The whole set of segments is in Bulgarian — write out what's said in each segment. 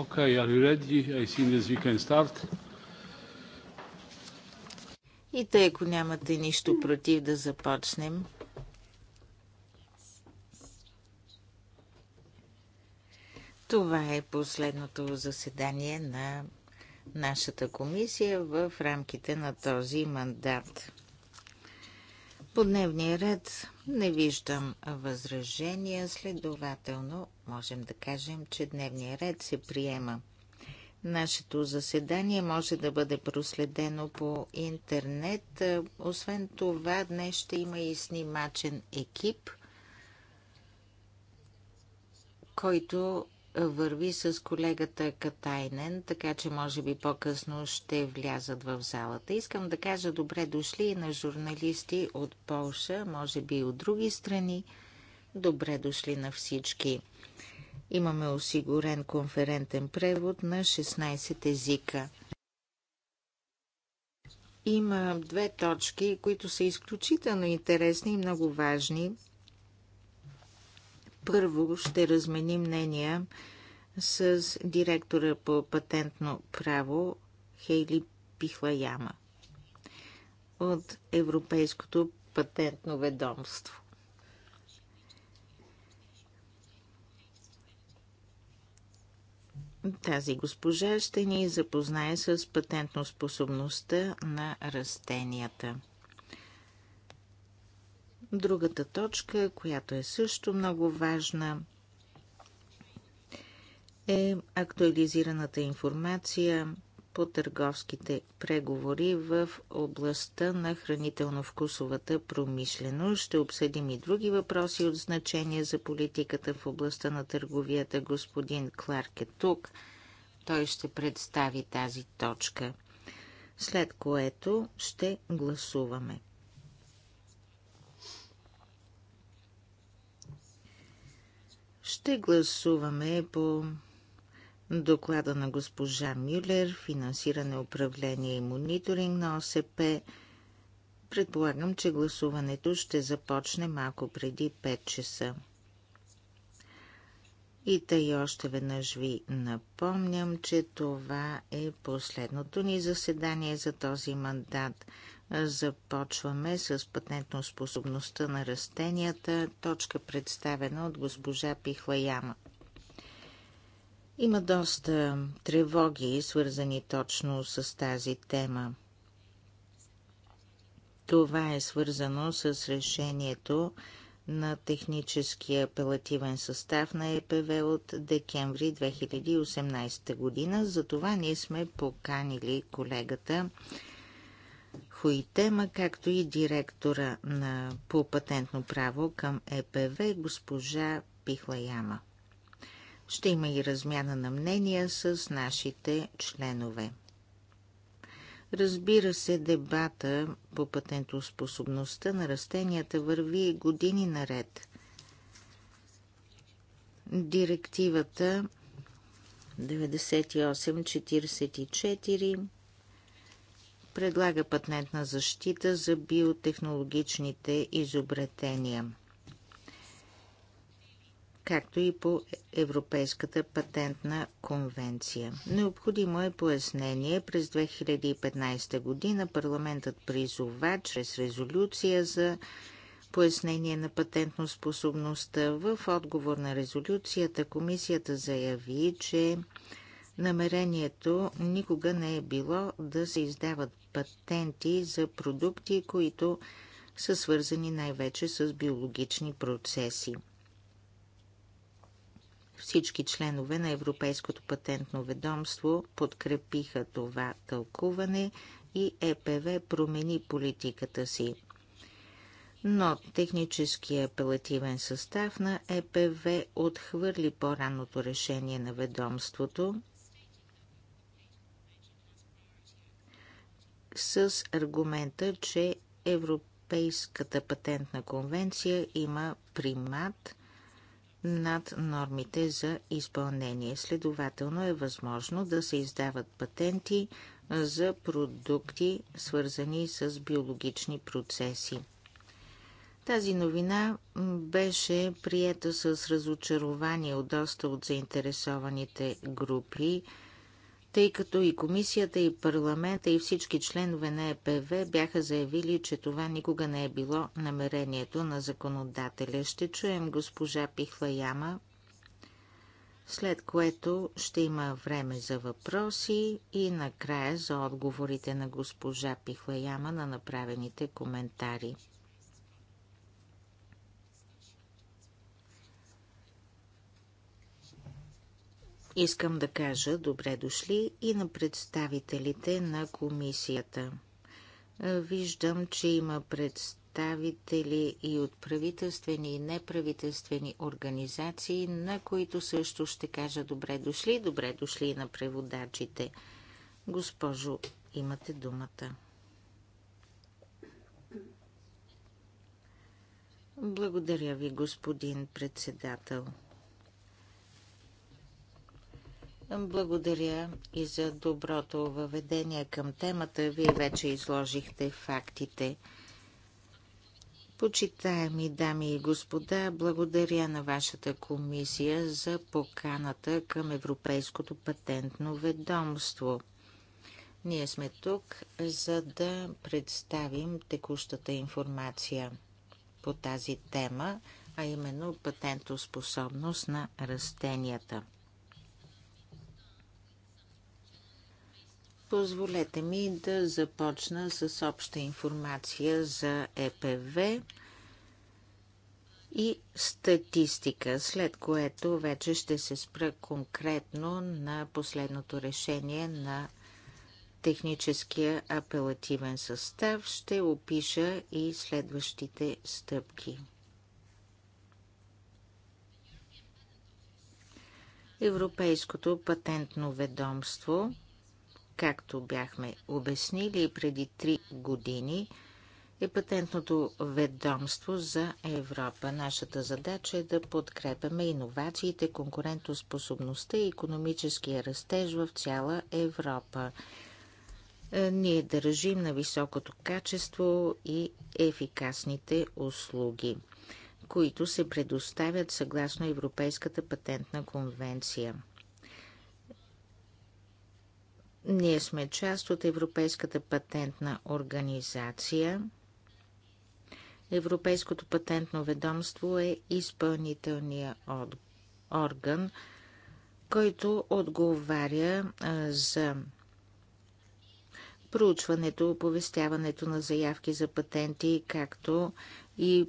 Okay, are you ready? I think as we can start. И тъй, ако нямате нищо против да започнем. Това е последното заседание на нашата комисия в рамките на този мандат. По дневния ред не виждам възражения, следователно можем да кажем, че дневния ред се приема. Нашето заседание може да бъде проследено по интернет. Освен това, днес ще има и снимачен екип, който върви с колегата Катайнен, така че може би по-късно ще влязат в залата. Искам да кажа добре дошли и на журналисти от Полша, може би и от други страни. Добре дошли на всички. Имаме осигурен конферентен превод на 16 езика. Има две точки, които са изключително интересни и много важни – първо ще размени мнения с директора по патентно право Хейли Пихлаяма от Европейското патентно ведомство. Тази госпожа ще ни запознае с патентно способността на растенията – Другата точка, която е също много важна, е актуализираната информация по търговските преговори в областта на хранително-вкусовата промишленост. Ще обсъдим и други въпроси от значение за политиката в областта на търговията. Господин Кларк е тук. Той ще представи тази точка, след което ще гласуваме. Ще гласуваме по доклада на госпожа Мюлер, финансиране, управление и мониторинг на ОСП. Предполагам, че гласуването ще започне малко преди 5 часа. И тъй още веднъж ви напомням, че това е последното ни заседание за този мандат. Започваме с патентно способността на растенията, точка представена от госпожа Пихлаяма. Има доста тревоги, свързани точно с тази тема. Това е свързано с решението на техническия апелативен състав на ЕПВ от декември 2018 година. За това ние сме поканили колегата Хуитема, както и директора на, по патентно право към ЕПВ, госпожа Пихлаяма. Ще има и размяна на мнения с нашите членове. Разбира се, дебата по патентоспособността на растенията върви години наред. Директивата 9844 предлага патентна защита за биотехнологичните изобретения, както и по Европейската патентна конвенция. Необходимо е пояснение. През 2015 година парламентът призова чрез резолюция за пояснение на патентно способността. В отговор на резолюцията комисията заяви, че намерението никога не е било да се издават патенти за продукти, които са свързани най-вече с биологични процеси. Всички членове на Европейското патентно ведомство подкрепиха това тълкуване и ЕПВ промени политиката си. Но техническия апелативен състав на ЕПВ отхвърли по-ранното решение на ведомството с аргумента, че Европейската патентна конвенция има примат над нормите за изпълнение. Следователно е възможно да се издават патенти за продукти, свързани с биологични процеси. Тази новина беше приета с разочарование от доста от заинтересованите групи тъй като и комисията, и парламента, и всички членове на ЕПВ бяха заявили, че това никога не е било намерението на законодателя. Ще чуем госпожа Пихлаяма, след което ще има време за въпроси и накрая за отговорите на госпожа Пихлаяма на направените коментари. Искам да кажа добре дошли и на представителите на комисията. Виждам, че има представители и от правителствени и неправителствени организации, на които също ще кажа добре дошли, добре дошли и на преводачите. Госпожо, имате думата. Благодаря ви, господин председател. Благодаря и за доброто въведение към темата. Вие вече изложихте фактите. Почитаеми дами и господа, благодаря на вашата комисия за поканата към Европейското патентно ведомство. Ние сме тук, за да представим текущата информация по тази тема, а именно патентоспособност на растенията – Позволете ми да започна с обща информация за ЕПВ и статистика, след което вече ще се спра конкретно на последното решение на техническия апелативен състав. Ще опиша и следващите стъпки. Европейското патентно ведомство – Както бяхме обяснили преди три години, е патентното ведомство за Европа. Нашата задача е да подкрепяме иновациите, конкурентоспособността и економическия растеж в цяла Европа. Е, ние държим на високото качество и ефикасните услуги, които се предоставят съгласно Европейската патентна конвенция. Ние сме част от Европейската патентна организация. Европейското патентно ведомство е изпълнителния орган, който отговаря за проучването, оповестяването на заявки за патенти, както и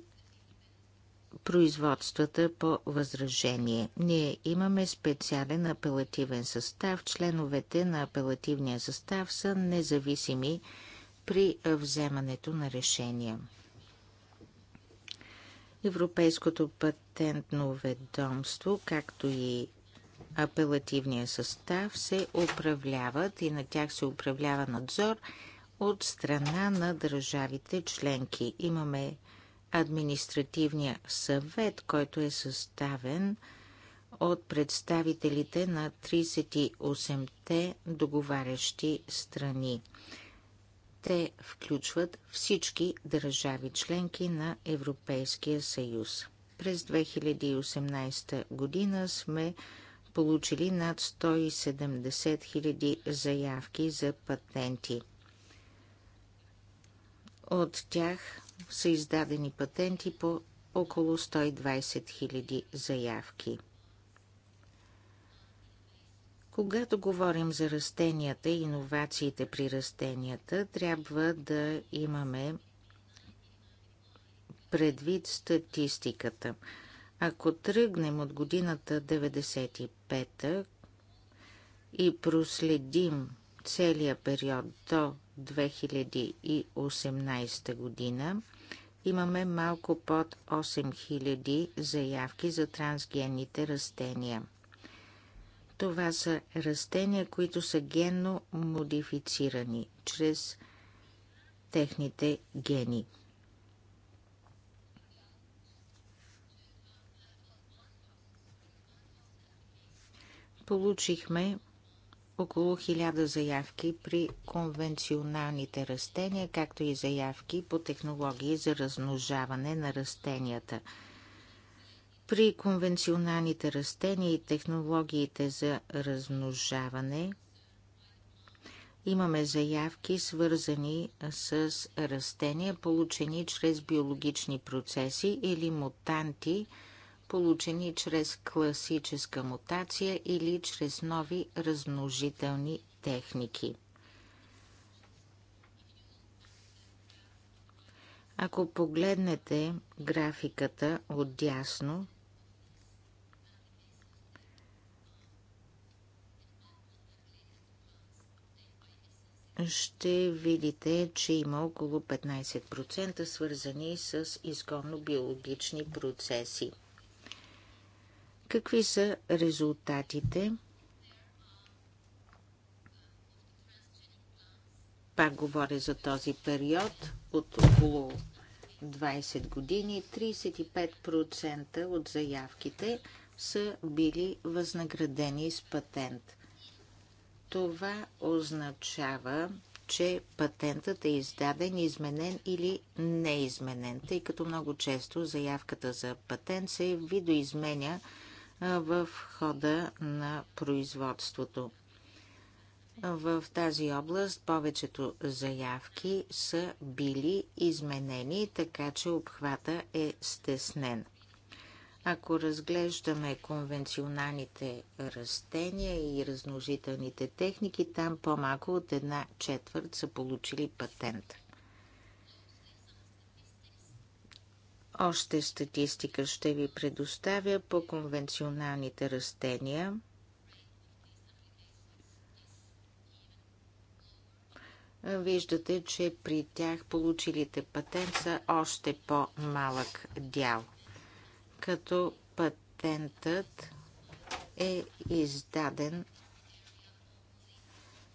производствата по възражение. Ние имаме специален апелативен състав. Членовете на апелативния състав са независими при вземането на решения. Европейското патентно ведомство, както и апелативния състав се управляват и на тях се управлява надзор от страна на държавите членки. Имаме административния съвет, който е съставен от представителите на 38-те договарящи страни. Те включват всички държави членки на Европейския съюз. През 2018 година сме получили над 170 000 заявки за патенти. От тях са издадени патенти по около 120 000 заявки. Когато говорим за растенията и иновациите при растенията, трябва да имаме предвид статистиката. Ако тръгнем от годината 95-та и проследим целия период до 2018 година имаме малко под 8000 заявки за трансгенните растения. Това са растения, които са генно модифицирани чрез техните гени. Получихме около 1000 заявки при конвенционалните растения, както и заявки по технологии за размножаване на растенията. При конвенционалните растения и технологиите за размножаване имаме заявки, свързани с растения, получени чрез биологични процеси или мутанти – получени чрез класическа мутация или чрез нови размножителни техники. Ако погледнете графиката от дясно, ще видите, че има около 15% свързани с изконно биологични процеси. Какви са резултатите? Пак говоря за този период от около 20 години. 35% от заявките са били възнаградени с патент. Това означава, че патентът е издаден, изменен или неизменен, тъй като много често заявката за патент се видоизменя в хода на производството. В тази област повечето заявки са били изменени, така че обхвата е стеснен. Ако разглеждаме конвенционалните растения и разножителните техники, там по-малко от една четвърт са получили патент. Още статистика ще ви предоставя по конвенционалните растения. Виждате, че при тях получилите патент са още по-малък дял, като патентът е издаден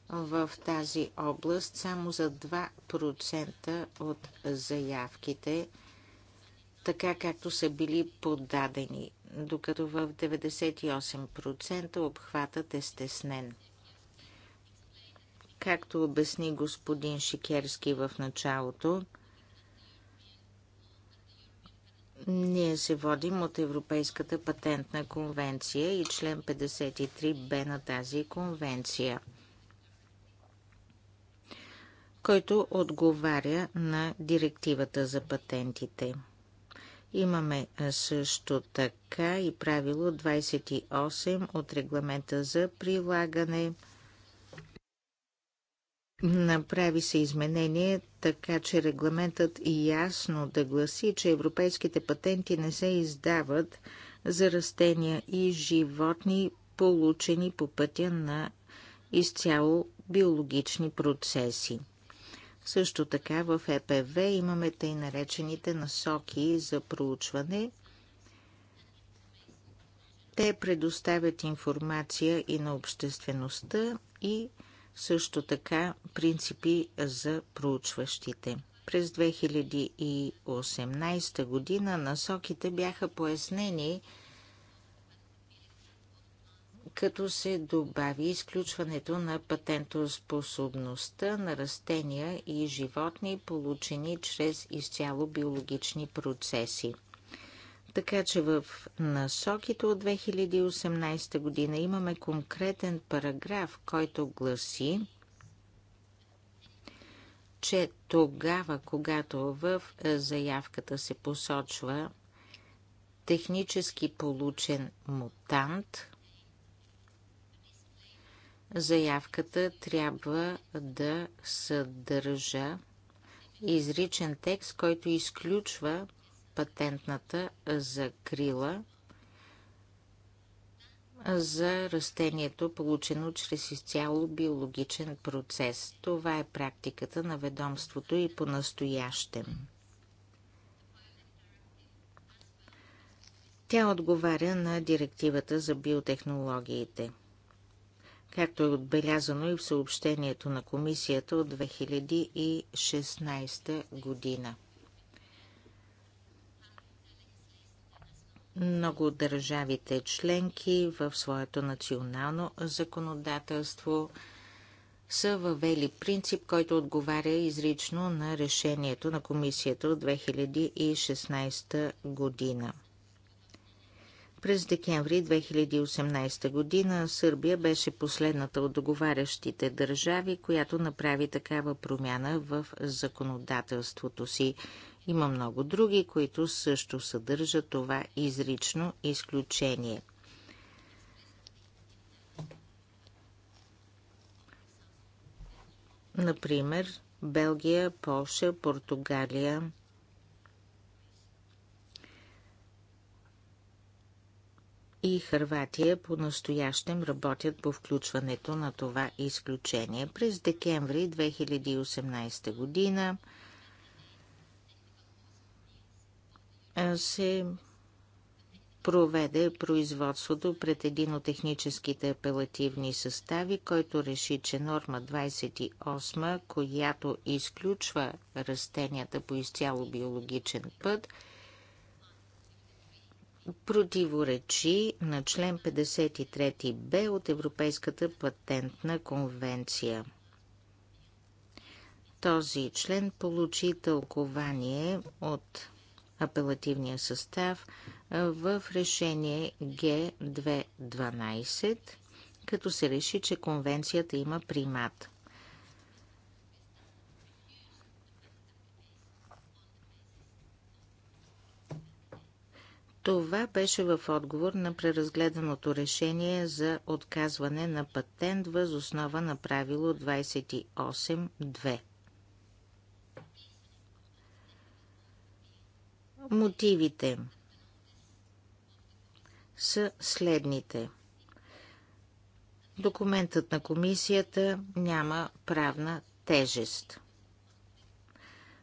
в тази област само за 2% от заявките – така както са били подадени, докато в 98% обхватът е стеснен. Както обясни господин Шикерски в началото, ние се водим от Европейската патентна конвенция и член 53 бе на тази конвенция, който отговаря на директивата за патентите. Имаме също така и правило 28 от регламента за прилагане. Направи се изменение, така че регламентът ясно да гласи, че европейските патенти не се издават за растения и животни, получени по пътя на изцяло биологични процеси. Също така в ЕПВ имаме тъй наречените насоки за проучване. Те предоставят информация и на обществеността и също така принципи за проучващите. През 2018 година насоките бяха пояснени като се добави изключването на патентоспособността на растения и животни, получени чрез изцяло биологични процеси. Така че в насоките от 2018 година имаме конкретен параграф, който гласи, че тогава, когато в заявката се посочва технически получен мутант – заявката трябва да съдържа изричен текст, който изключва патентната закрила за растението, получено чрез изцяло биологичен процес. Това е практиката на ведомството и по-настоящем. Тя отговаря на директивата за биотехнологиите – както е отбелязано и в съобщението на комисията от 2016 година. Много от държавите членки в своето национално законодателство са въвели принцип, който отговаря изрично на решението на комисията от 2016 година. През декември 2018 година Сърбия беше последната от договарящите държави, която направи такава промяна в законодателството си. Има много други, които също съдържат това изрично изключение. Например, Белгия, Полша, Португалия – и Хърватия по-настоящем работят по включването на това изключение. През декември 2018 година се проведе производството пред един от техническите апелативни състави, който реши, че норма 28, която изключва растенията по изцяло биологичен път – противоречи на член 53 Б от Европейската патентна конвенция. Този член получи тълкование от апелативния състав в решение Г212, като се реши, че конвенцията има примат. Това беше в отговор на преразгледаното решение за отказване на патент въз основа на правило 28.2. Мотивите са следните. Документът на комисията няма правна тежест.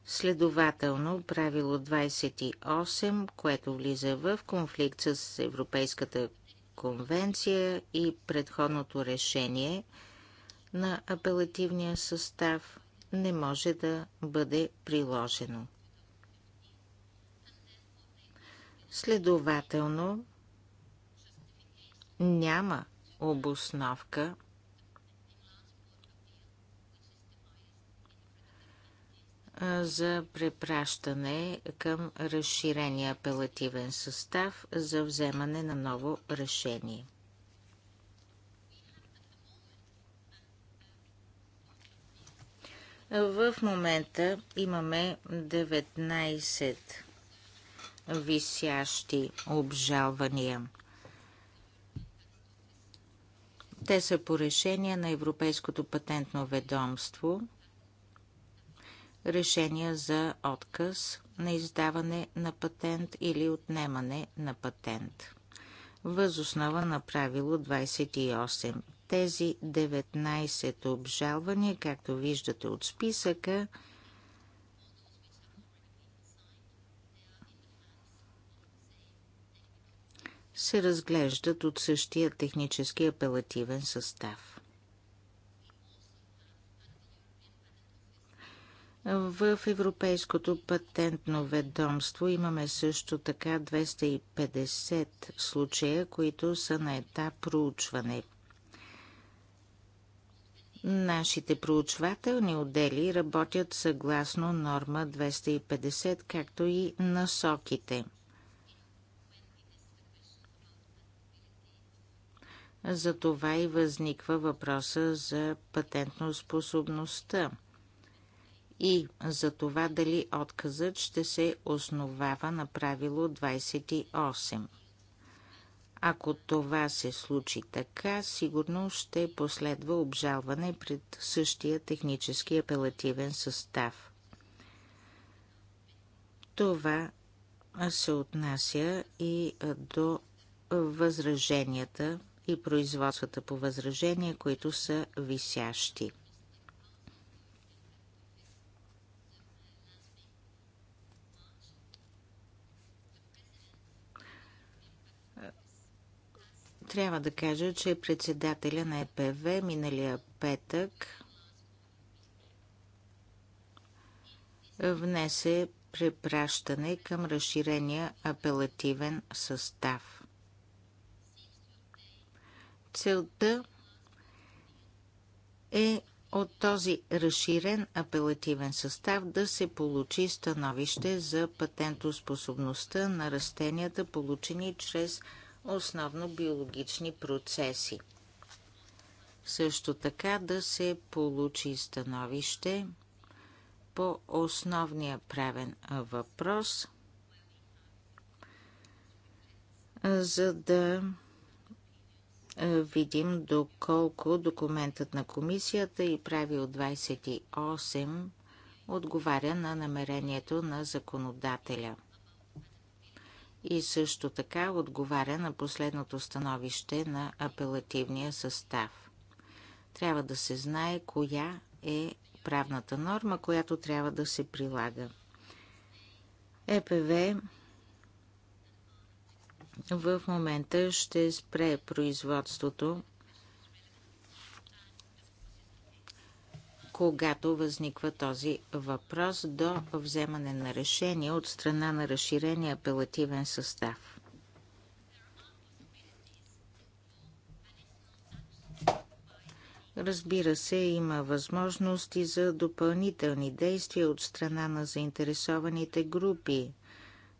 Следователно, правило 28, което влиза в конфликт с Европейската конвенция и предходното решение на апелативния състав не може да бъде приложено. Следователно, няма обосновка за препращане към разширения апелативен състав за вземане на ново решение. В момента имаме 19 висящи обжалвания. Те са по решение на Европейското патентно ведомство – решения за отказ на издаване на патент или отнемане на патент. Възоснова основа на правило 28. Тези 19 обжалвания, както виждате от списъка, се разглеждат от същия технически апелативен състав. В Европейското патентно ведомство имаме също така 250 случая, които са на етап проучване. Нашите проучвателни отдели работят съгласно норма 250, както и насоките. Затова и възниква въпроса за патентно способността – и за това дали отказът ще се основава на правило 28. Ако това се случи така, сигурно ще последва обжалване пред същия технически апелативен състав. Това се отнася и до възраженията и производствата по възражения, които са висящи. Трябва да кажа, че председателя на ЕПВ миналия петък внесе препращане към разширения апелативен състав. Целта е от този разширен апелативен състав да се получи становище за патентоспособността на растенията, получени чрез основно биологични процеси. Също така да се получи становище по основния правен въпрос, за да видим доколко документът на комисията и правил 28 отговаря на намерението на законодателя и също така отговаря на последното становище на апелативния състав. Трябва да се знае коя е правната норма, която трябва да се прилага. ЕПВ в момента ще спре производството когато възниква този въпрос до вземане на решение от страна на разширения апелативен състав. Разбира се, има възможности за допълнителни действия от страна на заинтересованите групи.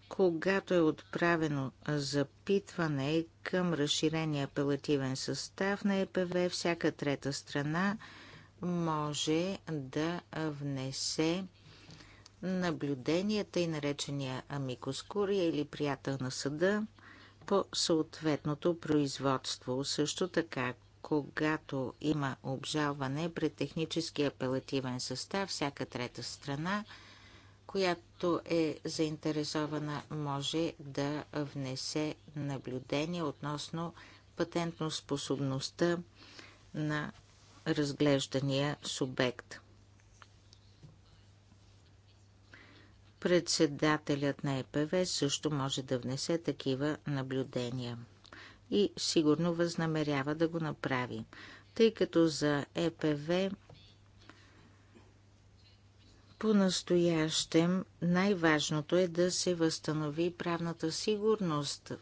Когато е отправено запитване към разширения апелативен състав на ЕПВ, всяка трета страна – може да внесе наблюденията и наречения амикоскурия или приятел на съда по съответното производство. Също така, когато има обжалване пред технически апелативен състав, всяка трета страна, която е заинтересована, може да внесе наблюдение относно патентно способността на разглеждания субект. Председателят на ЕПВ също може да внесе такива наблюдения и сигурно възнамерява да го направи, тъй като за ЕПВ по-настоящем най-важното е да се възстанови правната сигурност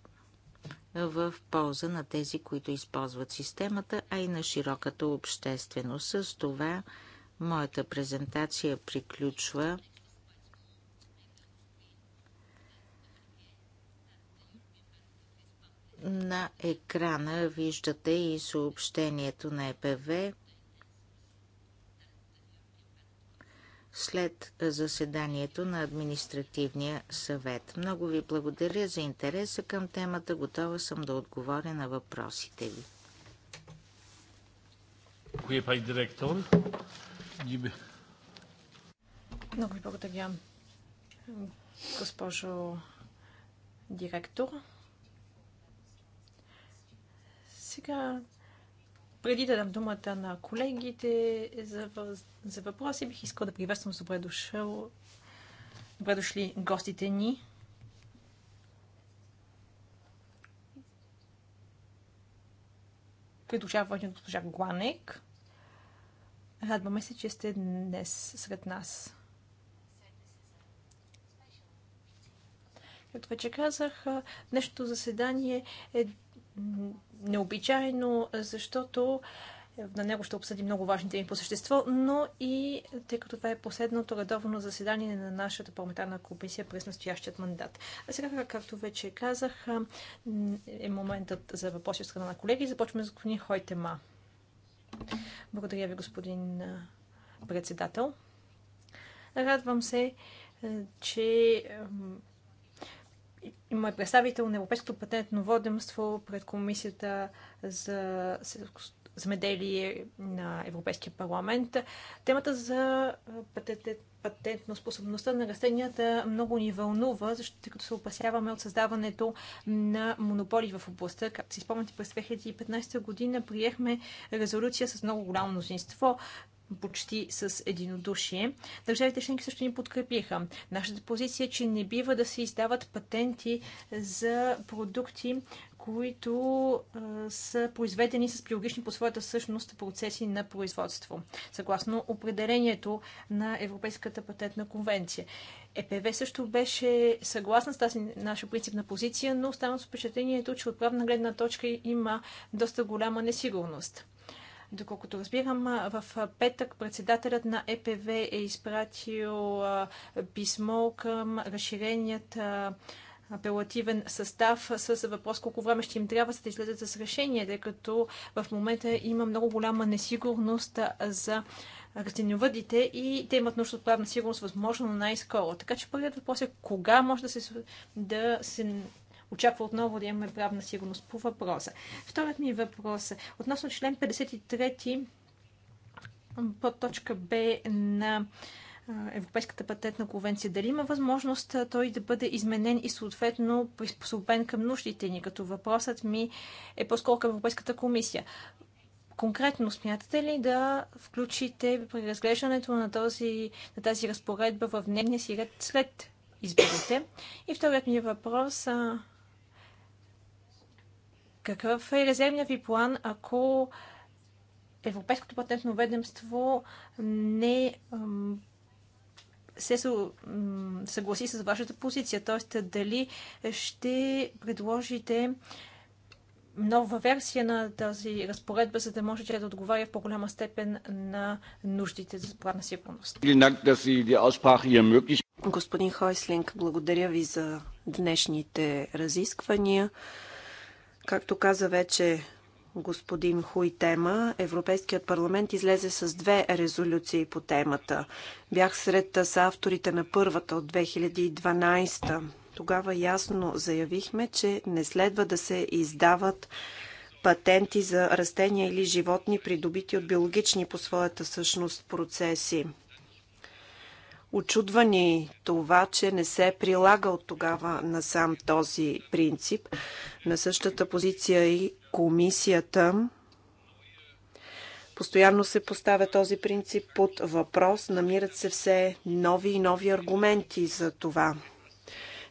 в полза на тези, които използват системата, а и на широката общественост. С това моята презентация приключва. На екрана виждате и съобщението на ЕПВ след заседанието на административния съвет. Много ви благодаря за интереса към темата. Готова съм да отговоря на въпросите ви. Е Много ви благодаря, госпожо директор. Сега преди да дам думата на колегите за, за въпроси, бих искал да приветствам с добре дошъл. Добре дошли гостите ни. Придружавани от госпожа Гланек. Радваме се, че сте днес сред нас. Както вече казах, днешното заседание е необичайно, защото на него ще обсъдим много важни теми по същество, но и тъй като това е последното редовно заседание на нашата парламентарна комисия през настоящият мандат. А сега, както вече казах, е моментът за въпроси от страна на колеги. Започваме с господин Хойтема. Благодаря ви, господин председател. Радвам се, че има представител на Европейското патентно водемство пред Комисията за земеделие на Европейския парламент. Темата за патентно способността на растенията много ни вълнува, защото като се опасяваме от създаването на монополи в областта. Както си спомняте, през 2015 година приехме резолюция с много голямо мнозинство, почти с единодушие. Държавите членки също ни подкрепиха. Нашата позиция е, че не бива да се издават патенти за продукти, които а, са произведени с биологични по своята същност процеси на производство, съгласно определението на Европейската патентна конвенция. ЕПВ също беше съгласна с тази наша принципна позиция, но остана с впечатлението, че от правна гледна точка има доста голяма несигурност. Доколкото разбирам, в петък председателят на ЕПВ е изпратил писмо към разширеният апелативен състав с въпрос колко време ще им трябва за да излезат с решение, тъй като в момента има много голяма несигурност за растениовъдите и те имат нужда от правна сигурност възможно най-скоро. Така че първият въпрос е кога може да се, да се очаква отново да имаме правна сигурност по въпроса. Вторият ми въпрос е относно член 53 под точка Б на Европейската патентна конвенция, дали има възможност той да бъде изменен и съответно приспособен към нуждите ни, като въпросът ми е по-скоро към Европейската комисия. Конкретно смятате ли да включите при разглеждането на, този, на тази разпоредба в дневния си ред след изборите? И вторият ми въпрос какъв е резервният ви план, ако Европейското патентно ведомство не се съгласи с вашата позиция? Т.е. дали ще предложите нова версия на тази разпоредба, за да може да отговаря в по-голяма степен на нуждите за правна сигурност. Господин Хойслинг, благодаря ви за днешните разисквания. Както каза вече господин Хуй тема, Европейският парламент излезе с две резолюции по темата. Бях сред са авторите на първата от 2012. Тогава ясно заявихме, че не следва да се издават патенти за растения или животни, придобити от биологични по своята същност процеси. Очудва ни това, че не се е прилага от тогава насам този принцип. На същата позиция и комисията. Постоянно се поставя този принцип под въпрос. Намират се все нови и нови аргументи за това.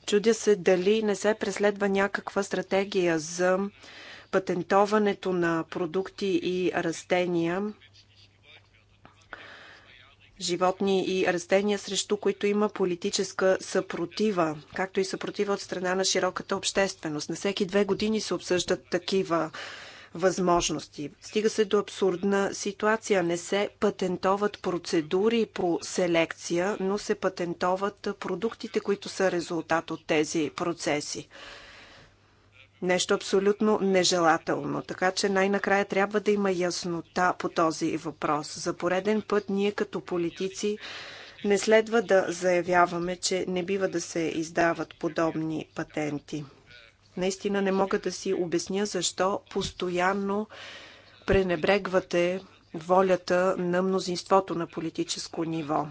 Чудя се дали не се преследва някаква стратегия за патентоването на продукти и растения, животни и растения, срещу които има политическа съпротива, както и съпротива от страна на широката общественост. На всеки две години се обсъждат такива възможности. Стига се до абсурдна ситуация. Не се патентоват процедури по селекция, но се патентоват продуктите, които са резултат от тези процеси нещо абсолютно нежелателно. Така че най-накрая трябва да има яснота по този въпрос. За пореден път ние като политици не следва да заявяваме, че не бива да се издават подобни патенти. Наистина не мога да си обясня защо постоянно пренебрегвате волята на мнозинството на политическо ниво.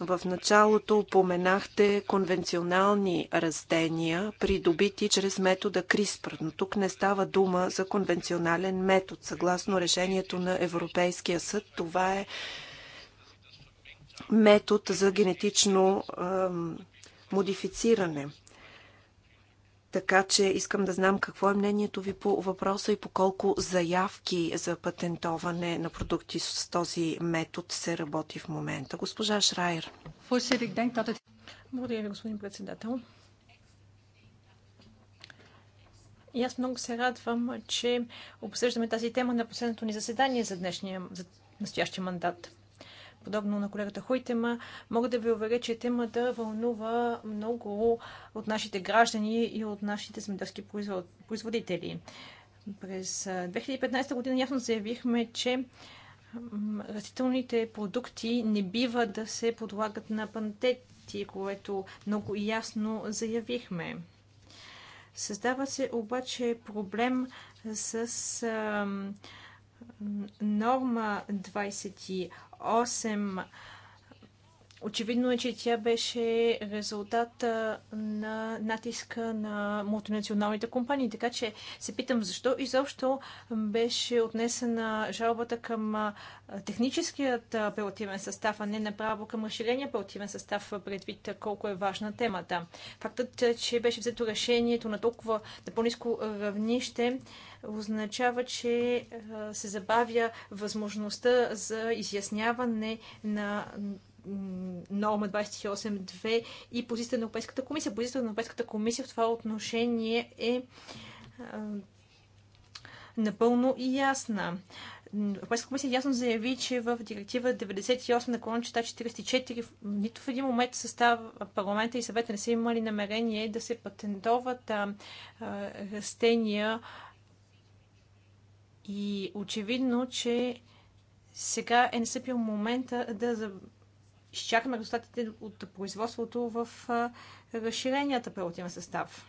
В началото упоменахте конвенционални растения, придобити чрез метода CRISPR, но тук не става дума за конвенционален метод. Съгласно решението на Европейския съд, това е метод за генетично е, модифициране. Така че искам да знам какво е мнението ви по въпроса и по колко заявки за патентоване на продукти с този метод се работи в момента. Госпожа Шрайер. Благодаря ви, господин председател. И аз много се радвам, че обсъждаме тази тема на последното ни заседание за днешния, за настоящия мандат подобно на колегата Хойтема, мога да ви уверя, че темата вълнува много от нашите граждани и от нашите земеделски производители. През 2015 година ясно заявихме, че растителните продукти не бива да се подлагат на пантети, което много ясно заявихме. Създава се обаче проблем с норма 28 8 Очевидно е, че тя беше резултат на натиска на мултинационалните компании. Така че се питам защо изобщо беше отнесена жалбата към техническият апелативен състав, а не направо към разширения апелативен състав, предвид колко е важна темата. Фактът, че беше взето решението на толкова на по-низко равнище, означава, че се забавя възможността за изясняване на норма 28.2 и позицията на Европейската комисия. Позицията на Европейската комисия в това отношение е напълно и ясна. Европейската комисия ясно заяви, че в директива 98 на колон 44 нито в един момент състав парламента и съвета не са имали намерение да се патентоват а, а, растения и очевидно, че сега е настъпил момента да изчакаме резултатите от производството в разширенията апелативен състав.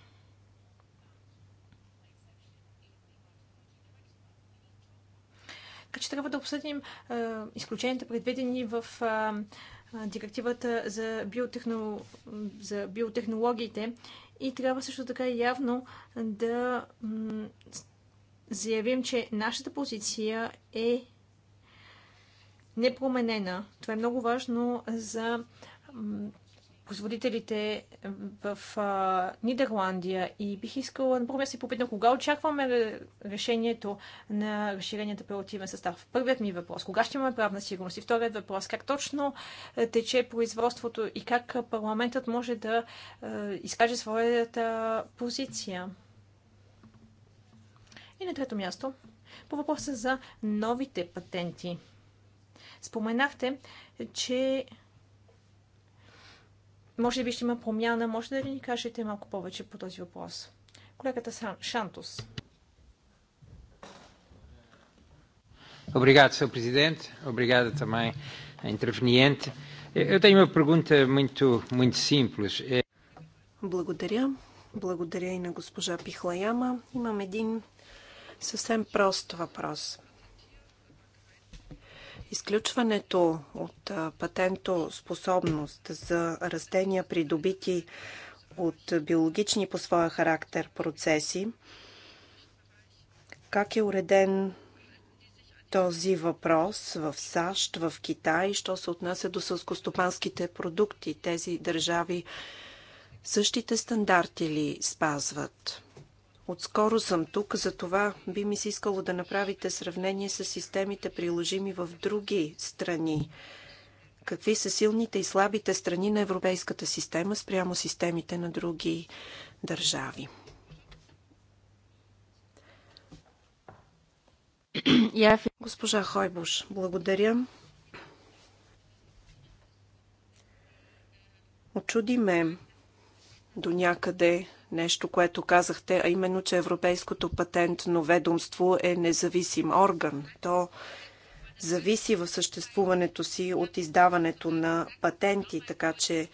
Така че трябва да обсъдим изключенията, предвидени в директивата за, биотехно, за биотехнологиите и трябва също така явно да заявим, че нашата позиция е непроменена. Това е много важно за производителите в а, Нидерландия и бих искала, например, си попитна кога очакваме решението на разширеният апелативен състав. Първият ми въпрос, кога ще имаме правна сигурност? И вторият въпрос, как точно тече производството и как парламентът може да а, изкаже своята позиция? И на трето място, по въпроса за новите патенти. Споменахте, че може би ще има промяна. Може да ли ни кажете малко повече по този въпрос? Колегата Сан... Шантос. Obrigado, Sr. Presidente. Obrigado também à interveniente. Eu tenho uma pergunta muito, muito simples. Благодаря. Благодаря и на госпожа Пихлаяма. Имам един съвсем прост въпрос. Изключването от патентоспособност за растения, придобити от биологични по своя характер процеси, как е уреден този въпрос в САЩ, в Китай, що се отнася до сълскостопанските продукти? Тези държави същите стандарти ли спазват? Отскоро съм тук, затова би ми се искало да направите сравнение с системите, приложими в други страни. Какви са силните и слабите страни на европейската система спрямо системите на други държави? Госпожа Хойбуш, благодаря. Очуди ме до някъде нещо, което казахте, а именно, че Европейското патентно ведомство е независим орган. То зависи в съществуването си от издаването на патенти, така че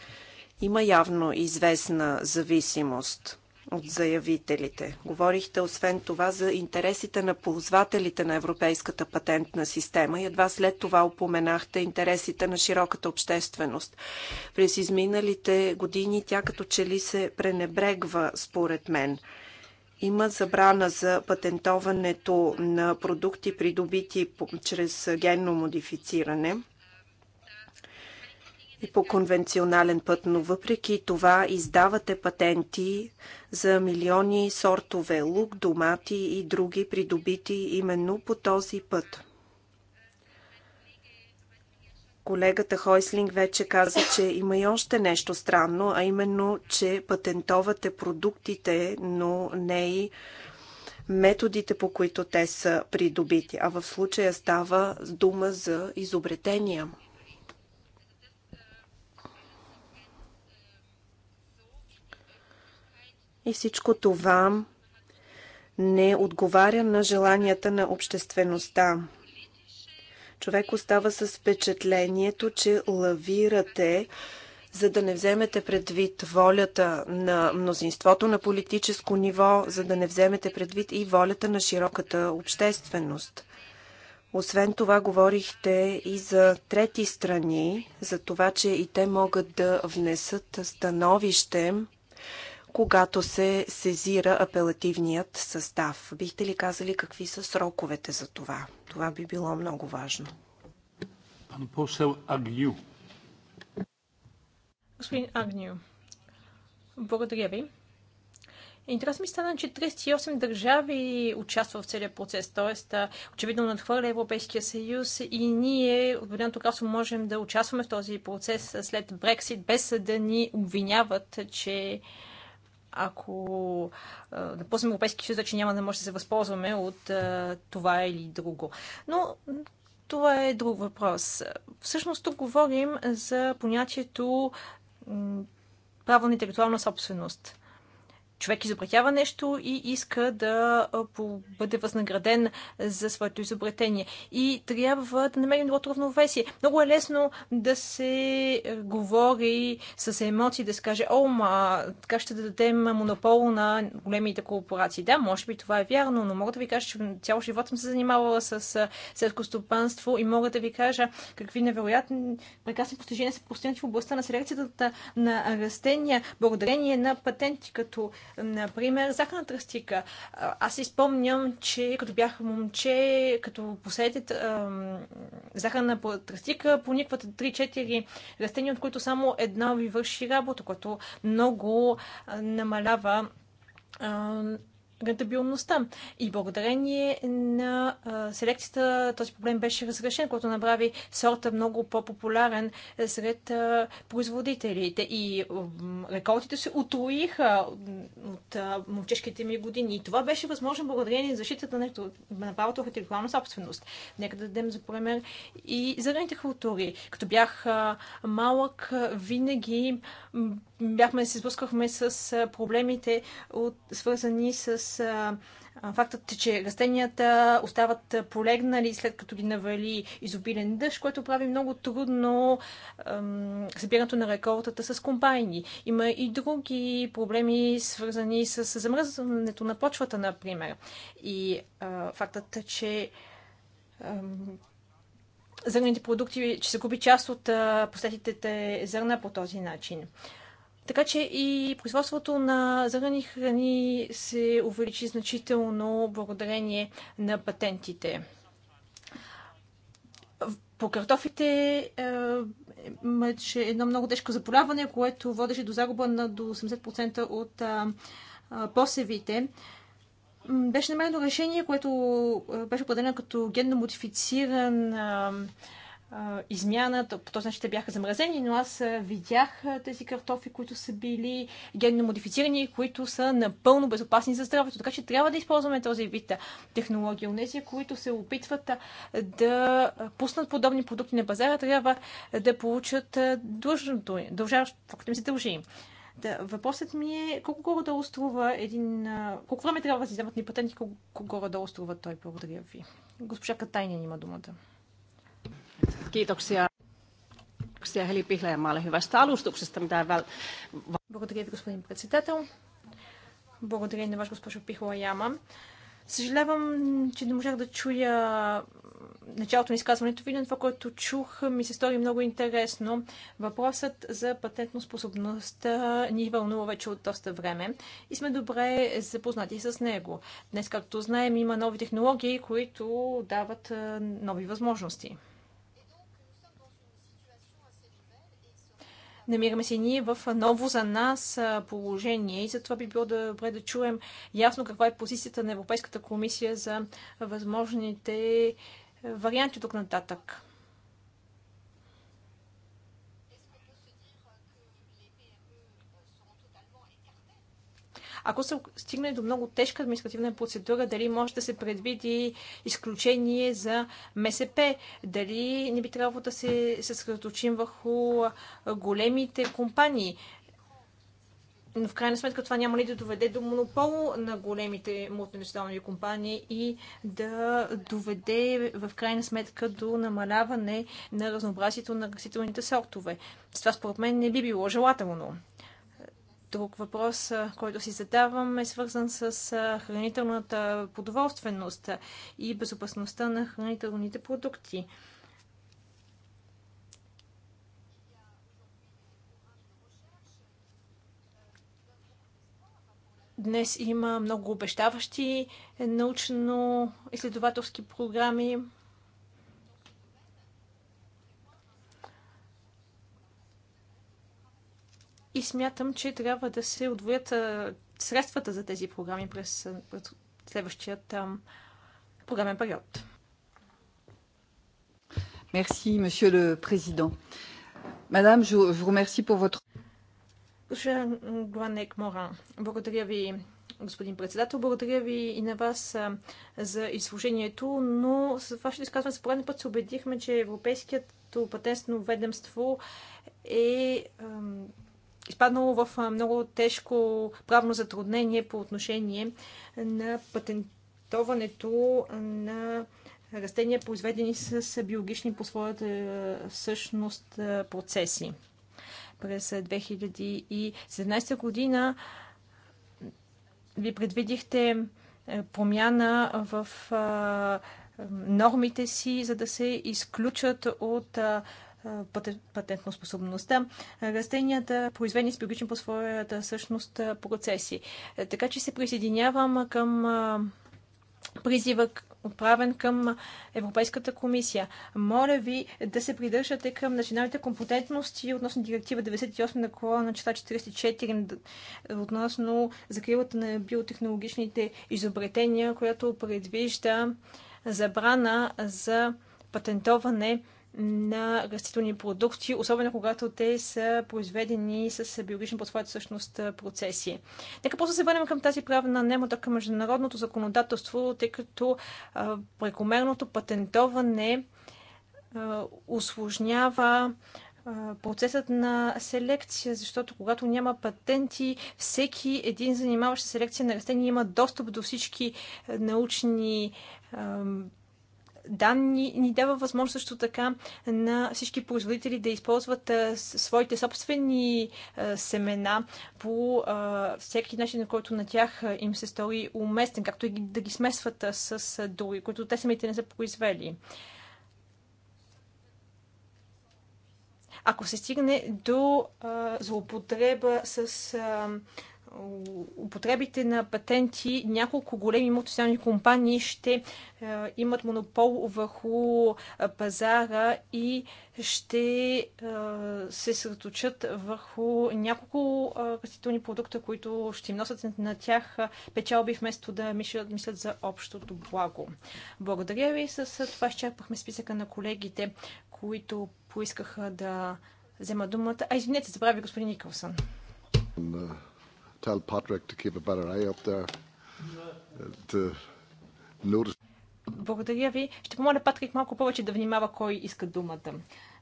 има явно известна зависимост от заявителите. Говорихте освен това за интересите на ползвателите на Европейската патентна система и едва след това упоменахте интересите на широката общественост. През изминалите години тя като че ли се пренебрегва, според мен. Има забрана за патентоването на продукти, придобити чрез генно модифициране – и по конвенционален път, но въпреки това издавате патенти за милиони сортове лук, домати и други придобити именно по този път. Колегата Хойслинг вече каза, че има и още нещо странно, а именно, че патентовате продуктите, но не и методите, по които те са придобити. А в случая става дума за изобретения. И всичко това не отговаря на желанията на обществеността. Човек остава с впечатлението, че лавирате, за да не вземете предвид волята на мнозинството на политическо ниво, за да не вземете предвид и волята на широката общественост. Освен това, говорихте и за трети страни, за това, че и те могат да внесат становище когато се сезира апелативният състав. Бихте ли казали какви са сроковете за това? Това би било много важно. Пан посел Агню. Господин Агню, благодаря ви. Интересно ми стана, че 38 държави участват в целият процес, т.е. очевидно надхвърля Европейския съюз и ние от Бъдното Красо можем да участваме в този процес след Брексит, без да ни обвиняват, че ако напуснем да Европейски съюз, че значи няма да може да се възползваме от това или друго. Но това е друг въпрос. Всъщност тук говорим за понятието право на интелектуална собственост човек изобретява нещо и иска да бъде възнаграден за своето изобретение. И трябва да намерим доброто равновесие. Много е лесно да се е, говори с емоции, да се каже, о, ма, така ще дадем монопол на големите корпорации. Да, може би това е вярно, но мога да ви кажа, че цял живот съм се занимавала с селскостопанство и мога да ви кажа какви невероятни, прекрасни постижения са постигнати в областта на селекцията на растения, благодарение на патенти като Например, захарната тръстика. Аз си спомням, че като бях момче, като посетят захарна тръстика, поникват 3-4 растения, от които само една ви върши работа, което много намалява рентабилността. И благодарение на селекцията този проблем беше разрешен, който направи сорта много по-популярен сред производителите. И рекордите се отруиха от момчешките ми години. И това беше възможно благодарение на защитата на, правото в интелектуална собственост. Нека да дадем за пример и зелените култури. Като бях малък, винаги бяхме, се сблъскахме с проблемите, от, свързани с а, фактът, че растенията остават полегнали след като ги навали изобилен дъжд, което прави много трудно събирането на рекордата с компайни. Има и други проблеми, свързани с замръзването на почвата, например. И а, фактът, че а, зърнените продукти, че се губи част от а, последните зърна по този начин. Така че и производството на зърнени храни се увеличи значително благодарение на патентите. По картофите е, имаше едно много тежко заболяване, което водеше до загуба на до 80% от е, е, посевите. Беше намерено решение, което беше определено като генно модифициран а, измяна. По този начин те бяха замразени, но аз видях тези картофи, които са били генно модифицирани, които са напълно безопасни за здравето. Така че трябва да използваме този вид технология. Унези, които се опитват да пуснат подобни продукти на пазара, трябва да получат дължното, дължащо, както им се дължи. Да, въпросът ми е колко горе да острова един... Колко време трябва да си вземат ни патенти, колко горе да острова, той? Благодаря ви. Госпожа Катайнин има думата. Kiitoksia. Kiitoksia Heli Pihlajamaalle hyvästä alustuksesta. Mitä väl... Благодаря ви, господин председател. Благодаря на вас, госпожо Пихлаяма. Съжалявам, че не можах да чуя началото на изказването ви, но това, което чух, ми се стори много интересно. Въпросът за патентно способността ни вълнува вече от доста време и сме добре запознати с него. Днес, както знаем, има нови технологии, които дават нови възможности. Намираме се ние в ново за нас положение и затова би било добре да чуем ясно каква е позицията на Европейската комисия за възможните варианти тук нататък. Ако се стигне до много тежка административна процедура, дали може да се предвиди изключение за МСП? Дали не би трябвало да се съсредоточим върху големите компании? Но в крайна сметка това няма ли да доведе до монопол на големите мултинационални компании и да доведе в крайна сметка до намаляване на разнообразието на растителните сортове. С това според мен не би било желателно. Друг въпрос, който си задавам, е свързан с хранителната продоволственост и безопасността на хранителните продукти. Днес има много обещаващи научно-изследователски програми, и смятам, че трябва да се отвоят средствата за тези програми през, следващия следващият програмен период. Мерси, monsieur ле президент. Мадам, je vous remercie pour votre... Госпожа Моран, благодаря ви, господин председател. Благодаря ви и на вас за изслужението, но с вашето изказване за пореден път се убедихме, че Европейският патентно ведомство е изпаднало в много тежко правно затруднение по отношение на патентоването на растения, произведени с биологични по своята същност процеси. През 2017 година ви предвидихте промяна в нормите си, за да се изключат от патентно способността. Растенията, произведени с биологични по своята същност процеси. Е, така че се присъединявам към призива отправен към Европейската комисия. Моля ви да се придържате към националните компетентности относно директива 98 на кола на 44 относно закрилата на биотехнологичните изобретения, която предвижда забрана за патентоване на растителни продукти, особено когато те са произведени с биологични по своята същност процеси. Нека просто се върнем към тази правна немота към международното законодателство, тъй като а, прекомерното патентоване а, усложнява процесът на селекция, защото когато няма патенти, всеки един занимаващ се селекция на растения има достъп до всички научни да, ни дава възможност също така на всички производители да използват своите собствени семена по всеки начин, на който на тях им се стори уместен, както и да ги смесват с други, които те самите не са произвели. ако се стигне до а, злоупотреба с а, употребите на патенти няколко големи мултинационални компании ще е, имат монопол върху е, пазара и ще е, се съсредоточат върху няколко растителни продукта, които ще им носят на тях печалби, вместо да мислят, мислят за общото благо. Благодаря ви. С това изчерпахме списъка на колегите, които поискаха да взема думата. А, извинете, забравя, господин Никълсън tell Patrick to keep a better eye up there. Uh, to notice. Благодаря ви. Ще помоля Патрик малко повече да внимава кой иска думата.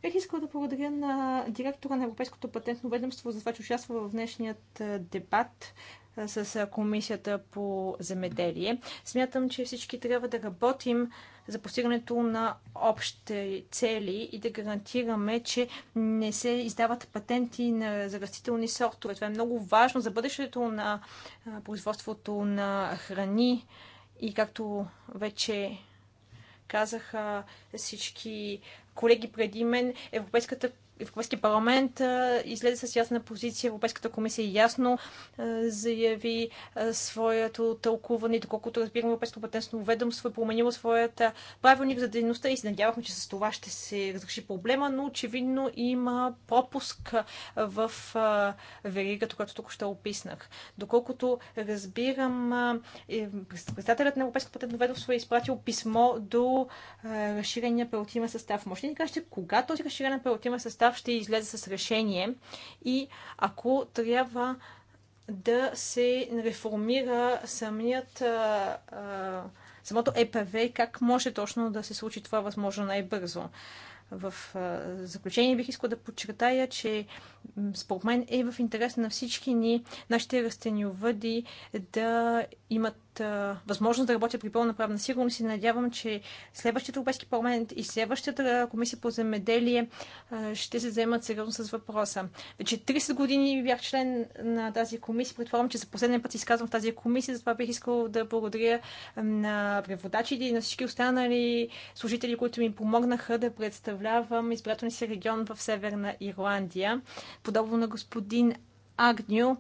Бих искала да благодаря на директора на Европейското патентно ведомство за това, че участва в днешният дебат с Комисията по земеделие. Смятам, че всички трябва да работим за постигането на общи цели и да гарантираме, че не се издават патенти на зарастителни сортове. Това е много важно за бъдещето на производството на храни и както вече казаха всички колеги преди мен, Европейската Европейския парламент излезе с ясна позиция. Европейската комисия ясно заяви своето тълкуване, доколкото разбираме Европейското патентно ведомство е променило своята правилник за дейността и се надявахме, че с това ще се разреши проблема, но очевидно има пропуск в веригата, която тук ще описнах. Доколкото разбирам, е, председателят на Европейското патентно ведомство е изпратил писмо до разширения пелотима състав. Може ли да кажете кога този разширен пелотима състав състав ще излезе с решение и ако трябва да се реформира самият, а, а, самото ЕПВ, как може точно да се случи това възможно най-бързо. В заключение бих искала да подчертая, че според мен е в интерес на всички ни, нашите растениовъди, да имат възможност да работя при пълна правна сигурност и надявам, че следващият Европейски парламент и следващата комисия по земеделие ще се заемат сериозно с въпроса. Вече 30 години бях член на тази комисия. Предполагам, че за последния път изказвам в тази комисия, затова бих искал да благодаря на преводачите и на всички останали служители, които ми помогнаха да представлявам избирателния си регион в Северна Ирландия. Подобно на господин Агню,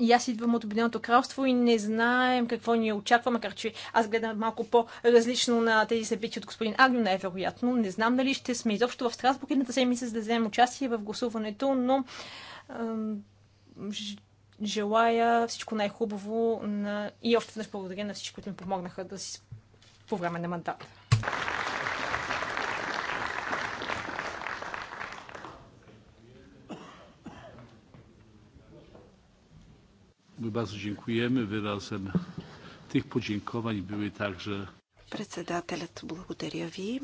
и аз идвам от Обединеното кралство и не знаем какво ни очаква, макар че аз гледам малко по-различно на тези събития от господин Агню, най-вероятно. Не знам дали ще сме изобщо в Страсбург едната седмица, за да вземем участие в гласуването, но желая всичко най-хубаво на... и още веднъж благодаря на всички, които ми помогнаха да си по време на мандата. My bardzo dziękujemy. Wyrazem tych podziękowań były także. Председателят, благодаря ви.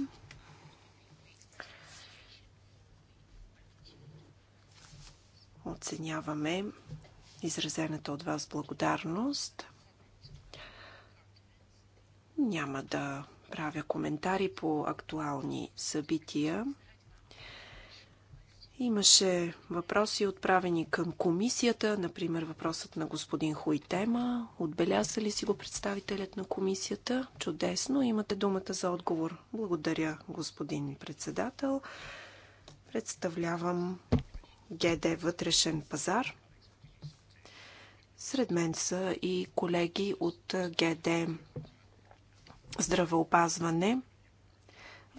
Оценяваме изразената от вас благодарност. Няма да правя коментари по актуални събития. Имаше въпроси отправени към комисията, например въпросът на господин Хуитема. Отбеляза ли си го представителят на комисията? Чудесно, имате думата за отговор. Благодаря, господин председател. Представлявам ГД Вътрешен пазар. Сред мен са и колеги от ГД Здравеопазване –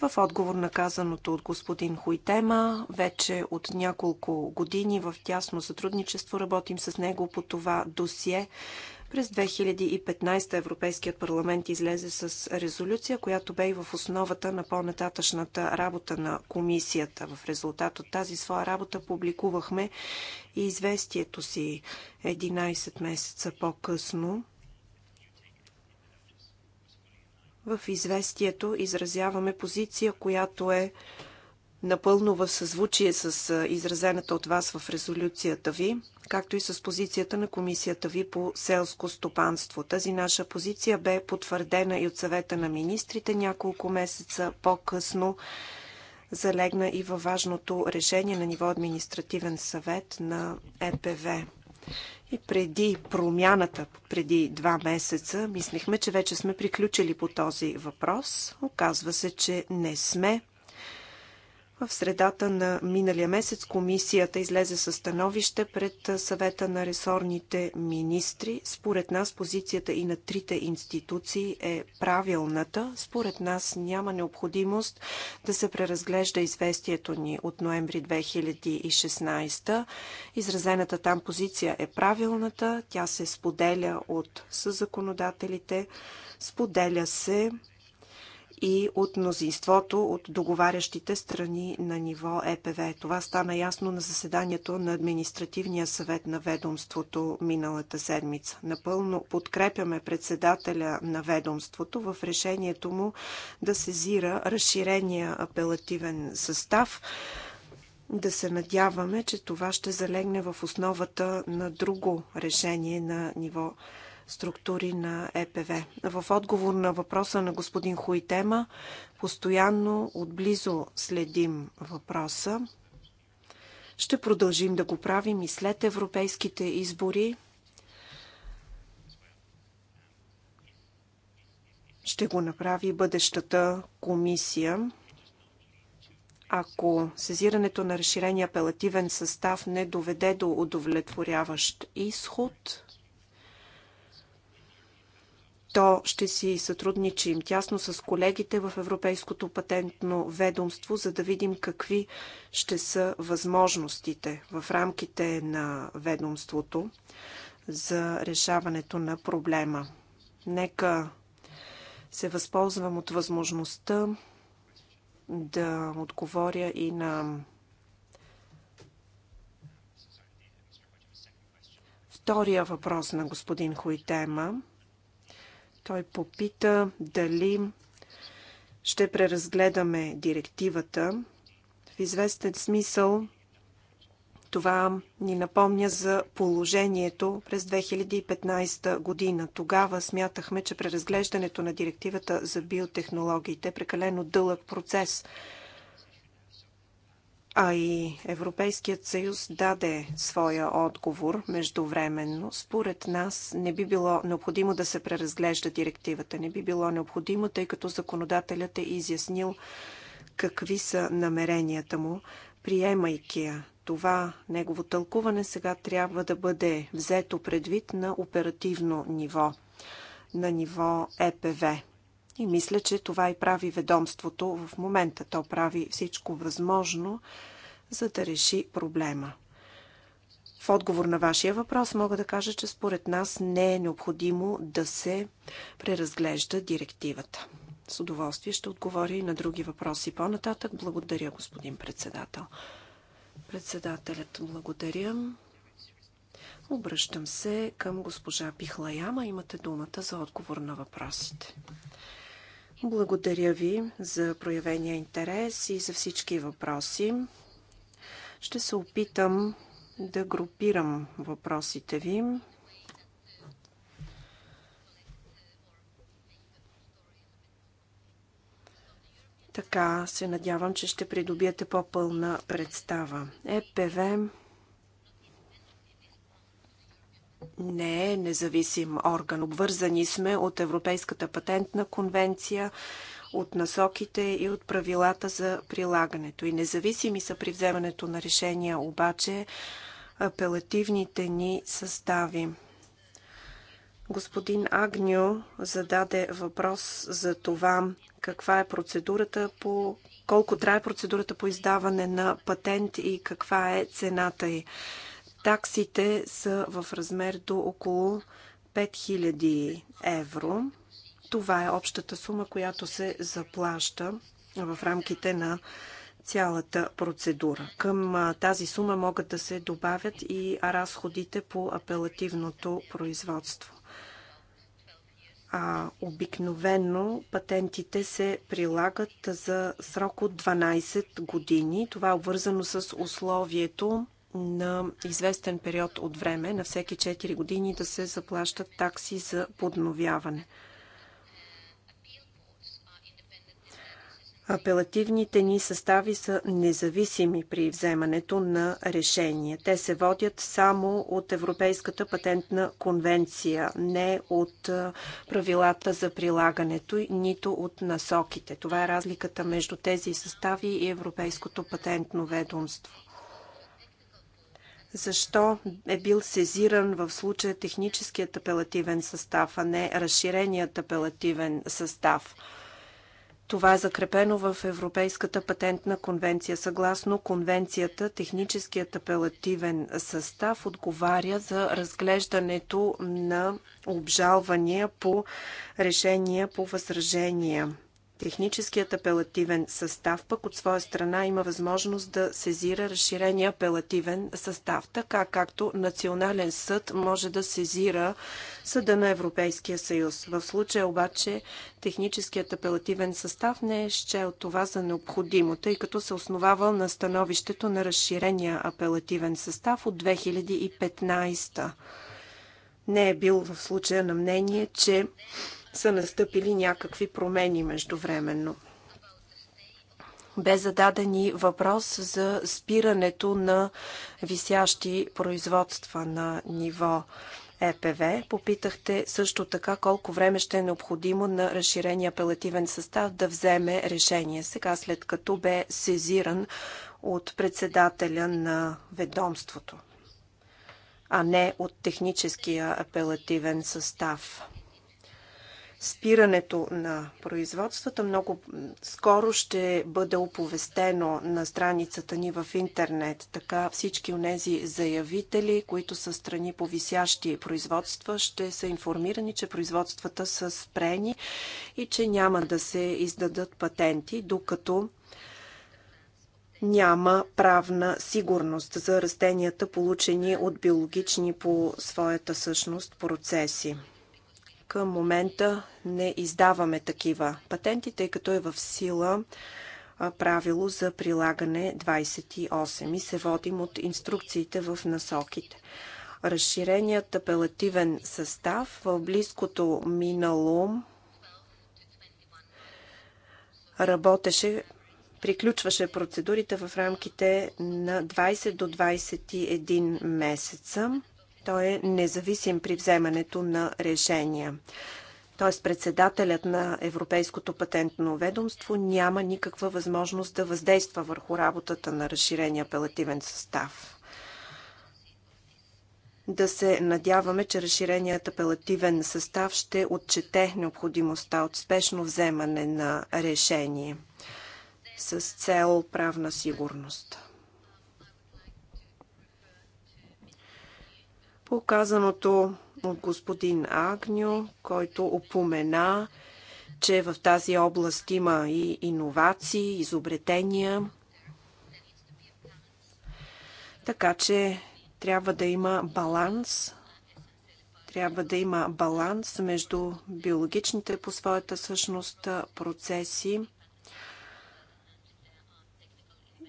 в отговор на казаното от господин Хуйтема, вече от няколко години в тясно сътрудничество работим с него по това досие. През 2015 Европейският парламент излезе с резолюция, която бе и в основата на по-нататъчната работа на комисията. В резултат от тази своя работа публикувахме и известието си 11 месеца по-късно. В известието изразяваме позиция, която е напълно в съзвучие с изразената от вас в резолюцията ви, както и с позицията на комисията ви по селско стопанство. Тази наша позиция бе потвърдена и от съвета на министрите няколко месеца по-късно залегна и във важното решение на ниво административен съвет на ЕПВ. И преди промяната, преди два месеца, мислихме, че вече сме приключили по този въпрос. Оказва се, че не сме. В средата на миналия месец комисията излезе със становище пред съвета на ресорните министри. Според нас позицията и на трите институции е правилната. Според нас няма необходимост да се преразглежда известието ни от ноември 2016. Изразената там позиция е правилната. Тя се споделя от съзаконодателите. Споделя се и от мнозинството от договарящите страни на ниво ЕПВ. Това стана ясно на заседанието на Административния съвет на ведомството миналата седмица. Напълно подкрепяме председателя на ведомството в решението му да сезира разширения апелативен състав да се надяваме, че това ще залегне в основата на друго решение на ниво структури на ЕПВ. В отговор на въпроса на господин Хуитема, постоянно отблизо следим въпроса. Ще продължим да го правим и след европейските избори. Ще го направи бъдещата комисия ако сезирането на разширения апелативен състав не доведе до удовлетворяващ изход, то ще си сътрудничим тясно с колегите в Европейското патентно ведомство, за да видим какви ще са възможностите в рамките на ведомството за решаването на проблема. Нека се възползвам от възможността да отговоря и на втория въпрос на господин Хуитема – той попита дали ще преразгледаме директивата. В известен смисъл това ни напомня за положението през 2015 година. Тогава смятахме, че преразглеждането на директивата за биотехнологиите е прекалено дълъг процес а и Европейският съюз даде своя отговор междувременно. Според нас не би било необходимо да се преразглежда директивата. Не би било необходимо, тъй като законодателят е изяснил какви са намеренията му, приемайки я. Това негово тълкуване сега трябва да бъде взето предвид на оперативно ниво, на ниво ЕПВ. И мисля, че това и прави ведомството в момента. То прави всичко възможно, за да реши проблема. В отговор на вашия въпрос мога да кажа, че според нас не е необходимо да се преразглежда директивата. С удоволствие ще отговоря и на други въпроси по-нататък. Благодаря, господин председател. Председателят, благодаря. Обръщам се към госпожа Пихлаяма. Имате думата за отговор на въпросите. Благодаря ви за проявения интерес и за всички въпроси. Ще се опитам да групирам въпросите ви. Така се надявам, че ще придобиете по-пълна представа. ЕПВ не е независим орган. Обвързани сме от Европейската патентна конвенция, от насоките и от правилата за прилагането. И независими са при вземането на решения, обаче апелативните ни състави. Господин Агню зададе въпрос за това каква е процедурата по колко трае процедурата по издаване на патент и каква е цената й. Таксите са в размер до около 5000 евро. Това е общата сума, която се заплаща в рамките на цялата процедура. Към тази сума могат да се добавят и разходите по апелативното производство. А обикновено патентите се прилагат за срок от 12 години. Това е обвързано с условието на известен период от време, на всеки 4 години, да се заплащат такси за подновяване. Апелативните ни състави са независими при вземането на решение. Те се водят само от Европейската патентна конвенция, не от правилата за прилагането, нито от насоките. Това е разликата между тези състави и Европейското патентно ведомство защо е бил сезиран в случая техническият апелативен състав, а не разширеният апелативен състав. Това е закрепено в Европейската патентна конвенция. Съгласно конвенцията, техническият апелативен състав отговаря за разглеждането на обжалвания по решения по възражения. Техническият апелативен състав пък от своя страна има възможност да сезира разширения апелативен състав, така както Национален съд може да сезира Съда на Европейския съюз. В случая обаче техническият апелативен състав не е счел това за необходимо, тъй като се основавал на становището на разширения апелативен състав от 2015. Не е бил в случая на мнение, че са настъпили някакви промени междувременно. Бе зададени въпрос за спирането на висящи производства на ниво ЕПВ. Попитахте също така колко време ще е необходимо на разширения апелативен състав да вземе решение. Сега след като бе сезиран от председателя на ведомството, а не от техническия апелативен състав спирането на производствата. Много скоро ще бъде оповестено на страницата ни в интернет. Така всички тези заявители, които са страни по висящи производства, ще са информирани, че производствата са спрени и че няма да се издадат патенти, докато няма правна сигурност за растенията, получени от биологични по своята същност процеси. Към момента не издаваме такива патенти, тъй като е в сила правило за прилагане 28 и се водим от инструкциите в насоките. Разширеният апелативен състав в близкото минало работеше, приключваше процедурите в рамките на 20 до 21 месеца. Той е независим при вземането на решения. Т.е. председателят на Европейското патентно ведомство няма никаква възможност да въздейства върху работата на разширения апелативен състав. Да се надяваме, че разширеният апелативен състав ще отчете необходимостта от спешно вземане на решение с цел правна сигурност. по казаното от господин Агню, който упомена, че в тази област има и иновации, изобретения. Така че трябва да има баланс. Трябва да има баланс между биологичните по своята същност процеси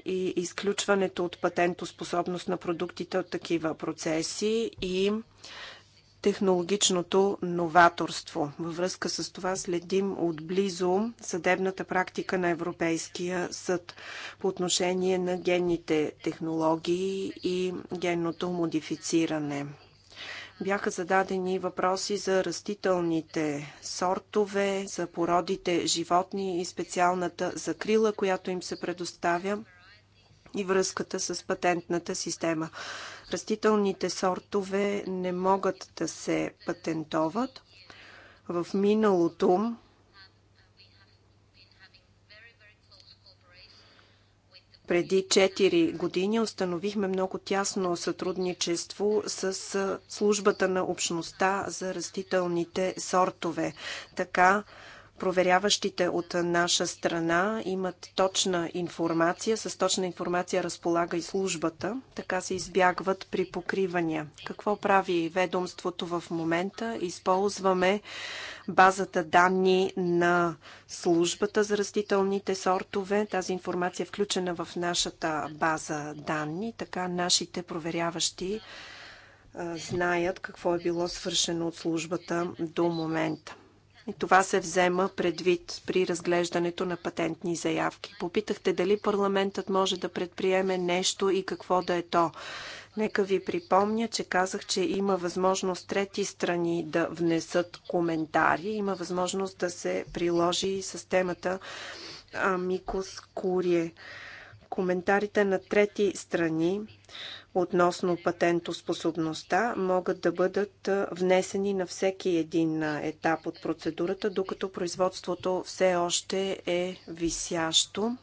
и изключването от патентоспособност на продуктите от такива процеси и технологичното новаторство. Във връзка с това следим отблизо съдебната практика на Европейския съд по отношение на генните технологии и генното модифициране. Бяха зададени въпроси за растителните сортове, за породите животни и специалната закрила, която им се предоставя и връзката с патентната система. Растителните сортове не могат да се патентоват. В миналото преди 4 години установихме много тясно сътрудничество с службата на общността за растителните сортове. Така Проверяващите от наша страна имат точна информация. С точна информация разполага и службата. Така се избягват при покривания. Какво прави ведомството в момента? Използваме базата данни на службата за растителните сортове. Тази информация е включена в нашата база данни. Така нашите проверяващи знаят какво е било свършено от службата до момента. И това се взема предвид при разглеждането на патентни заявки. Попитахте дали парламентът може да предприеме нещо и какво да е то. Нека ви припомня, че казах, че има възможност трети страни да внесат коментари. Има възможност да се приложи системата Амикос Курие. Коментарите на трети страни относно патентоспособността могат да бъдат внесени на всеки един етап от процедурата, докато производството все още е висящо.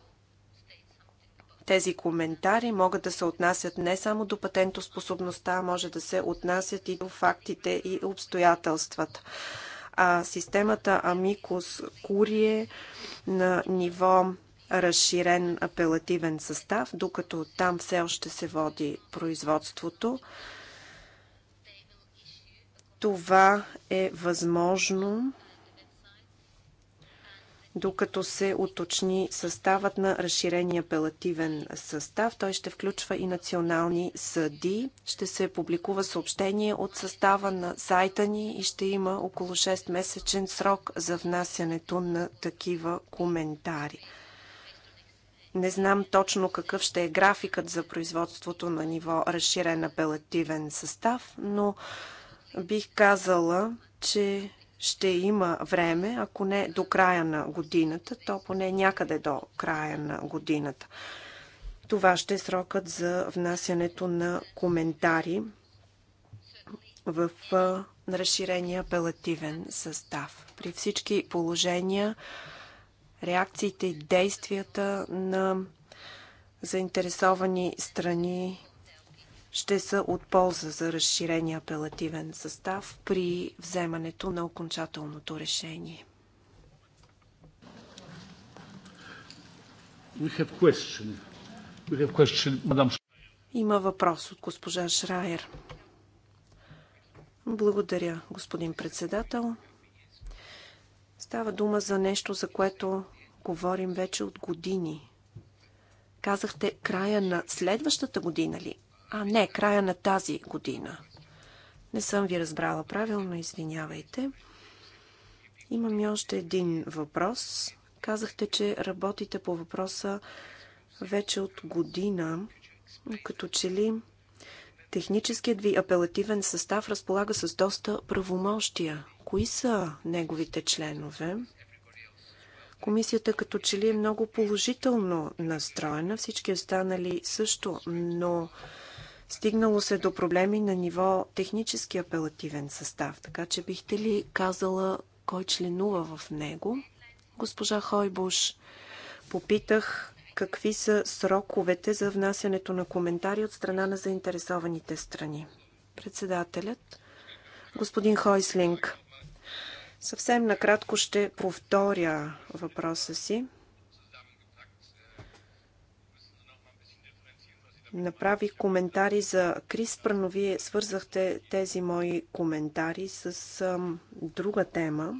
Тези коментари могат да се отнасят не само до патентоспособността, а може да се отнасят и до фактите и обстоятелствата. А системата Amicus Curie на ниво разширен апелативен състав, докато там все още се води производството. Това е възможно докато се уточни съставът на разширения апелативен състав. Той ще включва и национални съди. Ще се публикува съобщение от състава на сайта ни и ще има около 6-месечен срок за внасянето на такива коментари. Не знам точно какъв ще е графикът за производството на ниво разширен апелативен състав, но бих казала, че ще има време, ако не до края на годината, то поне някъде до края на годината. Това ще е срокът за внасянето на коментари в разширения апелативен състав. При всички положения реакциите и действията на заинтересовани страни ще са от полза за разширения апелативен състав при вземането на окончателното решение. Има въпрос от госпожа Шрайер. Благодаря, господин председател. Става дума за нещо, за което говорим вече от години. Казахте края на следващата година ли? А не, края на тази година. Не съм ви разбрала правилно, извинявайте. Имам и още един въпрос. Казахте, че работите по въпроса вече от година, като че ли Техническият ви апелативен състав разполага с доста правомощия. Кои са неговите членове? Комисията като че ли е много положително настроена, всички останали също, но стигнало се до проблеми на ниво технически апелативен състав, така че бихте ли казала кой членува в него? Госпожа Хойбуш, попитах какви са сроковете за внасянето на коментари от страна на заинтересованите страни. Председателят, господин Хойслинг, съвсем накратко ще повторя въпроса си. Направих коментари за Криспър, но вие свързахте тези мои коментари с ам, друга тема.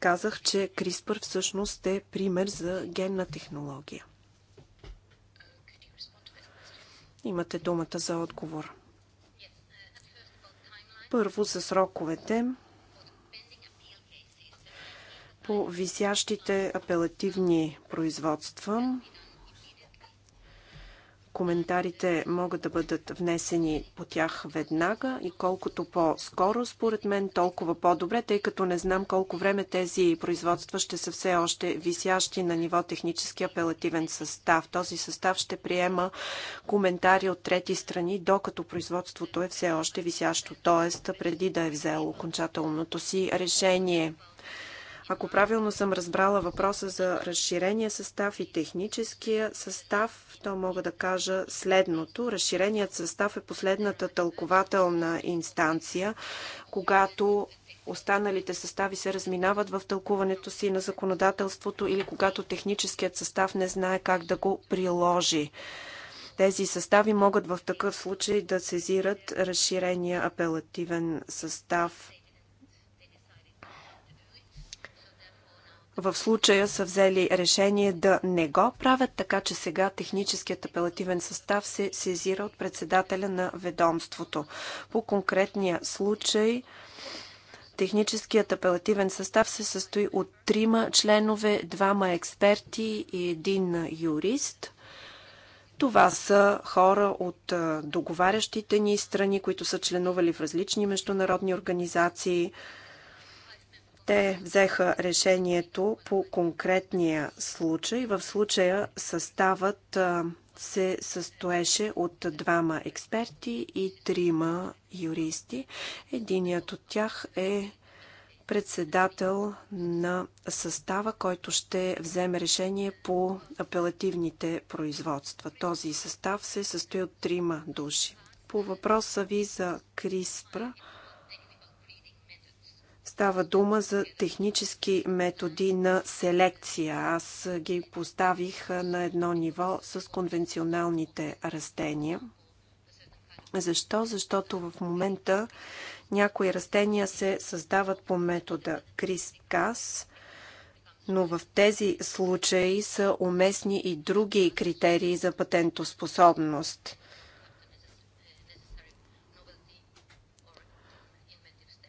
Казах, че Криспър всъщност е пример за генна технология. Имате думата за отговор. Първо за сроковете по висящите апелативни производства коментарите могат да бъдат внесени по тях веднага и колкото по-скоро, според мен, толкова по-добре, тъй като не знам колко време тези производства ще са все още висящи на ниво технически апелативен състав. Този състав ще приема коментари от трети страни, докато производството е все още висящо, т.е. преди да е взело окончателното си решение. Ако правилно съм разбрала въпроса за разширения състав и техническия състав, то мога да кажа следното. Разширеният състав е последната тълкователна инстанция, когато останалите състави се разминават в тълкуването си на законодателството или когато техническият състав не знае как да го приложи. Тези състави могат в такъв случай да сезират разширения апелативен състав. в случая са взели решение да не го правят, така че сега техническият апелативен състав се сезира от председателя на ведомството. По конкретния случай техническият апелативен състав се състои от трима членове, двама експерти и един юрист – това са хора от договарящите ни страни, които са членували в различни международни организации, те взеха решението по конкретния случай. В случая съставът се състоеше от двама експерти и трима юристи. Единият от тях е председател на състава, който ще вземе решение по апелативните производства. Този състав се състои от трима души. По въпроса ви за Криспра – Става дума за технически методи на селекция. Аз ги поставих на едно ниво с конвенционалните растения. Защо? Защото в момента някои растения се създават по метода Крис-Кас, но в тези случаи са уместни и други критерии за патентоспособност –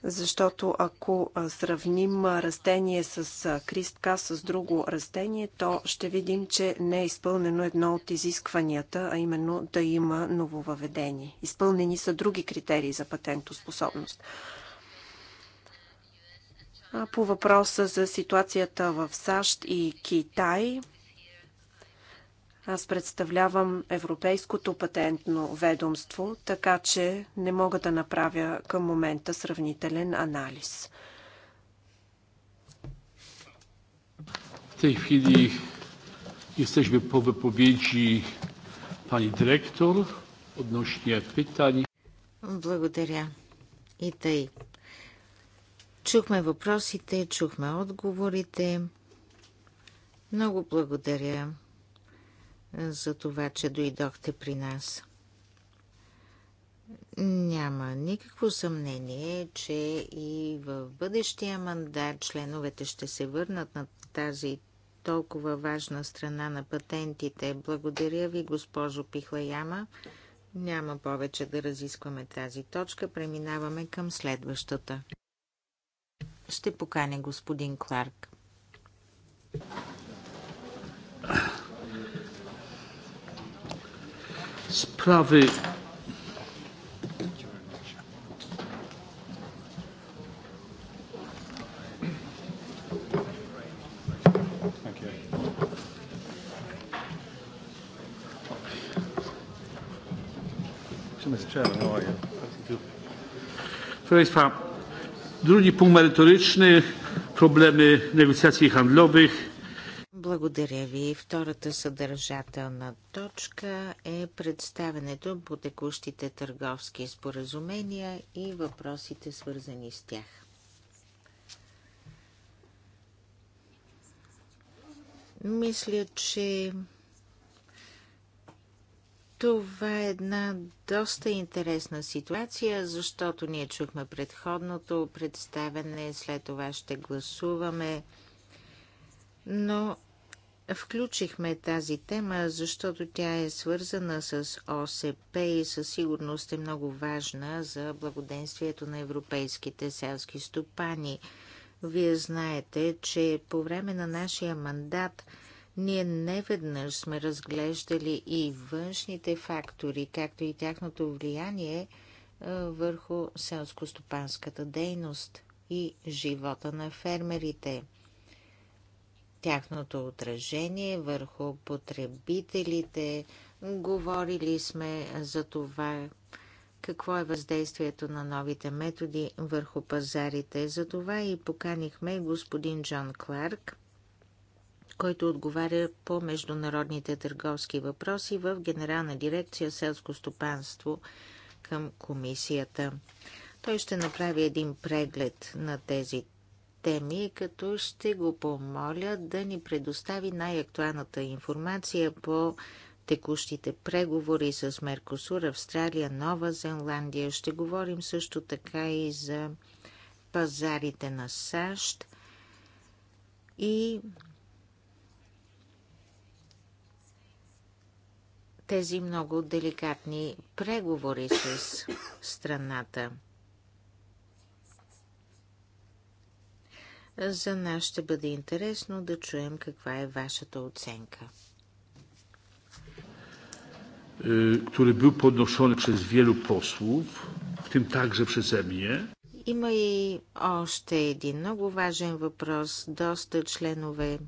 защото ако сравним растение с кристка с друго растение, то ще видим, че не е изпълнено едно от изискванията, а именно да има нововъведение. Изпълнени са други критерии за патентоспособност. по въпроса за ситуацията в САЩ и Китай – аз представлявам Европейското патентно ведомство, така че не мога да направя към момента сравнителен анализ. W tej и jesteśmy по въпобеджи пани директор относния питани. Благодаря. И тъй. Чухме въпросите, чухме отговорите. Много благодаря за това, че дойдохте при нас. Няма никакво съмнение, че и в бъдещия мандат членовете ще се върнат на тази толкова важна страна на патентите. Благодаря ви, госпожо Пихлаяма. Няма повече да разискваме тази точка. Преминаваме към следващата. Ще поканя господин Кларк. sprawy Proszę Państwa, drugi punkt merytoryczny problemy negocjacji handlowych. Благодаря ви. Втората съдържателна точка е представенето по текущите търговски споразумения и въпросите свързани с тях. Мисля, че това е една доста интересна ситуация, защото ние чухме предходното представене, след това ще гласуваме но Включихме тази тема, защото тя е свързана с ОСП и със сигурност е много важна за благоденствието на европейските селски стопани. Вие знаете, че по време на нашия мандат ние неведнъж сме разглеждали и външните фактори, както и тяхното влияние върху селско-стопанската дейност и живота на фермерите – тяхното отражение върху потребителите. Говорили сме за това какво е въздействието на новите методи върху пазарите. За това и поканихме господин Джон Кларк, който отговаря по международните търговски въпроси в Генерална дирекция селско стопанство към комисията. Той ще направи един преглед на тези теми, като ще го помоля да ни предостави най-актуалната информация по текущите преговори с Меркосур, Австралия, Нова Зеландия. Ще говорим също така и за пазарите на САЩ и тези много деликатни преговори с страната. За нас ще бъде интересно да чуем каква е вашата оценка. Той е, był podnoszony przez wielu posłów, w tym także przeze mnie. Има и още един много важен въпрос. Доста членове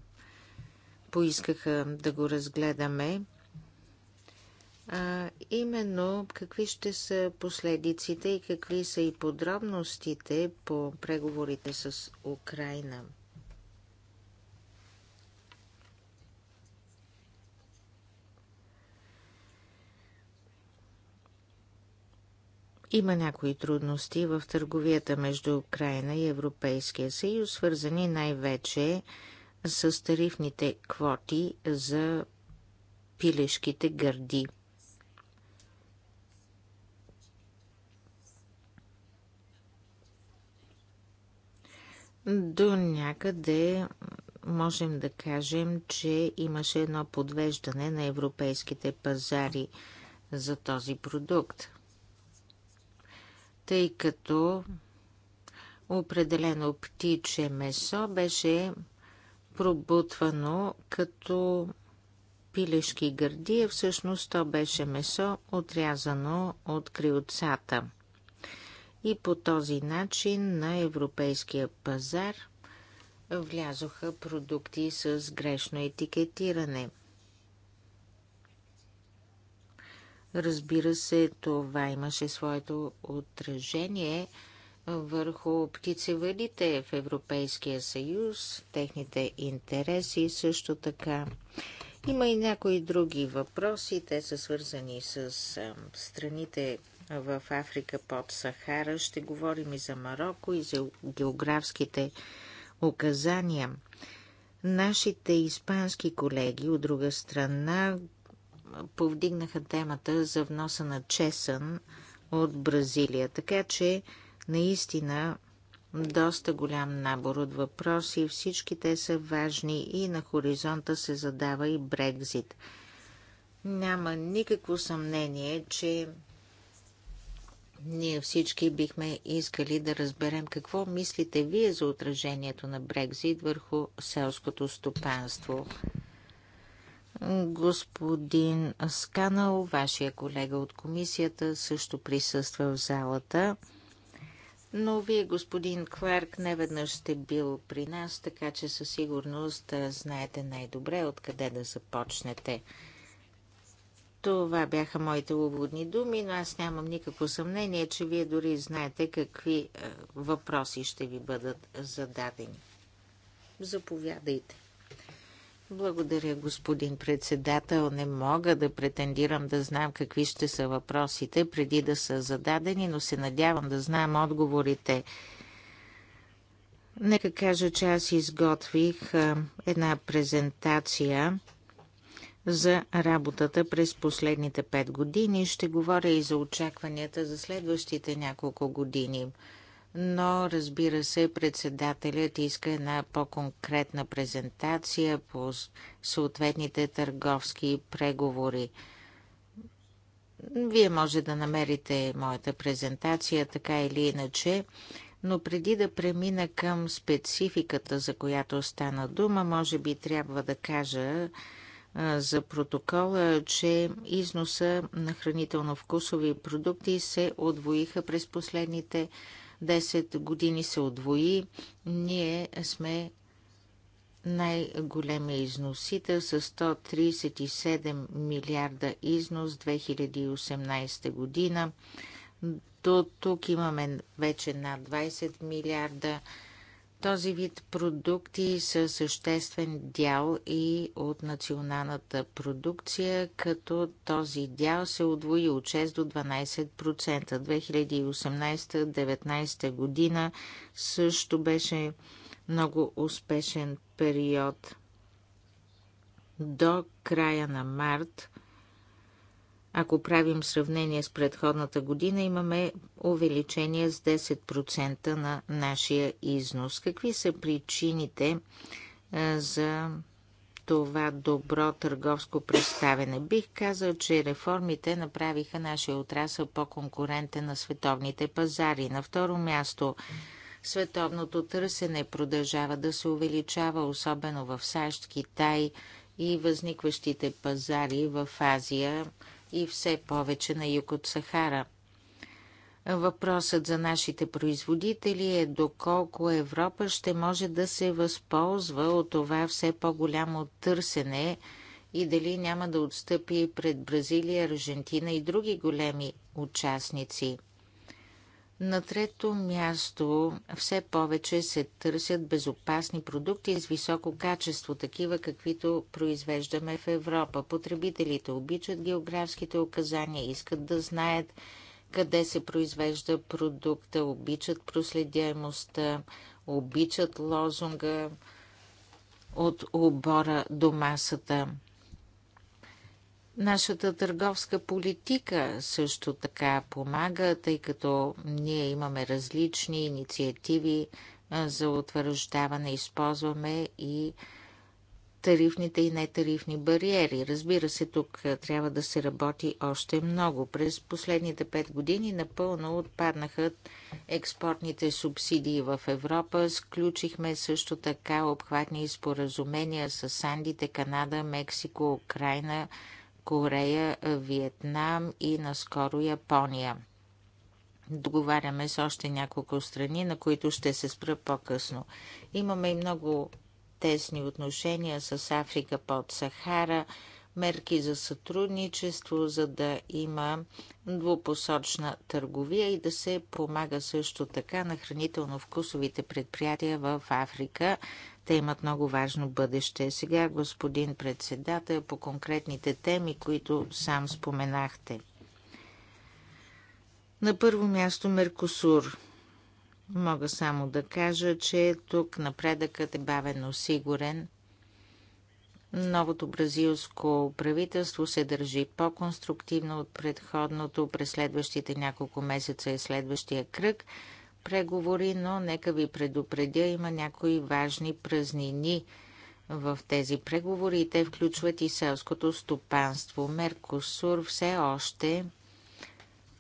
поискаха да го разгледаме а именно какви ще са последиците и какви са и подробностите по преговорите с Украина. Има някои трудности в търговията между Украина и Европейския съюз, свързани най-вече с тарифните квоти за пилешките гърди. До някъде можем да кажем, че имаше едно подвеждане на европейските пазари за този продукт. Тъй като определено птиче месо беше пробутвано като пилешки гърди, а всъщност то беше месо отрязано от крилцата – и по този начин на европейския пазар влязоха продукти с грешно етикетиране. Разбира се, това имаше своето отражение върху птицевъдите в Европейския съюз, техните интереси също така. Има и някои други въпроси. Те са свързани с страните в Африка под Сахара. Ще говорим и за Марокко, и за географските указания. Нашите испански колеги, от друга страна, повдигнаха темата за вноса на чесън от Бразилия. Така че, наистина, доста голям набор от въпроси. Всички те са важни и на хоризонта се задава и Брекзит. Няма никакво съмнение, че ние всички бихме искали да разберем какво мислите вие за отражението на Брекзит върху селското стопанство. Господин Сканал, вашия колега от комисията, също присъства в залата. Но вие, господин Кларк, не веднъж сте бил при нас, така че със сигурност знаете най-добре откъде да започнете. Това бяха моите уводни думи, но аз нямам никакво съмнение, че вие дори знаете какви е, въпроси ще ви бъдат зададени. Заповядайте. Благодаря, господин председател. Не мога да претендирам да знам какви ще са въпросите преди да са зададени, но се надявам да знам отговорите. Нека кажа, че аз изготвих е, една презентация за работата през последните пет години. Ще говоря и за очакванията за следващите няколко години. Но, разбира се, председателят иска една по-конкретна презентация по съответните търговски преговори. Вие може да намерите моята презентация, така или иначе. Но преди да премина към спецификата, за която стана дума, може би трябва да кажа, за протокола, че износа на хранително-вкусови продукти се отвоиха през последните 10 години се отвои. Ние сме най-големия износител с 137 милиарда износ 2018 година. До тук имаме вече над 20 милиарда този вид продукти са съществен дял и от националната продукция, като този дял се удвои от 6 до 12%. 2018-2019 година също беше много успешен период. До края на март ако правим сравнение с предходната година, имаме увеличение с 10% на нашия износ. Какви са причините е, за това добро търговско представене? Бих казал, че реформите направиха нашия отрасъл по-конкурентен на световните пазари. На второ място Световното търсене продължава да се увеличава, особено в САЩ, Китай и възникващите пазари в Азия и все повече на юг от Сахара. Въпросът за нашите производители е доколко Европа ще може да се възползва от това все по-голямо търсене и дали няма да отстъпи пред Бразилия, Аржентина и други големи участници. На трето място все повече се търсят безопасни продукти с високо качество, такива каквито произвеждаме в Европа. Потребителите обичат географските указания, искат да знаят къде се произвежда продукта, обичат проследяемостта, обичат лозунга от обора до масата. Нашата търговска политика също така помага, тъй като ние имаме различни инициативи за утвърждаване. Използваме и тарифните и нетарифни бариери. Разбира се, тук трябва да се работи още много. През последните пет години напълно отпаднаха експортните субсидии в Европа. Сключихме също така обхватни споразумения с Андите, Канада, Мексико, Украина, Корея, Виетнам и наскоро Япония. Договаряме с още няколко страни, на които ще се спра по-късно. Имаме и много тесни отношения с Африка под Сахара, мерки за сътрудничество, за да има двупосочна търговия и да се помага също така на хранително-вкусовите предприятия в Африка те имат много важно бъдеще. Сега, господин председател, по конкретните теми, които сам споменахте. На първо място Меркосур. Мога само да кажа, че тук напредъкът е бавено сигурен. Новото бразилско правителство се държи по-конструктивно от предходното през следващите няколко месеца и е следващия кръг – преговори, но нека ви предупредя, има някои важни празнини в тези преговори и те включват и селското стопанство. Меркосур все още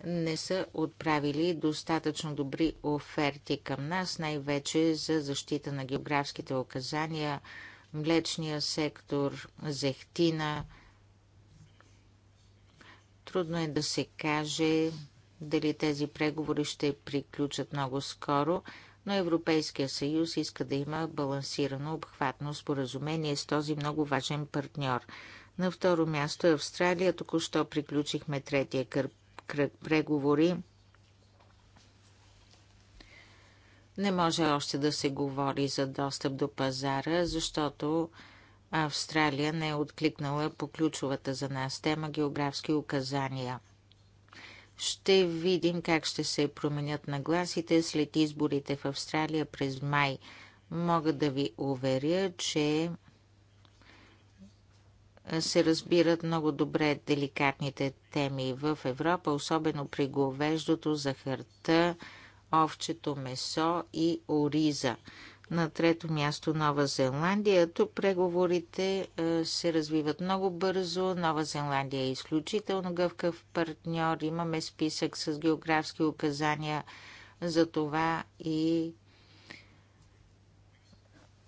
не са отправили достатъчно добри оферти към нас, най-вече за защита на географските указания, млечния сектор, зехтина. Трудно е да се каже дали тези преговори ще приключат много скоро, но Европейския съюз иска да има балансирано обхватно споразумение с този много важен партньор. На второ място е Австралия. Току-що приключихме третия кръг преговори. Не може още да се говори за достъп до пазара, защото Австралия не е откликнала по ключовата за нас тема географски указания – ще видим как ще се променят нагласите след изборите в Австралия през май. Мога да ви уверя, че се разбират много добре деликатните теми в Европа, особено при говеждото, захарта, овчето месо и ориза. На трето място Нова Зеландия. Тук преговорите е, се развиват много бързо. Нова Зеландия е изключително гъвкав партньор. Имаме списък с географски указания за това и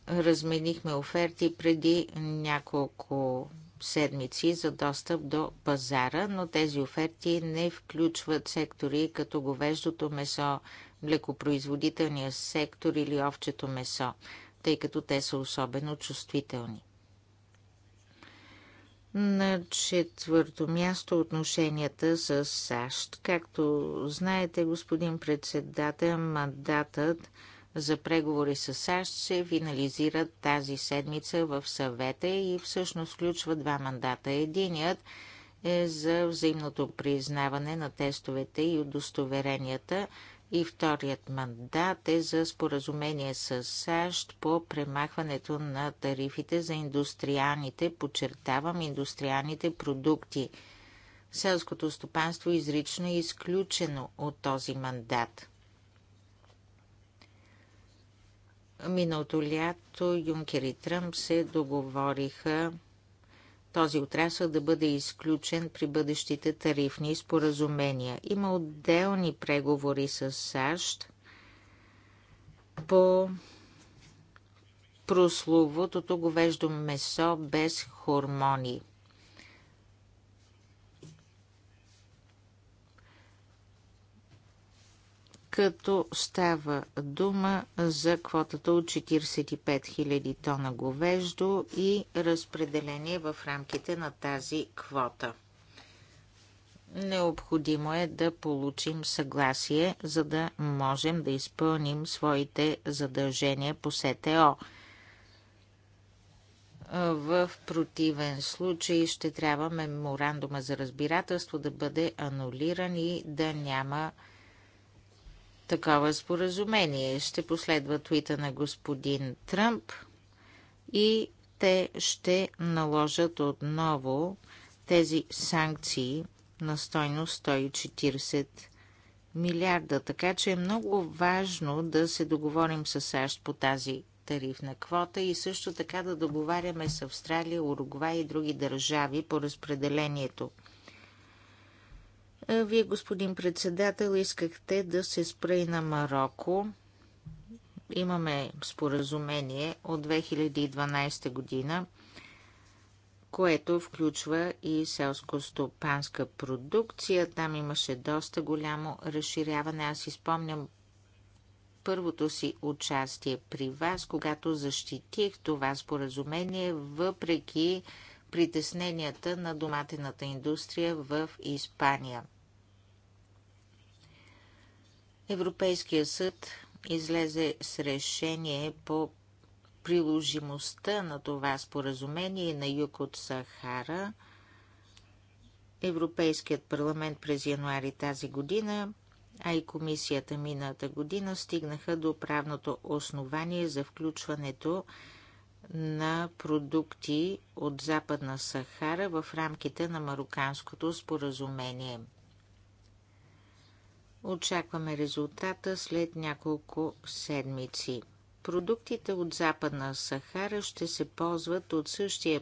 разменихме оферти преди няколко седмици за достъп до пазара, но тези оферти не включват сектори като говеждото месо, млекопроизводителния сектор или овчето месо, тъй като те са особено чувствителни. На четвърто място отношенията с САЩ. Както знаете, господин председател, мандатът за преговори с САЩ се финализира тази седмица в съвета и всъщност включва два мандата. Единият е за взаимното признаване на тестовете и удостоверенията, и вторият мандат е за споразумение с САЩ по премахването на тарифите за индустриалните, подчертавам, индустриалните продукти. Селското стопанство е изрично е изключено от този мандат. Миналото лято Юнкер и Тръмп се договориха този отрасъл да бъде изключен при бъдещите тарифни споразумения. Има отделни преговори с САЩ по прословутото говеждо месо без хормони. като става дума за квотата от 45 000 тона говеждо и разпределение в рамките на тази квота. Необходимо е да получим съгласие, за да можем да изпълним своите задължения по СТО. В противен случай ще трябва меморандума за разбирателство да бъде анулиран и да няма такова споразумение. Ще последва твита на господин Тръмп и те ще наложат отново тези санкции на стойност 140 милиарда. Така че е много важно да се договорим с САЩ по тази тарифна квота и също така да договаряме с Австралия, Уругвай и други държави по разпределението. Вие, господин председател, искахте да се спре и на Марокко. Имаме споразумение от 2012 година, което включва и селско-стопанска продукция. Там имаше доста голямо разширяване. Аз изпомням първото си участие при вас, когато защитих това споразумение, въпреки притесненията на доматената индустрия в Испания. Европейския съд излезе с решение по приложимостта на това споразумение на юг от Сахара. Европейският парламент през януари тази година, а и комисията миналата година стигнаха до правното основание за включването на на продукти от Западна Сахара в рамките на Мароканското споразумение. Очакваме резултата след няколко седмици. Продуктите от Западна Сахара ще се ползват от същия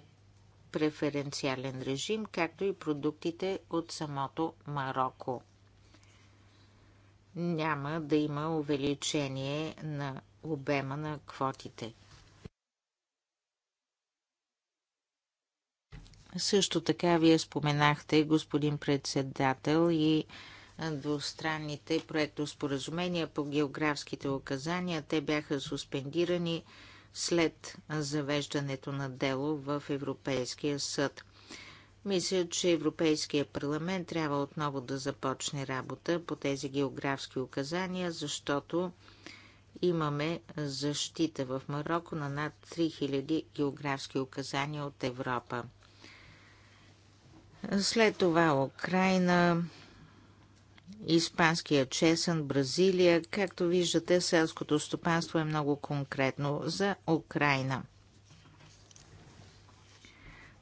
преференциален режим, както и продуктите от самото Марокко. Няма да има увеличение на обема на квотите. Също така вие споменахте, господин председател, и двустранните проектоспоразумения по географските указания. Те бяха суспендирани след завеждането на дело в Европейския съд. Мисля, че Европейския парламент трябва отново да започне работа по тези географски указания, защото имаме защита в Марокко на над 3000 географски указания от Европа. След това Украина, Испанския чесън, Бразилия. Както виждате, селското стопанство е много конкретно за Украина.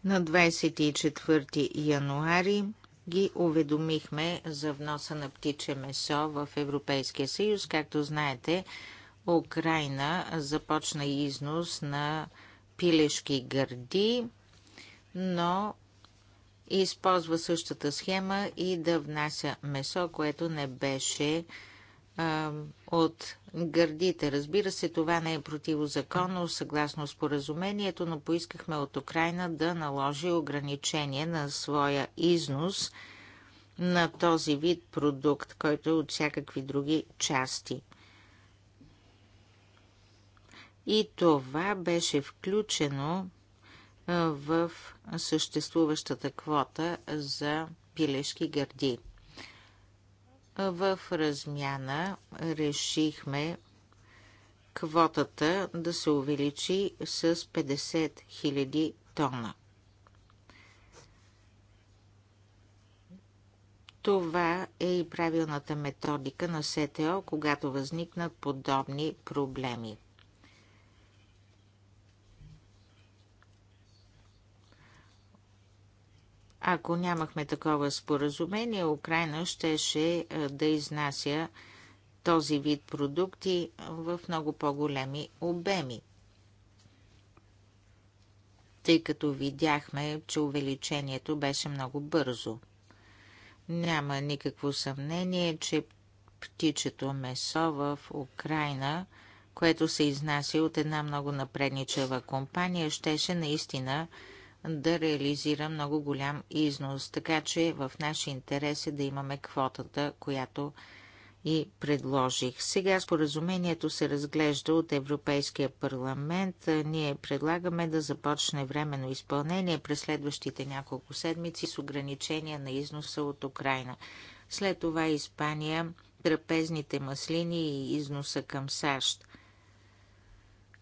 На 24 януари ги уведомихме за вноса на птиче месо в Европейския съюз. Както знаете, Украина започна износ на пилешки гърди, но използва същата схема и да внася месо, което не беше а, от гърдите. Разбира се, това не е противозаконно съгласно споразумението, но поискахме от Украина да наложи ограничение на своя износ на този вид продукт, който е от всякакви други части. И това беше включено в съществуващата квота за пилешки гърди. В размяна решихме квотата да се увеличи с 50 000 тона. Това е и правилната методика на СТО, когато възникнат подобни проблеми. Ако нямахме такова споразумение, Украина щеше е, да изнася този вид продукти в много по-големи обеми. Тъй като видяхме, че увеличението беше много бързо. Няма никакво съмнение, че птичето месо в Украина, което се изнася от една много напредничава компания, щеше наистина да реализира много голям износ. Така че в наш интерес е да имаме квотата, която и предложих. Сега споразумението се разглежда от Европейския парламент. Ние предлагаме да започне временно изпълнение през следващите няколко седмици с ограничения на износа от Украина. След това Испания, трапезните маслини и износа към САЩ.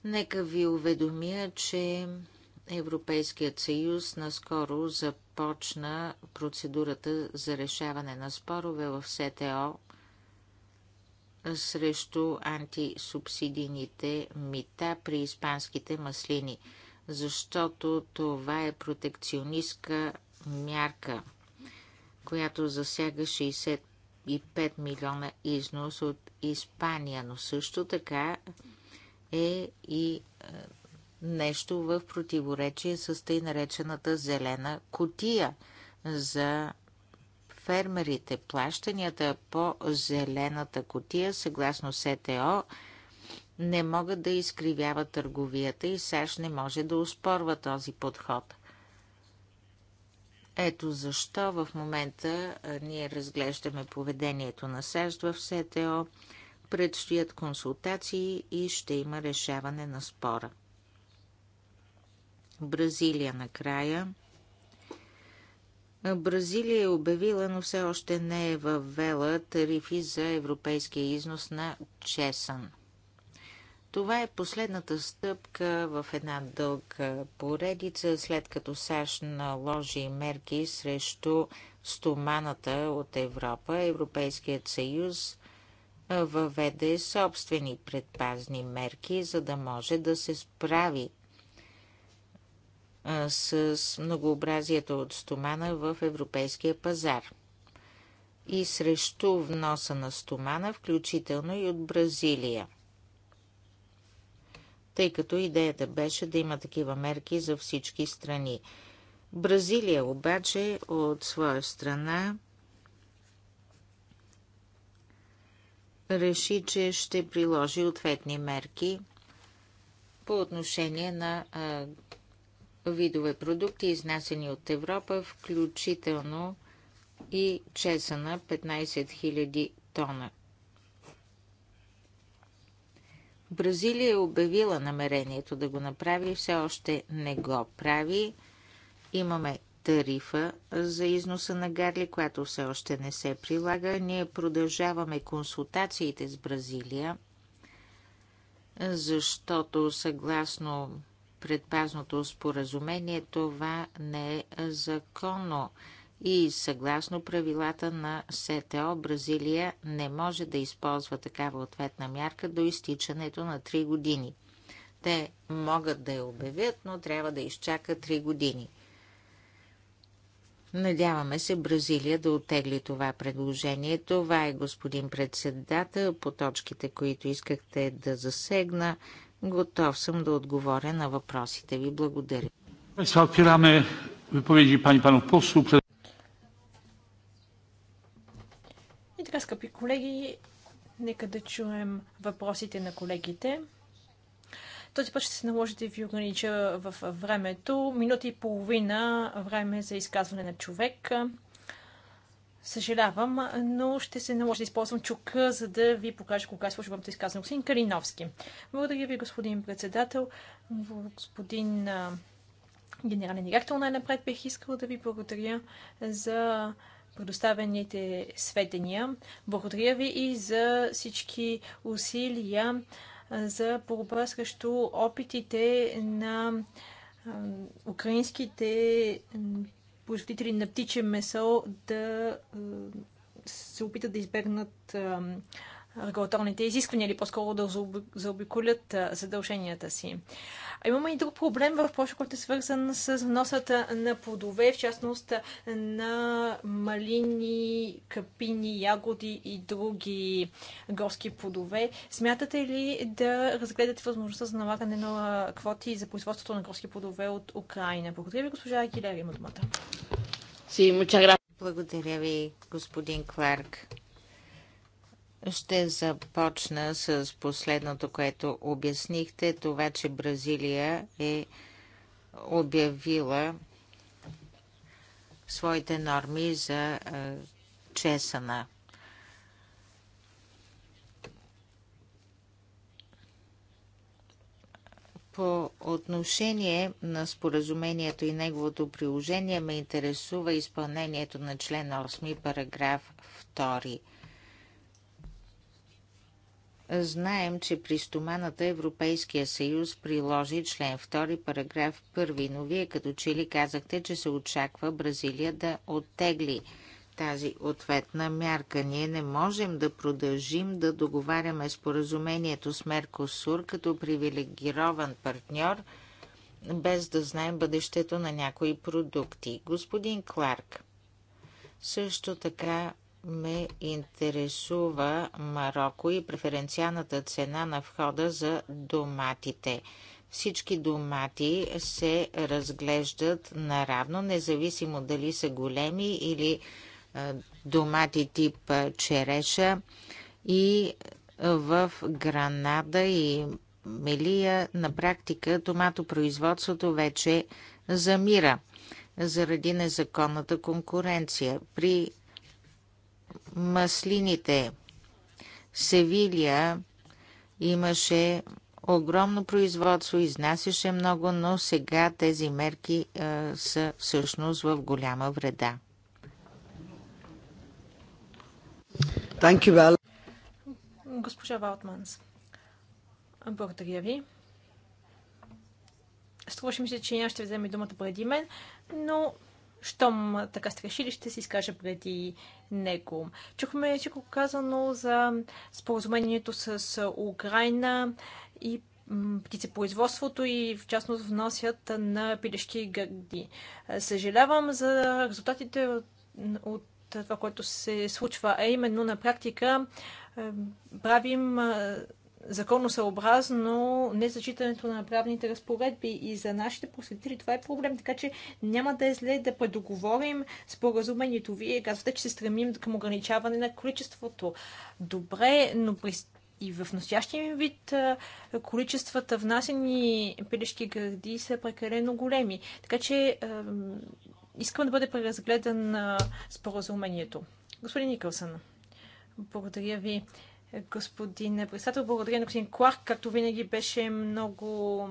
Нека ви уведомя, че Европейският съюз наскоро започна процедурата за решаване на спорове в СТО срещу антисубсидийните мита при испанските маслини, защото това е протекционистка мярка, която засяга 65 милиона износ от Испания, но също така е и е, нещо в противоречие с тъй наречената зелена котия за фермерите. Плащанията по зелената котия, съгласно СТО, не могат да изкривяват търговията и САЩ не може да успорва този подход. Ето защо в момента ние разглеждаме поведението на САЩ в СТО, предстоят консултации и ще има решаване на спора. Бразилия накрая. Бразилия е обявила, но все още не е въвела тарифи за европейския износ на чесън. Това е последната стъпка в една дълга поредица, след като САЩ наложи мерки срещу стоманата от Европа. Европейският съюз въведе собствени предпазни мерки, за да може да се справи с многообразието от стомана в европейския пазар и срещу вноса на стомана, включително и от Бразилия. Тъй като идеята беше да има такива мерки за всички страни. Бразилия обаче от своя страна реши, че ще приложи ответни мерки по отношение на видове продукти, изнасени от Европа, включително и чесъна 15 000 тона. Бразилия е обявила намерението да го направи, все още не го прави. Имаме тарифа за износа на гарли, която все още не се прилага. Ние продължаваме консултациите с Бразилия, защото съгласно предпазното споразумение, това не е законно. И съгласно правилата на СТО, Бразилия не може да използва такава ответна мярка до изтичането на 3 години. Те могат да я обявят, но трябва да изчака 3 години. Надяваме се Бразилия да отегли това предложение. Това е, господин председател, по точките, които искахте да засегна. Готов съм да отговоря на въпросите ви. Благодаря. Отпираме пани панов И така, скъпи колеги, нека да чуем въпросите на колегите. Този път ще се наложи да ви огранича в времето. Минута и половина време за изказване на човек. Съжалявам, но ще се наложи да използвам чука, за да ви покажа кога е службата изказване. Господин Калиновски. Благодаря ви, господин председател. Господин генерален директор, най-напред бих искал да ви благодаря за предоставените сведения. Благодаря ви и за всички усилия за борба срещу опитите на украинските производители на птиче месо да е, се опитат да избегнат регулаторните изисквания или по-скоро да заобиколят задълженията си. А имаме и друг проблем в Польша, който е свързан с вносата на плодове, в частност на малини, капини, ягоди и други горски плодове. Смятате ли да разгледате възможността за налагане на квоти за производството на горски плодове от Украина? Благодаря ви, госпожа Акилер, има думата. Благодаря ви, господин Кларк. Ще започна с последното, което обяснихте, това, че Бразилия е обявила своите норми за чесана. По отношение на споразумението и неговото приложение ме интересува изпълнението на член 8, параграф 2. Знаем, че при стоманата Европейския съюз приложи член 2, параграф 1, но вие като че ли казахте, че се очаква Бразилия да оттегли тази ответна мярка. Ние не можем да продължим да договаряме споразумението с Меркосур като привилегирован партньор, без да знаем бъдещето на някои продукти. Господин Кларк, също така ме интересува Марокко и преференциалната цена на входа за доматите. Всички домати се разглеждат наравно, независимо дали са големи или домати тип череша. И в Гранада и Мелия на практика томатопроизводството вече замира заради незаконната конкуренция. При маслините. Севилия имаше огромно производство, изнасяше много, но сега тези мерки а, са всъщност в голяма вреда. Госпожа Валтманс, благодаря ви. Струваше ми се, че няма ще вземе думата преди мен, но щом така сте решили, ще си изкажа преди него. Чухме всичко казано за споразумението с Украина и птицепроизводството и в частност вносят на пилешки гърди. Съжалявам за резултатите от, това, което се случва, а именно на практика правим законосъобразно незачитането на правните разпоредби и за нашите посетители това е проблем, така че няма да е зле да предоговорим споразумението. Вие казвате, че се стремим към ограничаване на количеството. Добре, но при и в настоящия ми вид количествата внасени пилешки гради са прекалено големи. Така че е, искам да бъде преразгледан споразумението. Господин Никълсън, благодаря ви господин председател. Благодаря на господин Кларк. Както винаги беше много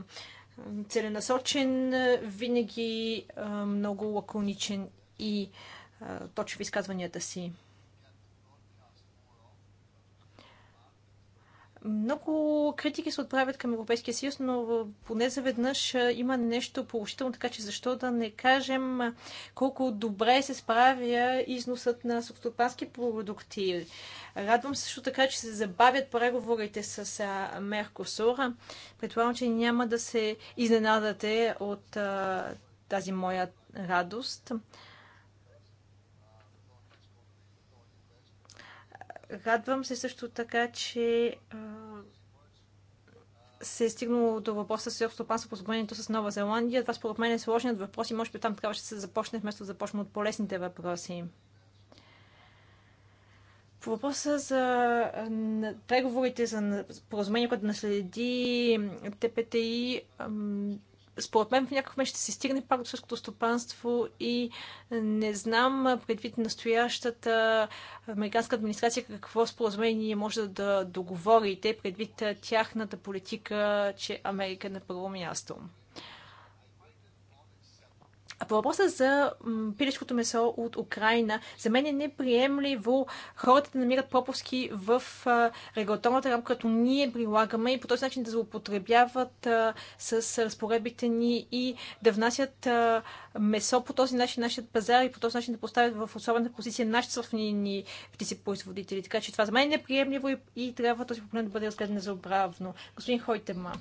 целенасочен, винаги много лаконичен и точно в изказванията си. Много критики се отправят към Европейския съюз, но поне заведнъж има нещо положително, така че защо да не кажем колко добре се справя износът на сухостопански продукти. Радвам се също така, че се забавят преговорите с Меркосура. Предполагам, че няма да се изненадате от тази моя радост. Радвам се също така, че а, се е стигнало до въпроса с стопанство по споразумението с Нова Зеландия. Това според мен е сложният въпрос и може би там трябваше да се започне, вместо да започне от полезните въпроси. По въпроса за преговорите за споразумение, което наследи ТПТИ, според мен в някакъв момент ще се стигне пак до сърското стопанство и не знам предвид настоящата американска администрация какво споразумение може да договорите предвид тяхната политика, че Америка е на първо място. А по въпроса за пилешкото месо от Украина, за мен е неприемливо хората да намират пропуски в регулаторната рамка, като ние прилагаме и по този начин да злоупотребяват с разпоредбите ни и да внасят месо по този начин нашият пазар и по този начин да поставят в особена позиция нашите собствени производители. Така че това за мен е неприемливо и, и трябва този проблем да бъде разгледан заобравно. Господин Хойтема,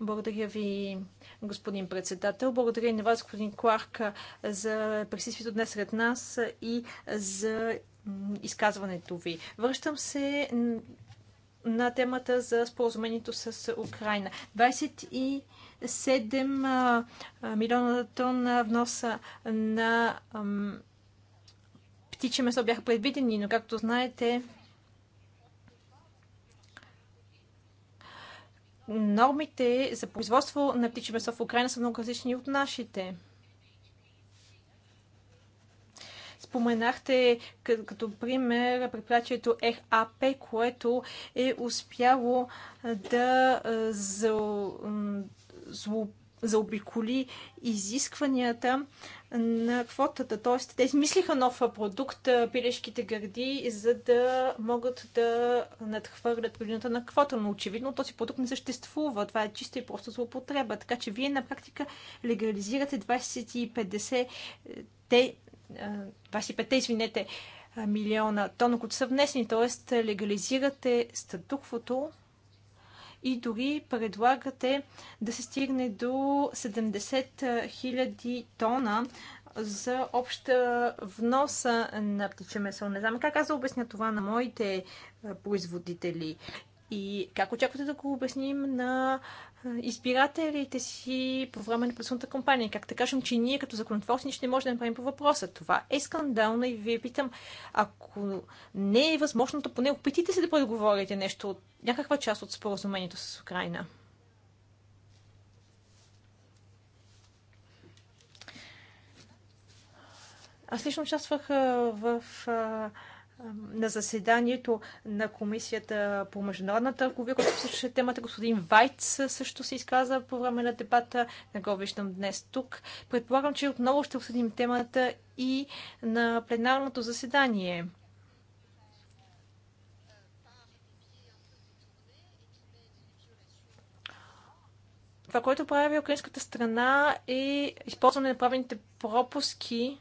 благодаря ви, господин председател. Благодаря и на вас, господин Кларк, за присъствието днес сред нас и за изказването ви. Връщам се на темата за споразумението с Украина. 27 милиона тона вноса на птиче месо бяха предвидени, но както знаете, нормите за производство на птиче месо в Украина са много различни от нашите. споменахте като пример предприятието ЕХАП, което е успяло да заобиколи изискванията на квотата. Т.е. те измислиха нов продукт, пилешките гърди, за да могат да надхвърлят предината на квота. Но очевидно този продукт не съществува. Това е чисто и просто злоупотреба. Така че вие на практика легализирате 20 и 50 те 25 пете извинете, милиона тона, които са внесени, т.е. легализирате статуквото и дори предлагате да се стигне до 70 хиляди тона за обща вноса на птиче месо. Не знам как аз да обясня това на моите производители. И как очаквате да го обясним на избирателите си по време на предсунната кампания. Как да кажем, че ние като законотворци ще не можем да направим по въпроса. Това е скандално и ви питам, ако не е възможно, то поне опитите се да преговорите нещо от някаква част от споразумението с Украина. Аз лично участвах в на заседанието на комисията по международна търговия, която всъщност темата господин Вайц също се изказа по време на дебата. Не го виждам днес тук. Предполагам, че отново ще обсъдим темата и на пленарното заседание. Това, което прави украинската страна е използване на правените пропуски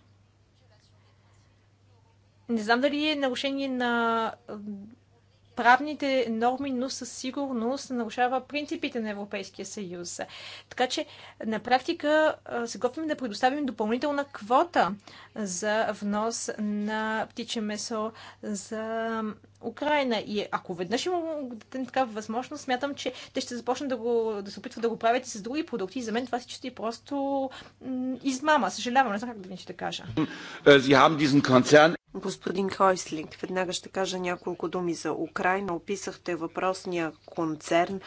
не знам дали е нарушение на правните норми, но със сигурност нарушава принципите на Европейския съюз. Така че на практика се готвим да предоставим допълнителна квота за внос на птиче месо за Украина. И ако веднъж има такава възможност, смятам, че те ще започнат да, го, да се опитват да го правят и с други продукти. И за мен това си чисто просто измама. Съжалявам, не знам как да ви ще кажа. Е, Господин Хойслинг, веднага ще кажа няколко думи за Украина. Описахте въпросния концерн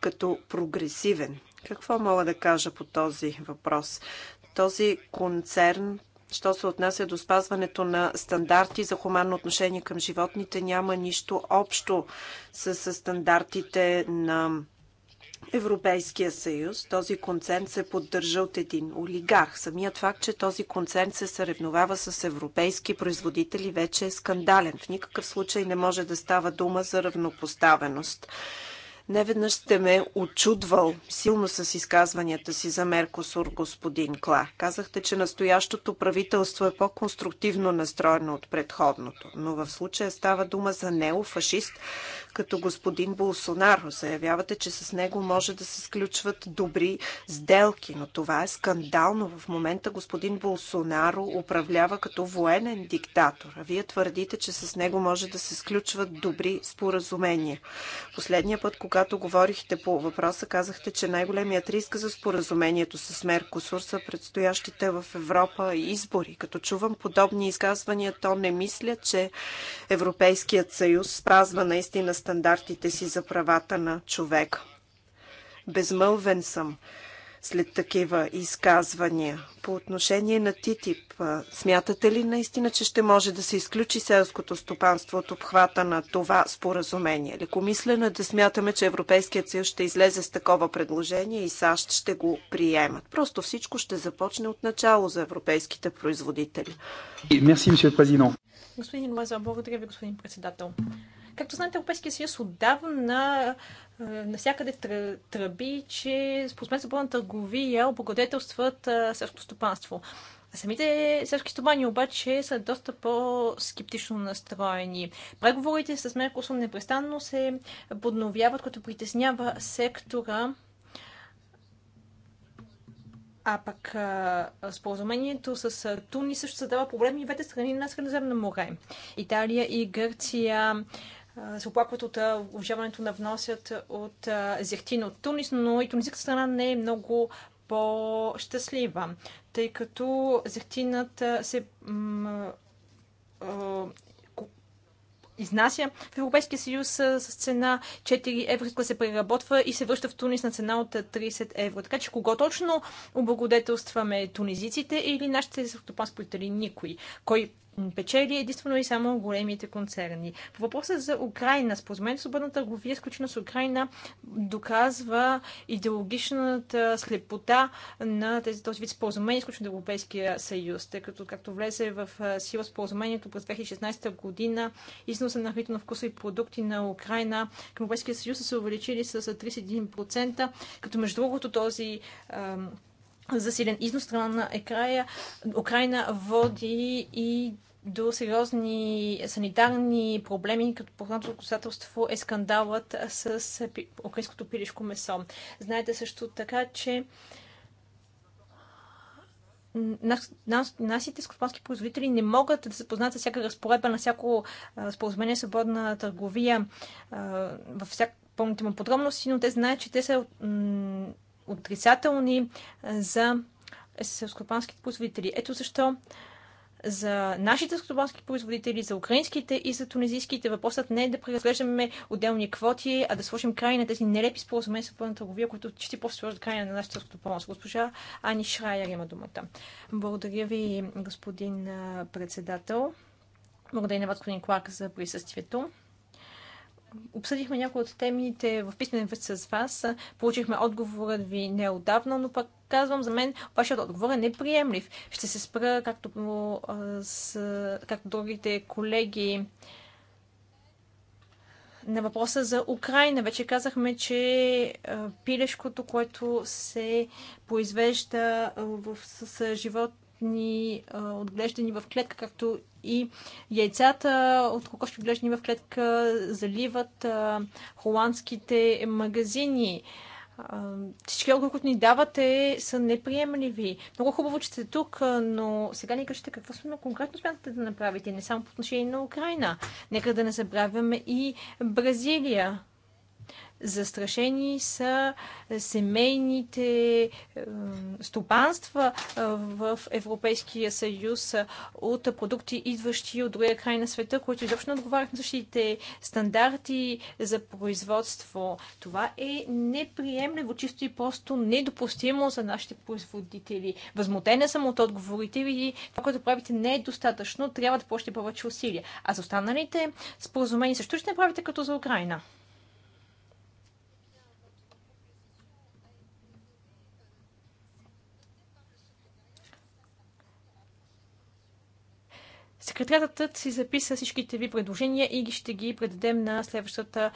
като прогресивен. Какво мога да кажа по този въпрос? Този концерн Що се отнася до спазването на стандарти за хуманно отношение към животните, няма нищо общо с, стандартите на Европейския съюз. Този концент се поддържа от един олигарх. Самият факт, че този концент се съревновава с европейски производители, вече е скандален. В никакъв случай не може да става дума за равнопоставеност. Неведнъж сте ме очудвал силно с изказванията си за Меркосур, господин Кла. Казахте, че настоящото правителство е по-конструктивно настроено от предходното, но в случая става дума за неофашист, като господин Болсонаро. Заявявате, че с него може да се сключват добри сделки, но това е скандално. В момента господин Болсонаро управлява като военен диктатор, а вие твърдите, че с него може да се сключват добри споразумения. Последния път, когато когато говорихте по въпроса, казахте, че най-големият риск за споразумението с Меркосур са предстоящите в Европа избори. Като чувам подобни изказвания, то не мисля, че Европейският съюз спазва наистина стандартите си за правата на човека. Безмълвен съм след такива изказвания. По отношение на ТИТИП, смятате ли наистина, че ще може да се изключи селското стопанство от обхвата на това споразумение? Лекомислено е да смятаме, че Европейският съюз ще излезе с такова предложение и САЩ ще го приемат. Просто всичко ще започне от начало за европейските производители. Мерси, мисър президент. Господин Лазар, благодаря ви, господин председател. Както знаете, Европейския съюз отдавна е, навсякъде тръби, че според свободна търговия облагодетелстват е, селското стопанство. самите селски стопани обаче са доста по-скептично настроени. Преговорите с Меркосур непрестанно се подновяват, като притеснява сектора. А пък е, споразумението с Туни също създава проблеми и двете страни на Средиземно море. Италия и Гърция се оплакват от обжаването на вносят от зехтин от Тунис, но и тунисската страна не е много по-щастлива, тъй като зехтинът се изнася в Европейския съюз с цена 4 евро, която се преработва и се връща в Тунис на цена от 30 евро. Така че кого точно облагодетелстваме? Тунизиците или нашите селскостопански производители? Никой. Кой печели единствено и само големите концерни. По въпроса за Украина, споразумението свободната търговия, изключено с Украина, доказва идеологичната слепота на тези, този вид споразумение, изключено от Европейския съюз, тъй като както влезе в сила споразумението през 2016 година, износа на хранително вкусови продукти на Украина към Европейския съюз са се увеличили с 31%, като между другото този засилен износ страна на екрая, Украина води и до сериозни санитарни проблеми, като познато доказателство е скандалът с украинското пилешко месо. Знаете също така, че нашите скопански производители не могат да се познат с всяка разпоредба на всяко споразумение свободна търговия във всяка пълните му подробности, но те знаят, че те са отрицателни за селскопанските производители. Ето защо за нашите скотобански производители, за украинските и за тунезийските. Въпросът не е да преразглеждаме отделни квоти, а да сложим край на тези нелепи споразумения с пълната търговия, които ще просто сложат край на нашата скотопанство. Госпожа Ани Шрайер има думата. Благодаря ви, господин председател. Благодаря на вас, господин Кларк, за присъствието. Обсъдихме някои от темите в писмен вид с вас. Получихме отговорът ви неодавна, но пък казвам, за мен вашият отговор е неприемлив. Ще се спра, както, с, както другите колеги, на въпроса за Украина. Вече казахме, че пилешкото, което се произвежда в, с живот животни, отглеждани в клетка, както и яйцата от кокошки отглеждани в клетка заливат холандските магазини. Всички отговори, които ни давате, са неприемливи. Много хубаво, че сте тук, но сега ни кажете какво сме конкретно смятате да направите, не само по отношение на Украина. Нека да не забравяме и Бразилия. Застрашени са семейните стопанства в Европейския съюз от продукти, идващи от другия край на света, които изобщо не отговарят на същите стандарти за производство. Това е неприемливо, чисто и просто недопустимо за нашите производители. Възмутена съм от отговорите ви. Това, което правите, не е достатъчно. Трябва да почне повече усилия. А за останалите споразумения също ще направите като за Украина. Секретарятът си записа всичките ви предложения и ще ги предадем на следващата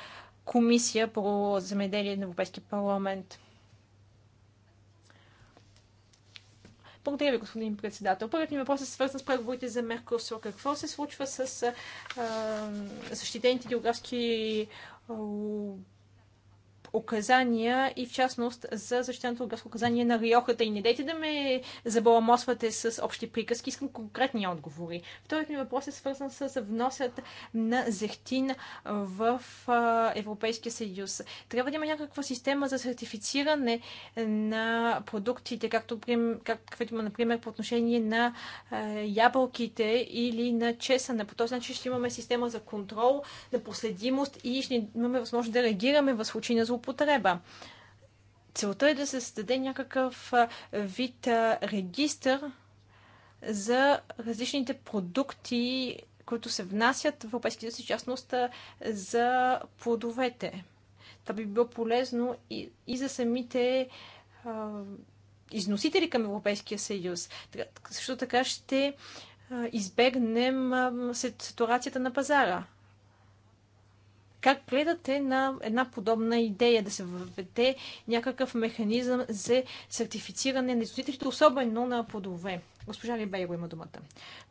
комисия по земеделие на Европейския парламент. Благодаря ви, господин председател. Първият ми въпрос е свързан с преговорите за Меркосур. Какво се случва с а, защитените географски указания и в частност за защитеното географско указание на Риохата. И не дайте да ме забаламосвате с общи приказки, искам конкретни отговори. Вторият ми въпрос е свързан с вносят на зехтин в Европейския съюз. Трябва да има някаква система за сертифициране на продуктите, както, каквито има, например, по отношение на ябълките или на чесъна. По този начин ще имаме система за контрол, на последимост и ще имаме възможност да реагираме в случай на злоупотреба злоупотреба. Целта е да се създаде някакъв вид регистър за различните продукти, които се внасят в Европейския съюз, частност за плодовете. Това би било полезно и, и за самите а, износители към Европейския съюз. също така ще избегнем ситуацията на пазара. Как гледате на една подобна идея да се въведе някакъв механизъм за сертифициране на изотителите, особено на плодове? Госпожа Рибейро има думата.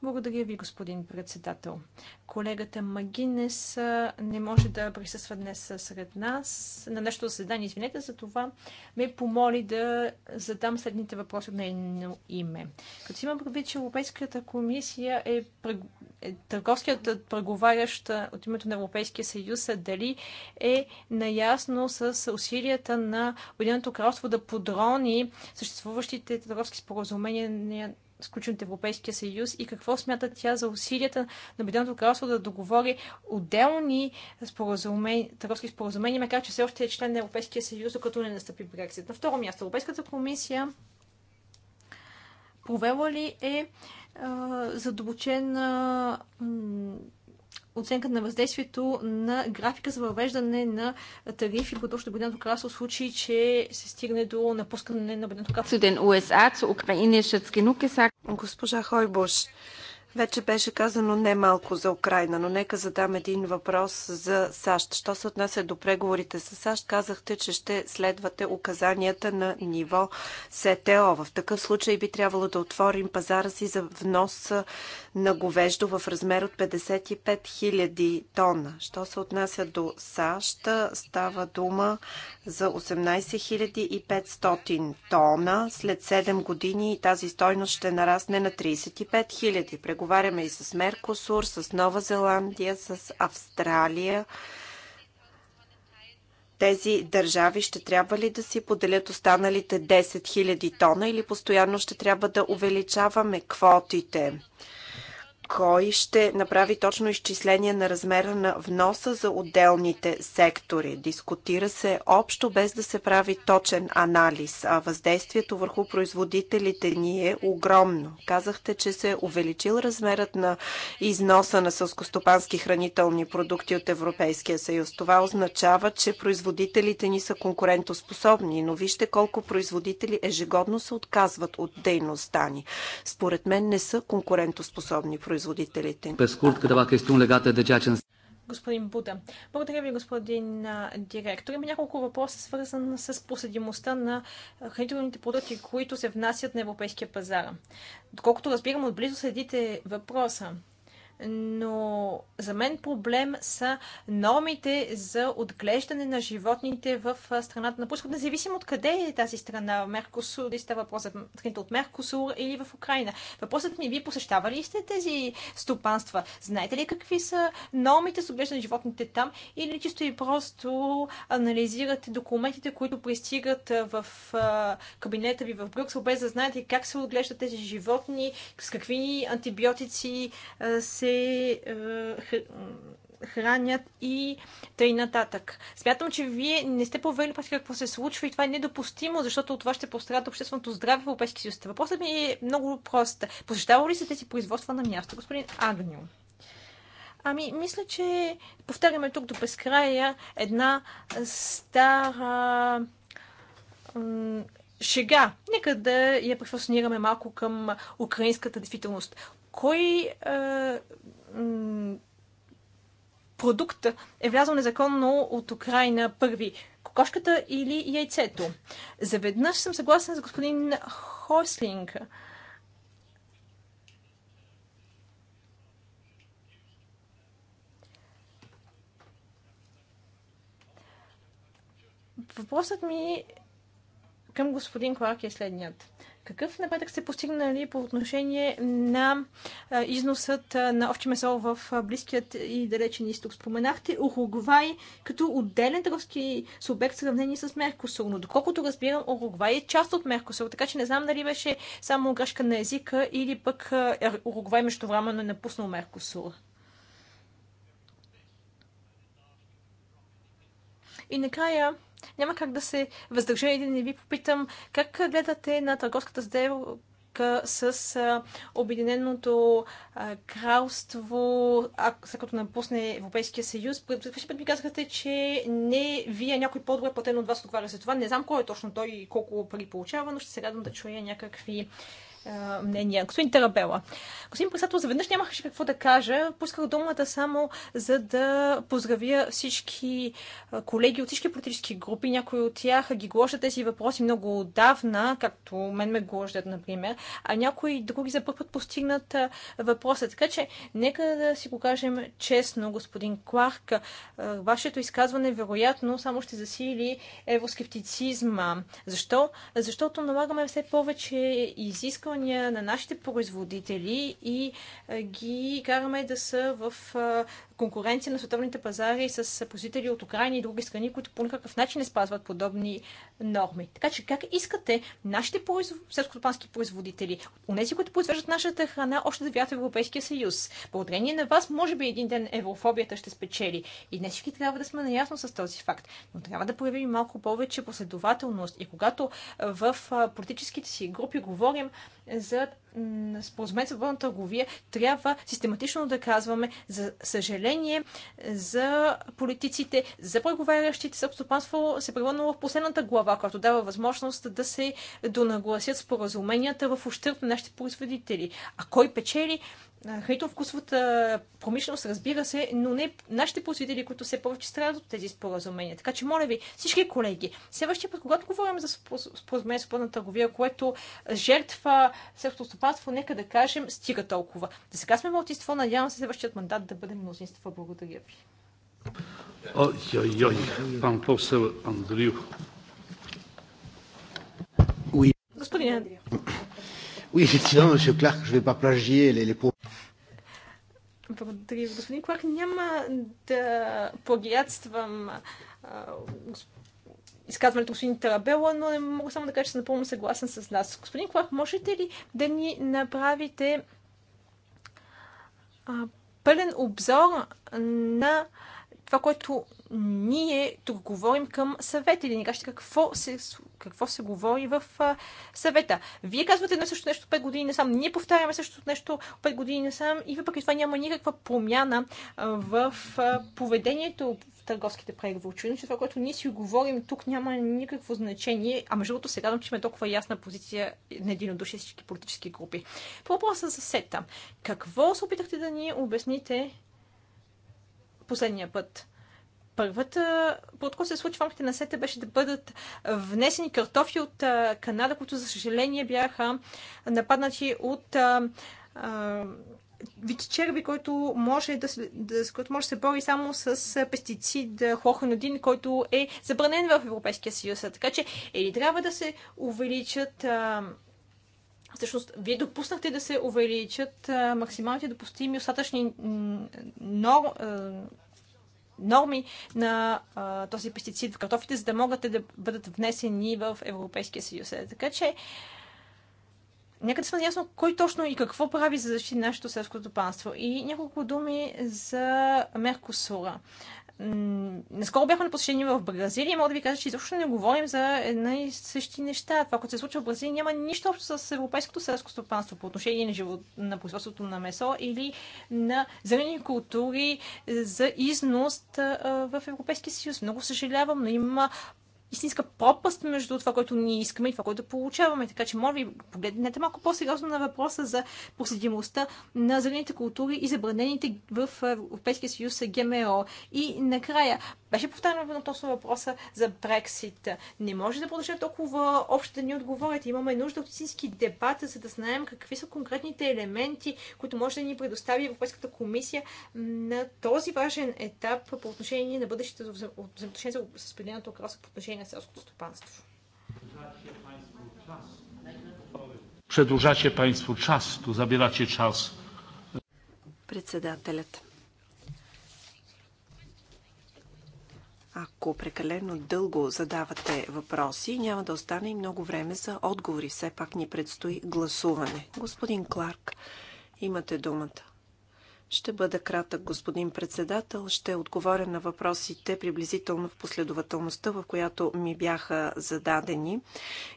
Благодаря ви, господин председател. Колегата Магинес не може да присъства днес сред нас на нашето заседание. Извинете за това. Ме помоли да задам следните въпроси от нейно име. Като си имам предвид, че Европейската комисия е, е търговският преговарящ от името на Европейския съюз, дали е наясно с усилията на Обединеното кралство да подрони съществуващите търговски споразумения сключен от Европейския съюз и какво смята тя за усилията на Обединеното кралство да договори отделни споразумен... търговски споразумения, макар че все още е член на Европейския съюз, докато не настъпи Брексит. На второ място, Европейската комисия провела ли е задълбочен оценка на въздействието на графика за въвеждане на тарифи по точно бъденото кралство в случай, че се стигне до напускане на Обединеното кралство. Госпожа Хойбуш, вече беше казано не малко за Украина, но нека задам един въпрос за САЩ. Що се отнася до преговорите с САЩ, казахте, че ще следвате указанията на ниво СТО. В такъв случай би трябвало да отворим пазара си за внос на говеждо в размер от 55 000 тона. Що се отнася до САЩ, става дума за 18 500 тона. След 7 години тази стойност ще нарасне на 35 000. Преговаряме и с Меркосур, с Нова Зеландия, с Австралия. Тези държави ще трябва ли да си поделят останалите 10 000 тона или постоянно ще трябва да увеличаваме квотите? кой ще направи точно изчисление на размера на вноса за отделните сектори. Дискутира се общо, без да се прави точен анализ, а въздействието върху производителите ни е огромно. Казахте, че се е увеличил размерът на износа на сълскостопански хранителни продукти от Европейския съюз. Това означава, че производителите ни са конкурентоспособни, но вижте колко производители ежегодно се отказват от дейността ни. Според мен не са конкурентоспособни производители производителите. Господин Буда. Благодаря ви, господин директор. Има няколко въпроса, свързани с поседимостта на хранителните продукти, които се внасят на европейския пазар. Доколкото разбирам, отблизо следите въпроса но за мен проблем са нормите за отглеждане на животните в страната на происход, независимо от къде е тази страна, Меркосур, дали става въпрос за страните от Меркосур или в Украина. Въпросът ми, вие посещавали ли сте тези стопанства? Знаете ли какви са нормите за отглеждане на животните там или чисто и просто анализирате документите, които пристигат в кабинета ви в Брюксел, без да знаете как се отглеждат тези животни, с какви антибиотици се се е, хранят и тъй нататък. Смятам, че вие не сте повели пак какво се случва и това е недопустимо, защото от това ще пострадат общественото здраве в Европейския съюз. Въпросът ми е много прост. Посещава ли се тези производства на място, господин Агню? Ами, мисля, че повтаряме тук до безкрая една стара шега. Нека да я префасонираме малко към украинската действителност кой е, продукт е влязъл незаконно от Украина първи? Кокошката или яйцето? Заведнъж съм съгласен с господин Хослинг. Въпросът ми към господин Кларк е следният. Какъв напредък сте постигнали по отношение на износът на овче месо в близкият и далечен изток? Споменахте Уругвай като отделен търговски субект в сравнение с Меркосур, но доколкото разбирам, Уругвай е част от Меркосур, така че не знам дали беше само грешка на езика или пък Уругвай време е напуснал Меркосур. И накрая, няма как да се въздържа и да не ви попитам как гледате на търговската сделка с Обединеното кралство, ако след като напусне Европейския съюз. Предишния път ми казахте, че не вие, някой по-добре платен от вас отговаря за това. Не знам кой е точно той и колко пари получава, но ще се радвам да чуя някакви мнения. Господин Тарабела, господин председател, заведнъж нямаше какво да кажа. Пусках думата само за да поздравя всички колеги от всички политически групи. Някои от тях ги гложат тези въпроси много отдавна, както мен ме гложат, например, а някои други за първ път постигнат въпроса. Така че, нека да си го кажем честно, господин Кларк, вашето изказване вероятно само ще засили евроскептицизма. Защо? Защото налагаме все повече изискване изисквания на нашите производители и ги караме да са в конкуренция на световните пазари с позители от Украина и други страни, които по никакъв начин не спазват подобни норми. Така че как искате нашите произв... селскостопански производители, унези, които произвеждат нашата храна, още да вярват в Европейския съюз? Благодарение на вас, може би един ден еврофобията ще спечели. И днес всички трябва да сме наясно с този факт. Но трябва да проявим малко повече последователност. И когато в политическите си групи говорим за споразумение за свободна търговия, трябва систематично да казваме за съжаление за политиците, за преговарящите събстопанство се превърнало в последната глава, която дава възможност да се донагласят споразуменията в ущърп на нашите производители. А кой печели? хранително-вкусовата промишленост, разбира се, но не нашите посетители, които все повече страдат от тези споразумения. Така че, моля ви, всички колеги, следващия път, когато говорим за споразумение с пълна търговия, което жертва селското стопанство, нека да кажем, стига толкова. За сега сме мълтинство, надявам се следващият мандат да бъде мнозинство. Благодаря ви. Ой-ой-ой, пан посел Андрю. Господин Андрю. Oui, effectivement, monsieur Clark, je vais pas plagier les, les Благодаря, господин Кларк. Няма да плагиатствам изказването господин Тарабела, но не мога само да кажа, че съм напълно съгласен с нас. Господин Кларк, можете ли да ни направите а, пълен обзор на а, това, което ние тук говорим към съвета или ни кажете какво се, какво се говори в а, съвета. Вие казвате едно също нещо 5 години насам, ние повтаряме също нещо 5 години насам и въпреки това няма никаква промяна а, в а, поведението в търговските преговори. Очевидно, че това, което ние си говорим тук няма никакво значение, а между другото сега радвам, че имаме толкова ясна позиция на един от всички политически групи. По въпроса за сета. Какво се опитахте да ни обясните последния път. Първата протокол се случва в рамките на сета беше да бъдат внесени картофи от Канада, които за съжаление бяха нападнати от а, а, вид черви, който може да, да, с който може да се бори само с пестицид хлорханодин, който е забранен в Европейския съюз. Така че или трябва да се увеличат а, всъщност вие допуснахте да се увеличат максималните допустими остатъчни норми на а, този пестицид в картофите, за да могат да бъдат внесени в Европейския съюз. Така че, нека да сме ясно кой точно и какво прави за защита нашето селско стопанство. И няколко думи за Меркосура. Наскоро бяхме на посещение в Бразилия. Мога да ви кажа, че изобщо не говорим за една и същи неща. Това, което се случва в Бразилия, няма нищо общо с европейското селско стопанство по отношение на, живот, на производството на месо или на зелени култури за износ в Европейския съюз. Много съжалявам, но има истинска пропаст между това, което ние искаме и това, което получаваме. Така че, моля ви, погледнете малко по-сериозно на въпроса за проследимостта на зелените култури и забранените в Европейския съюз ГМО. И накрая, беше повтаряно точно въпроса за Брексит. Не може да продължа толкова общо да ни отговорят. Имаме нужда от истински дебат, за да знаем какви са конкретните елементи, които може да ни предостави Европейската комисия на този важен етап по отношение на бъдещето взаимоотношение с Обединеното кралство по отношение на селското стопанство. Przedłużacie Państwo czas, tu zabieracie Председателят. Ако прекалено дълго задавате въпроси, няма да остане и много време за отговори. Все пак ни предстои гласуване. Господин Кларк, имате думата. Ще бъда кратък, господин председател. Ще отговоря на въпросите приблизително в последователността, в която ми бяха зададени.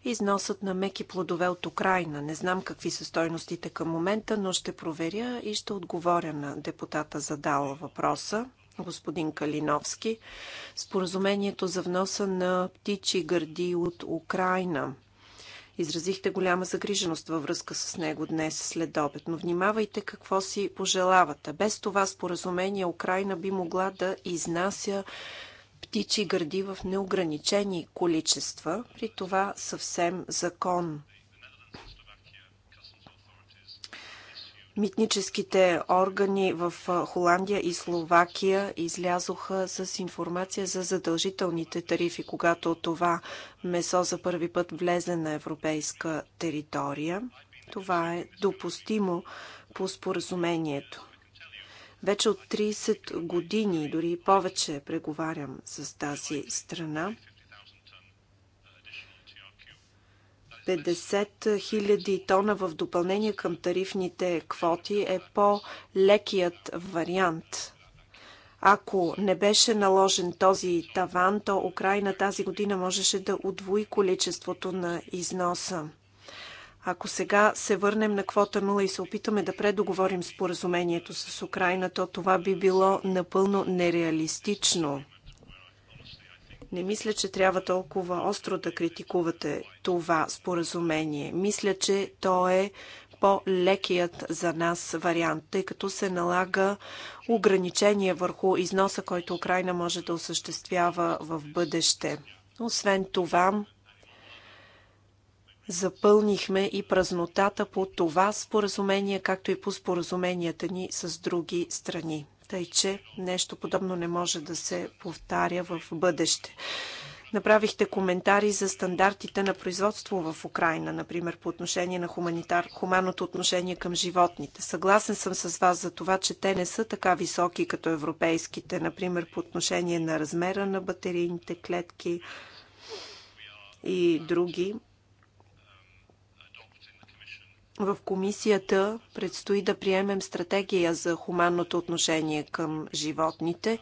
Износът на меки плодове от Украина. Не знам какви са стойностите към момента, но ще проверя и ще отговоря на депутата задала въпроса господин Калиновски. Споразумението за вноса на птичи гърди от Украина. Изразихте голяма загриженост във връзка с него днес след обед, но внимавайте какво си пожелавате. Без това споразумение Украина би могла да изнася птичи гърди в неограничени количества, при това съвсем закон. Митническите органи в Холандия и Словакия излязоха с информация за задължителните тарифи, когато това месо за първи път влезе на европейска територия. Това е допустимо по споразумението. Вече от 30 години, дори повече, преговарям с тази страна. 50 000 тона в допълнение към тарифните квоти е по-лекият вариант. Ако не беше наложен този таван, то Украина тази година можеше да удвои количеството на износа. Ако сега се върнем на квота 0 и се опитаме да предоговорим споразумението с Украина, то това би било напълно нереалистично – не мисля, че трябва толкова остро да критикувате това споразумение. Мисля, че то е по-лекият за нас вариант, тъй като се налага ограничение върху износа, който Украина може да осъществява в бъдеще. Освен това, запълнихме и празнотата по това споразумение, както и по споразуменията ни с други страни тъй че нещо подобно не може да се повтаря в бъдеще. Направихте коментари за стандартите на производство в Украина, например по отношение на хуманитар, хуманното отношение към животните. Съгласен съм с вас за това, че те не са така високи като европейските, например по отношение на размера на батерийните клетки и други. В комисията предстои да приемем стратегия за хуманното отношение към животните.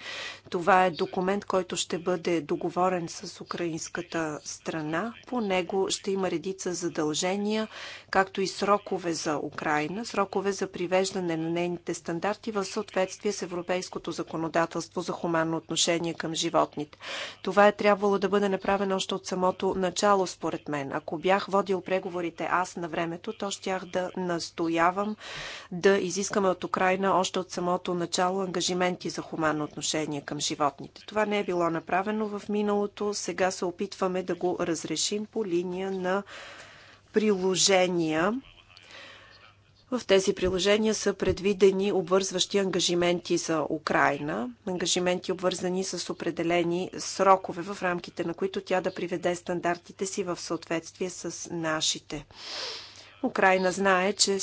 Това е документ, който ще бъде договорен с украинската страна. По него ще има редица задължения, както и срокове за Украина, срокове за привеждане на нейните стандарти в съответствие с европейското законодателство за хуманно отношение към животните. Това е трябвало да бъде направено още от самото начало, според мен. Ако бях водил преговорите аз на времето, то щях да настоявам да изискаме от Украина още от самото начало ангажименти за хуманно отношение към животните. Това не е било направено в миналото. Сега се опитваме да го разрешим по линия на приложения. В тези приложения са предвидени обвързващи ангажименти за Украина, ангажименти обвързани с определени срокове, в рамките на които тя да приведе стандартите си в съответствие с нашите. Украина знае, че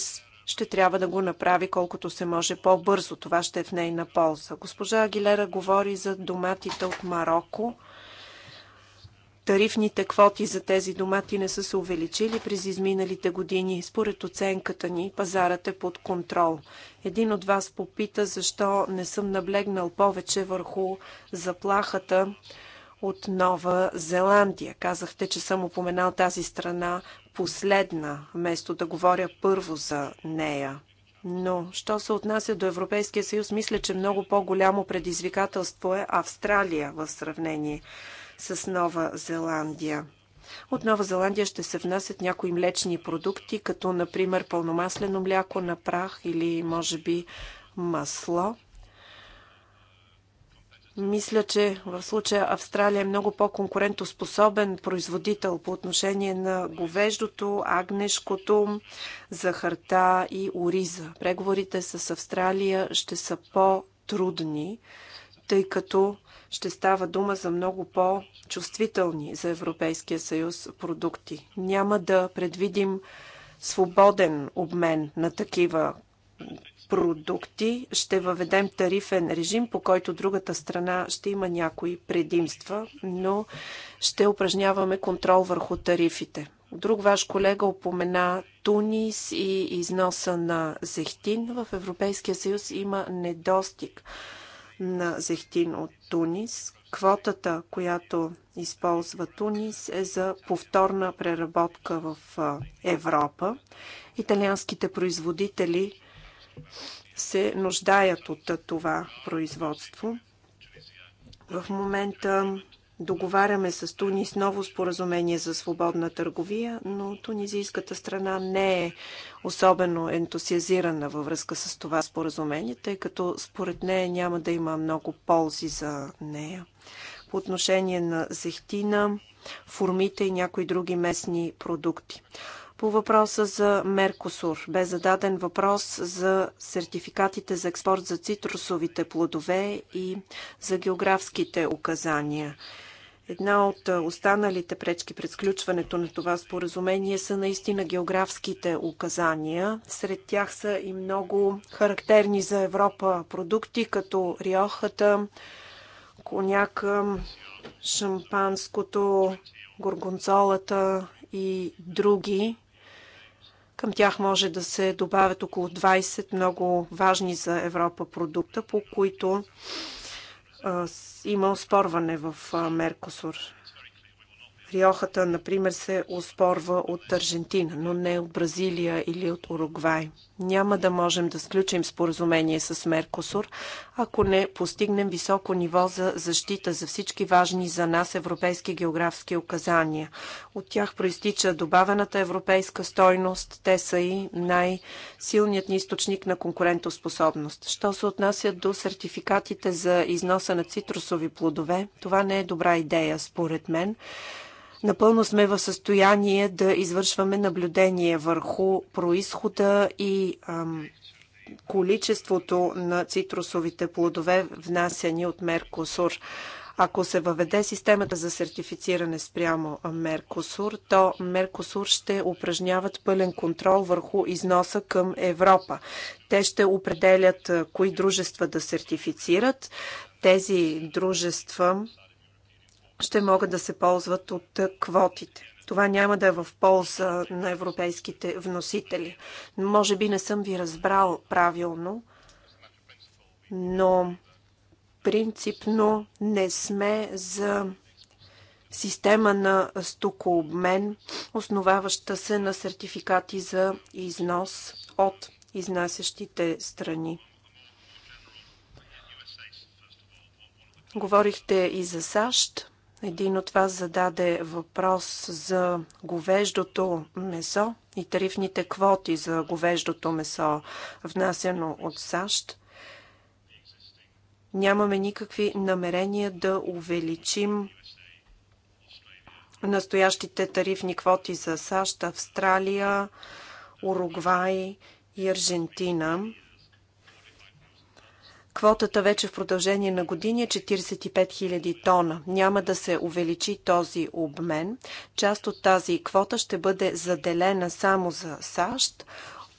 ще трябва да го направи колкото се може по-бързо. Това ще е в нейна полза. Госпожа Агилера говори за доматите от Марокко. Тарифните квоти за тези домати не са се увеличили през изминалите години. Според оценката ни, пазарът е под контрол. Един от вас попита защо не съм наблегнал повече върху заплахата от Нова Зеландия. Казахте, че съм упоменал тази страна последна, вместо да говоря първо за нея. Но, що се отнася до Европейския съюз, мисля, че много по-голямо предизвикателство е Австралия в сравнение с Нова Зеландия. От Нова Зеландия ще се внасят някои млечни продукти, като например пълномаслено мляко на прах или може би масло. Мисля, че в случая Австралия е много по-конкурентоспособен производител по отношение на говеждото, агнешкото, захарта и ориза. Преговорите с Австралия ще са по-трудни, тъй като ще става дума за много по-чувствителни за Европейския съюз продукти. Няма да предвидим свободен обмен на такива продукти ще въведем тарифен режим, по който другата страна ще има някои предимства, но ще упражняваме контрол върху тарифите. Друг ваш колега упомена Тунис и износа на зехтин. В Европейския съюз има недостиг на зехтин от Тунис. Квотата, която използва Тунис, е за повторна преработка в Европа. Италианските производители се нуждаят от това производство. В момента договаряме с Тунис ново споразумение за свободна търговия, но тунизийската страна не е особено ентусиазирана във връзка с това споразумение, тъй като според нея няма да има много ползи за нея. По отношение на зехтина, формите и някои други местни продукти. По въпроса за Меркосур бе зададен въпрос за сертификатите за експорт за цитрусовите плодове и за географските указания. Една от останалите пречки пред сключването на това споразумение са наистина географските указания. Сред тях са и много характерни за Европа продукти, като риохата, коняка, шампанското, горгонцолата и други. Към тях може да се добавят около 20 много важни за Европа продукта, по които има спорване в Меркосур. Риохата, например, се оспорва от Аржентина, но не от Бразилия или от Уругвай. Няма да можем да сключим споразумение с Меркосур, ако не постигнем високо ниво за защита за всички важни за нас европейски географски указания. От тях проистича добавената европейска стойност. Те са и най-силният ни източник на конкурентоспособност. Що се отнася до сертификатите за износа на цитрусови плодове, това не е добра идея, според мен Напълно сме в състояние да извършваме наблюдение върху происхода и ам, количеството на цитрусовите плодове, внасяни от Меркосур. Ако се въведе системата за сертифициране спрямо Меркосур, то Меркосур ще упражняват пълен контрол върху износа към Европа. Те ще определят кои дружества да сертифицират. Тези дружества ще могат да се ползват от е, квотите. Това няма да е в полза на европейските вносители. Може би не съм ви разбрал правилно, но принципно не сме за система на стокообмен, основаваща се на сертификати за износ от изнасящите страни. Говорихте и за САЩ. Един от вас зададе въпрос за говеждото месо и тарифните квоти за говеждото месо, внасяно от САЩ. Нямаме никакви намерения да увеличим настоящите тарифни квоти за САЩ, Австралия, Уругвай и Аржентина. Квотата вече в продължение на години е 45 000 тона. Няма да се увеличи този обмен. Част от тази квота ще бъде заделена само за САЩ.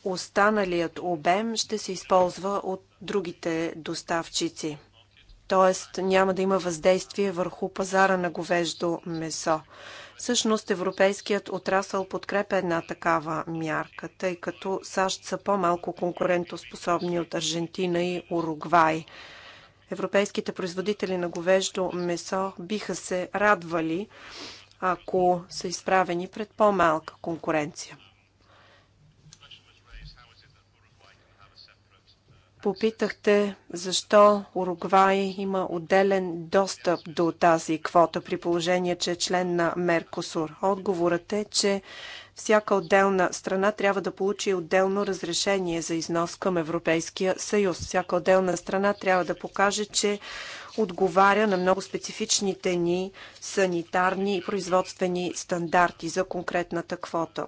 Останалият обем ще се използва от другите доставчици. Тоест няма да има въздействие върху пазара на говеждо месо. Всъщност европейският отрасъл подкрепя една такава мярка, тъй като САЩ са по-малко конкурентоспособни от Аржентина и Уругвай. Европейските производители на говеждо месо биха се радвали, ако са изправени пред по-малка конкуренция. Попитахте защо Уругвай има отделен достъп до тази квота при положение, че е член на Меркосур. Отговорът е, че всяка отделна страна трябва да получи отделно разрешение за износ към Европейския съюз. Всяка отделна страна трябва да покаже, че отговаря на много специфичните ни санитарни и производствени стандарти за конкретната квота.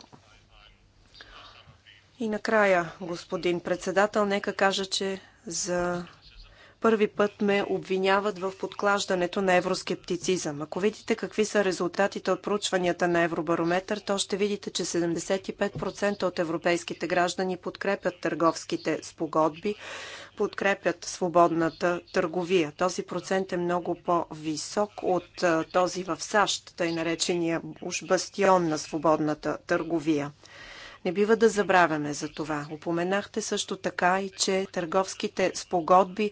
И накрая, господин председател, нека кажа, че за първи път ме обвиняват в подклаждането на евроскептицизъм. Ако видите какви са резултатите от проучванията на Евробарометър, то ще видите, че 75% от европейските граждани подкрепят търговските спогодби, подкрепят свободната търговия. Този процент е много по-висок от този в САЩ, тъй наречения уж бастион на свободната търговия. Не бива да забравяме за това. Упоменахте също така и, че търговските спогодби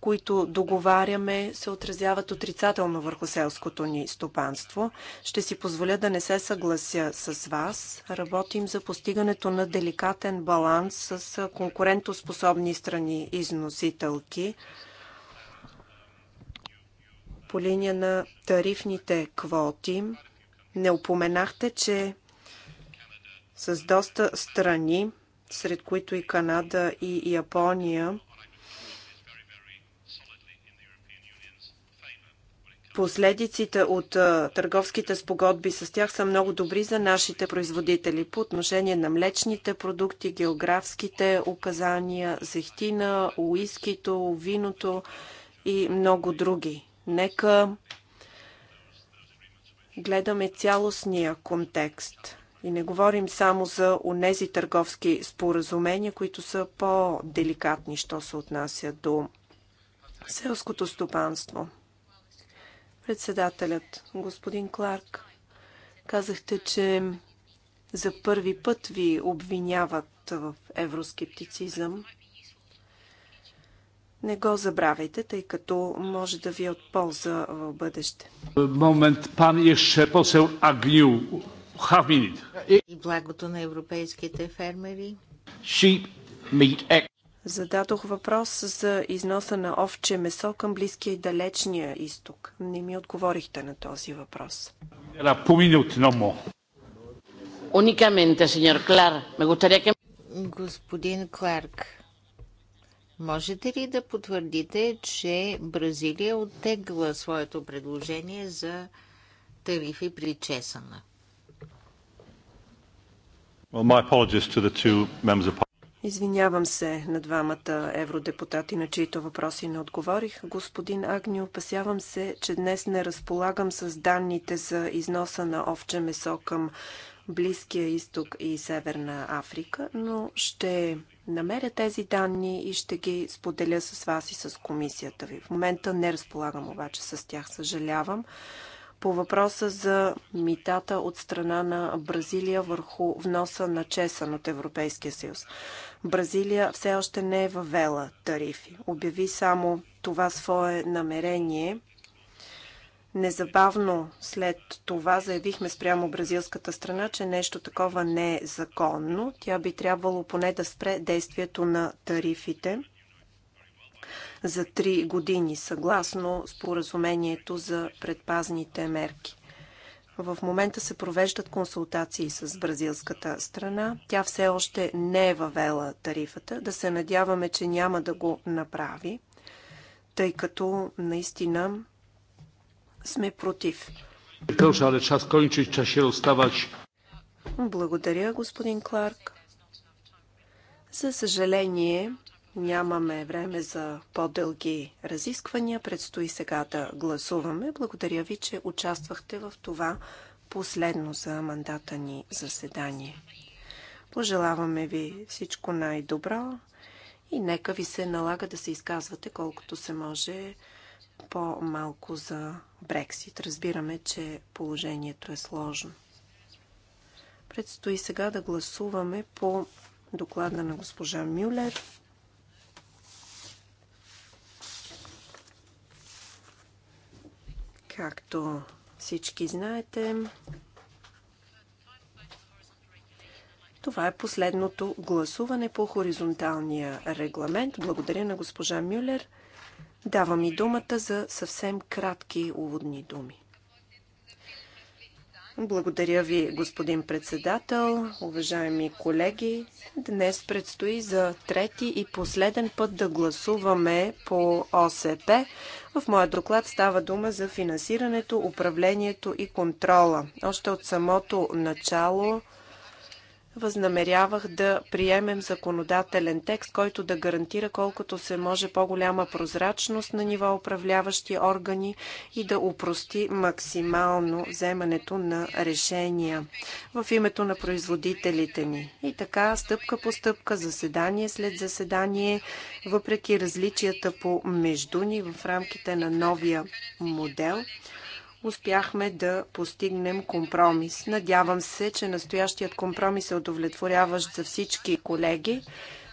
които договаряме, се отразяват отрицателно върху селското ни стопанство. Ще си позволя да не се съглася с вас. Работим за постигането на деликатен баланс с конкурентоспособни страни износителки по линия на тарифните квоти. Не упоменахте, че с доста страни, сред които и Канада и Япония, последиците от търговските спогодби с тях са много добри за нашите производители по отношение на млечните продукти, географските указания, зехтина, уискито, виното и много други. Нека гледаме цялостния контекст. И не говорим само за онези търговски споразумения, които са по-деликатни, що се отнася до селското стопанство. Председателят, господин Кларк, казахте, че за първи път ви обвиняват в евроскептицизъм. Не го забравяйте, тъй като може да ви е от полза в бъдеще. Момент, пан Еше, Агню. И благото на европейските фермери. Зададох въпрос за износа на овче месо към Близкия и Далечния изток. Не ми отговорихте на този въпрос. Уникаменте, сеньор Клар. Господин Кларк, можете ли да потвърдите, че Бразилия оттегла своето предложение за тарифи при чесана? Извинявам се на двамата евродепутати, на чието въпроси не отговорих. Господин Агни, опасявам се, че днес не разполагам с данните за износа на овче месо към Близкия изток и Северна Африка, но ще намеря тези данни и ще ги споделя с вас и с комисията ви. В момента не разполагам обаче с тях, съжалявам. По въпроса за митата от страна на Бразилия върху вноса на чесън от Европейския съюз. Бразилия все още не е въвела тарифи. Обяви само това свое намерение Незабавно след това заявихме спрямо бразилската страна, че нещо такова не е законно. Тя би трябвало поне да спре действието на тарифите за три години, съгласно споразумението за предпазните мерки. В момента се провеждат консултации с бразилската страна. Тя все още не е въвела тарифата. Да се надяваме, че няма да го направи, тъй като наистина сме против. Благодаря, господин Кларк. За съжаление, Нямаме време за по-дълги разисквания. Предстои сега да гласуваме. Благодаря ви, че участвахте в това последно за мандата ни заседание. Пожелаваме ви всичко най-добро и нека ви се налага да се изказвате колкото се може по-малко за Брексит. Разбираме, че положението е сложно. Предстои сега да гласуваме по доклада на госпожа Мюлер Както всички знаете, това е последното гласуване по хоризонталния регламент. Благодаря на госпожа Мюлер. Давам и думата за съвсем кратки уводни думи. Благодаря ви, господин председател, уважаеми колеги. Днес предстои за трети и последен път да гласуваме по ОСП. В моя доклад става дума за финансирането, управлението и контрола. Още от самото начало възнамерявах да приемем законодателен текст, който да гарантира колкото се може по-голяма прозрачност на ниво управляващи органи и да упрости максимално вземането на решения в името на производителите ни. И така, стъпка по стъпка, заседание след заседание, въпреки различията по между ни в рамките на новия модел – успяхме да постигнем компромис. Надявам се, че настоящият компромис е удовлетворяващ за всички колеги.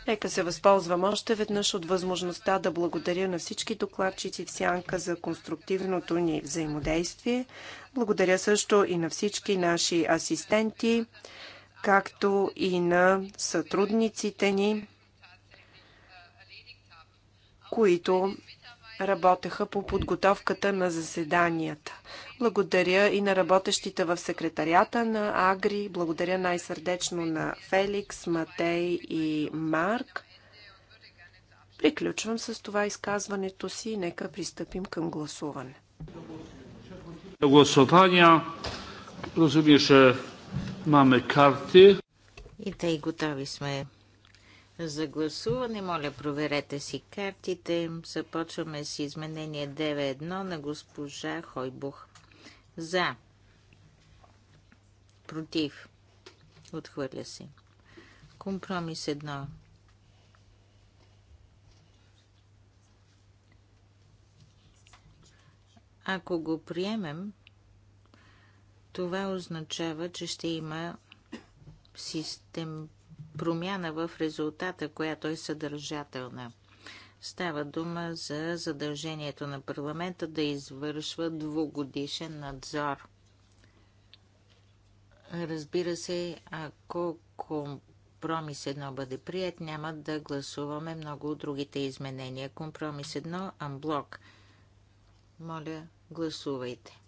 Нека се възползвам още веднъж от възможността да благодаря на всички докладчици в Сянка за конструктивното ни взаимодействие. Благодаря също и на всички наши асистенти, както и на сътрудниците ни, които работеха по подготовката на заседанията. Благодаря и на работещите в секретарията на Агри, благодаря най-сърдечно на Феликс, Матей и Марк. Приключвам с това изказването си и нека пристъпим към гласуване. Гласования, разумише, имаме карти. И тъй готови сме за гласуване. Моля, проверете си картите. Започваме с изменение 9.1 на госпожа Хойбух. За. Против. Отхвърля се. Компромис 1. Ако го приемем, това означава, че ще има систем, промяна в резултата, която е съдържателна. Става дума за задължението на парламента да извършва двугодишен надзор. Разбира се, ако компромис едно бъде прият, няма да гласуваме много от другите изменения. Компромис едно, амблок. Моля, гласувайте.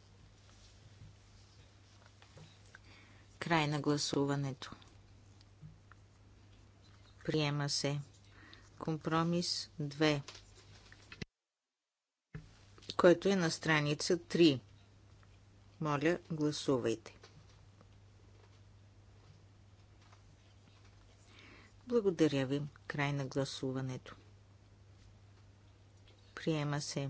Край на гласуването. Приема се. Компромис 2, който е на страница 3. Моля, гласувайте. Благодаря ви. Край на гласуването. Приема се.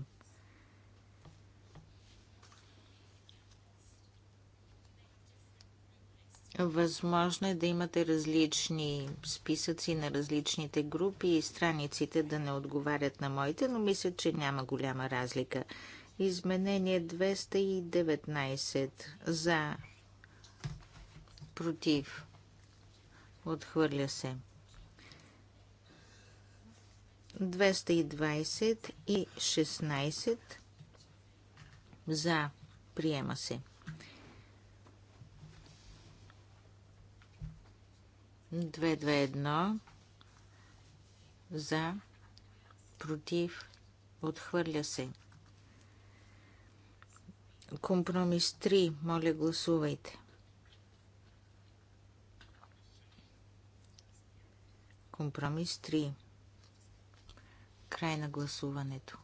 Възможно е да имате различни списъци на различните групи и страниците да не отговарят на моите, но мисля, че няма голяма разлика. Изменение 219 за против. Отхвърля се. 220 и 16 за приема се. 221 за, против, отхвърля се. Компромис 3, моля гласувайте. Компромис 3. Край на гласуването.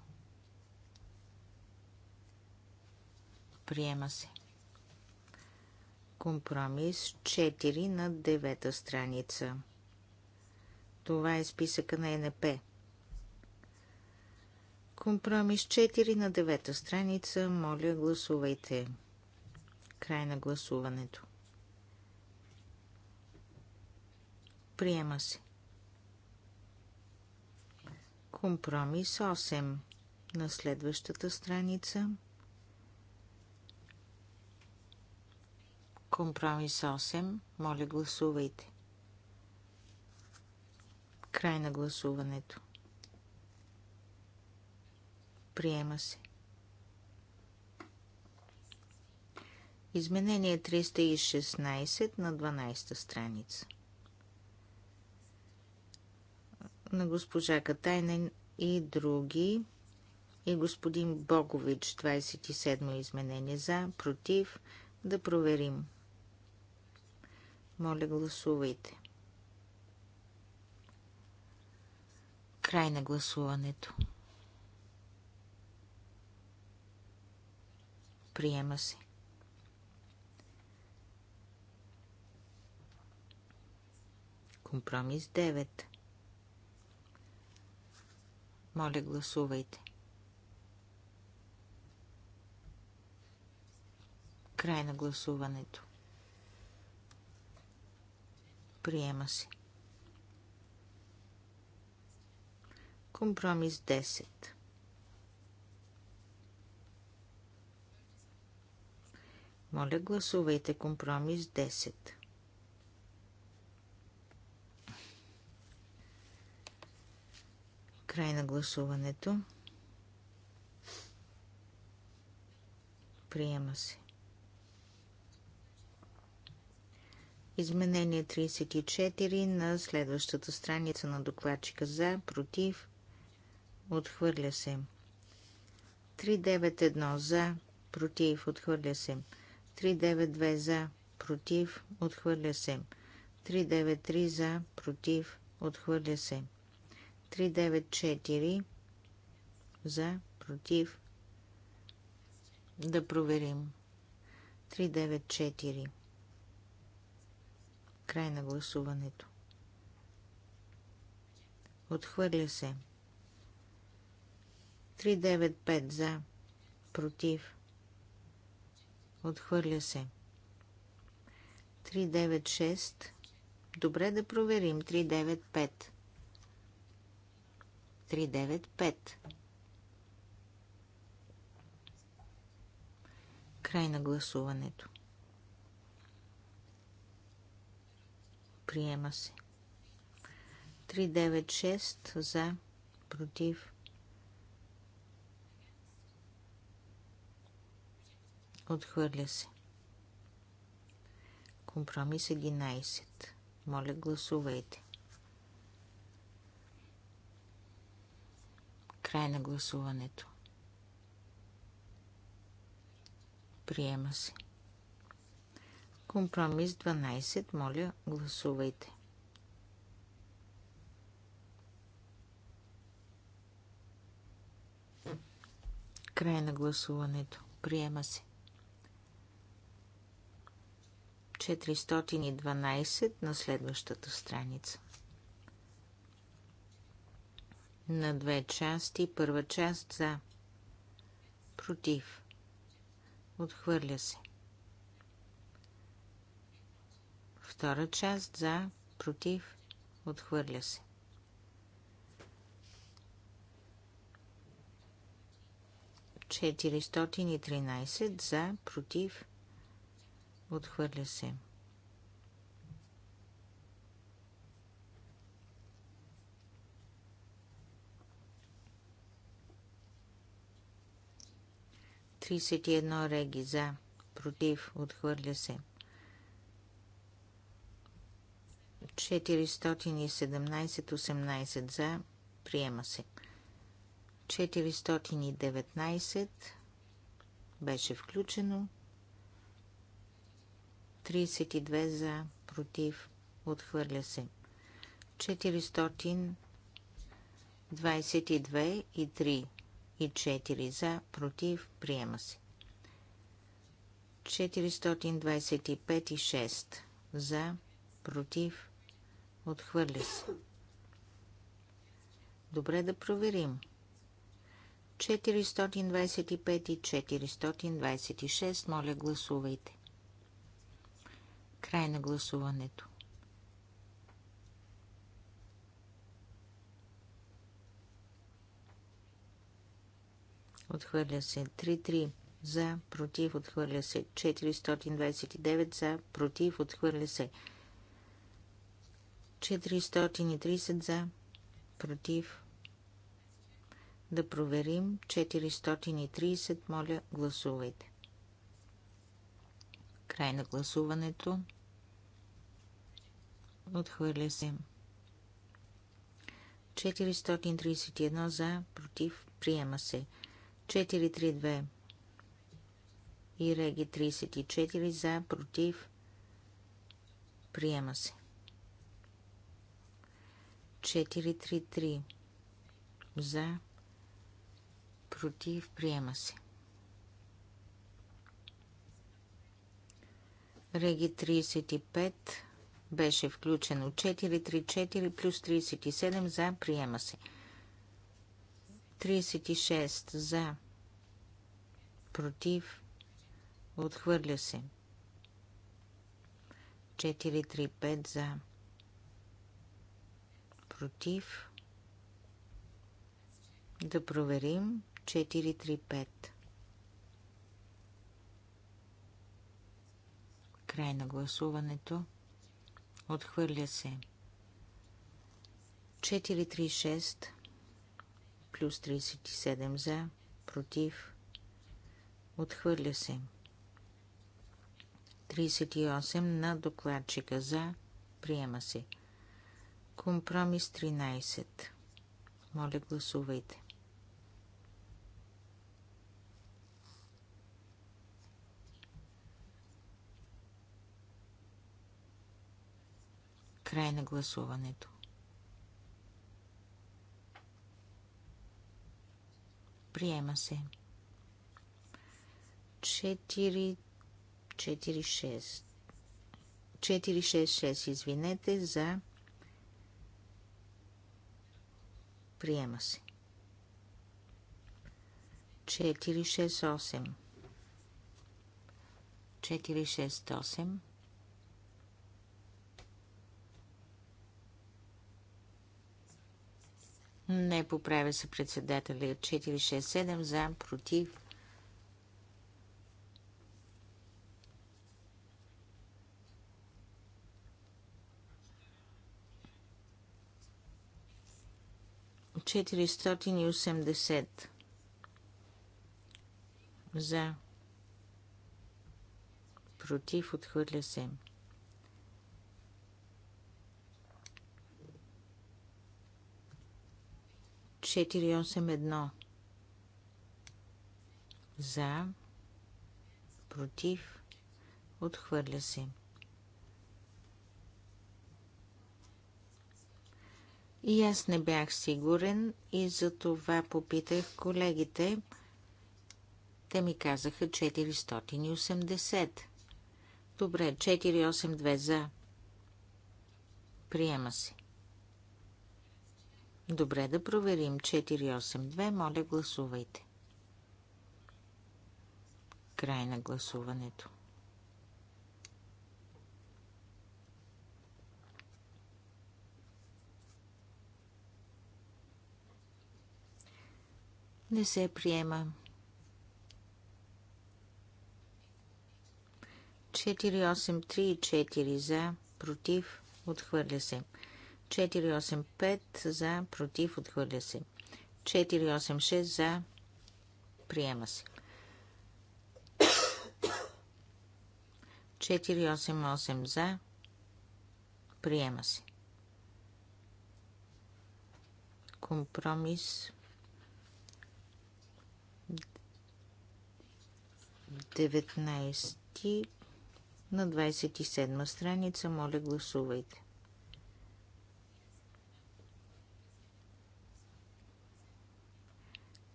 Приема се. Компромис 4 на 9-та страница. Това е списъка на НП. Компромис 4 на девета страница. Моля, гласувайте. Край на гласуването. Приема се. Компромис 8 на следващата страница. Компромис 8. Моля, гласувайте. Край на гласуването. Приема се. Изменение 316 на 12 страница. На госпожа Катайнен и други и господин Богович 27 изменение за, против, да проверим. Моля, гласувайте. Край на гласуването. Приема се. Компромис 9. Моля, гласувайте. Край на гласуването. Приема се. Компромис 10. Моля, гласувайте компромис 10. Край на гласуването. Приема се. Изменение 34 на следващата страница на докладчика за, против, отхвърля се. 391 за, против, отхвърля се. 392 за, против, отхвърля се. 393 за, против, отхвърля се. 394 за, против. Да проверим. 394. Край на гласуването. Отхвърля се. 395 за. Против. Отхвърля се. 396. Добре да проверим. 395. 395. Край на гласуването. приема се. 396 за, против. Отхвърля се. Компромис 11. Моля, гласувайте. Край на гласуването. Приема се. Компромис 12. Моля, гласувайте. Край на гласуването. Приема се. 412 на следващата страница. На две части. Първа част за. Против. Отхвърля се. Втора част за, против, отхвърля се. Четиристотин и тринайсет за, против, отхвърля се. 31 реги за, против, отхвърля се. 417-18 за. Приема се. 419 беше включено. 32 за. Против. Отхвърля се. 422 и 3 и 4 за. Против. Приема се. 425 и 6 за. Против. Отхвърля се. Добре да проверим. 425 и 426, моля гласувайте. Край на гласуването. Отхвърля се 3-3 за, против, отхвърля се 429 за, против, отхвърля се 430 за, против. Да проверим. 430, моля, гласувайте. Край на гласуването. Отхвърля се. 431 за, против, приема се. 432 и реги 34 за, против, приема се. 433 за, против, приема се. Реги 35 беше включено 434 плюс 37 за, приема се. 36 за, против, отхвърля се. 435 за, против. Да проверим 435. Край на гласуването. Отхвърля се. 436 плюс 37 за, против. Отхвърля се. 38 на докладчика за. Приема се. Компромис 13. Моля, гласувайте. Край на гласуването. Приема се. 4, 4, 6. 4, 6, 6, извинете, за Приема се. 468 468 Не поправя се председателя. 467 за, против, 480 за против отхвърля се. Четири осем едно за против отхвърля се. 4, И аз не бях сигурен и за това попитах колегите. Те ми казаха 480. Добре, 482 за. Приема се. Добре, да проверим 482. Моля, гласувайте. Край на гласуването. Не се приема. 483 и 4 за, против, отхвърля се. пет за, против, отхвърля се. шест за, приема се. 488 за, приема се. Компромис 19 на 27 страница. Моля, гласувайте.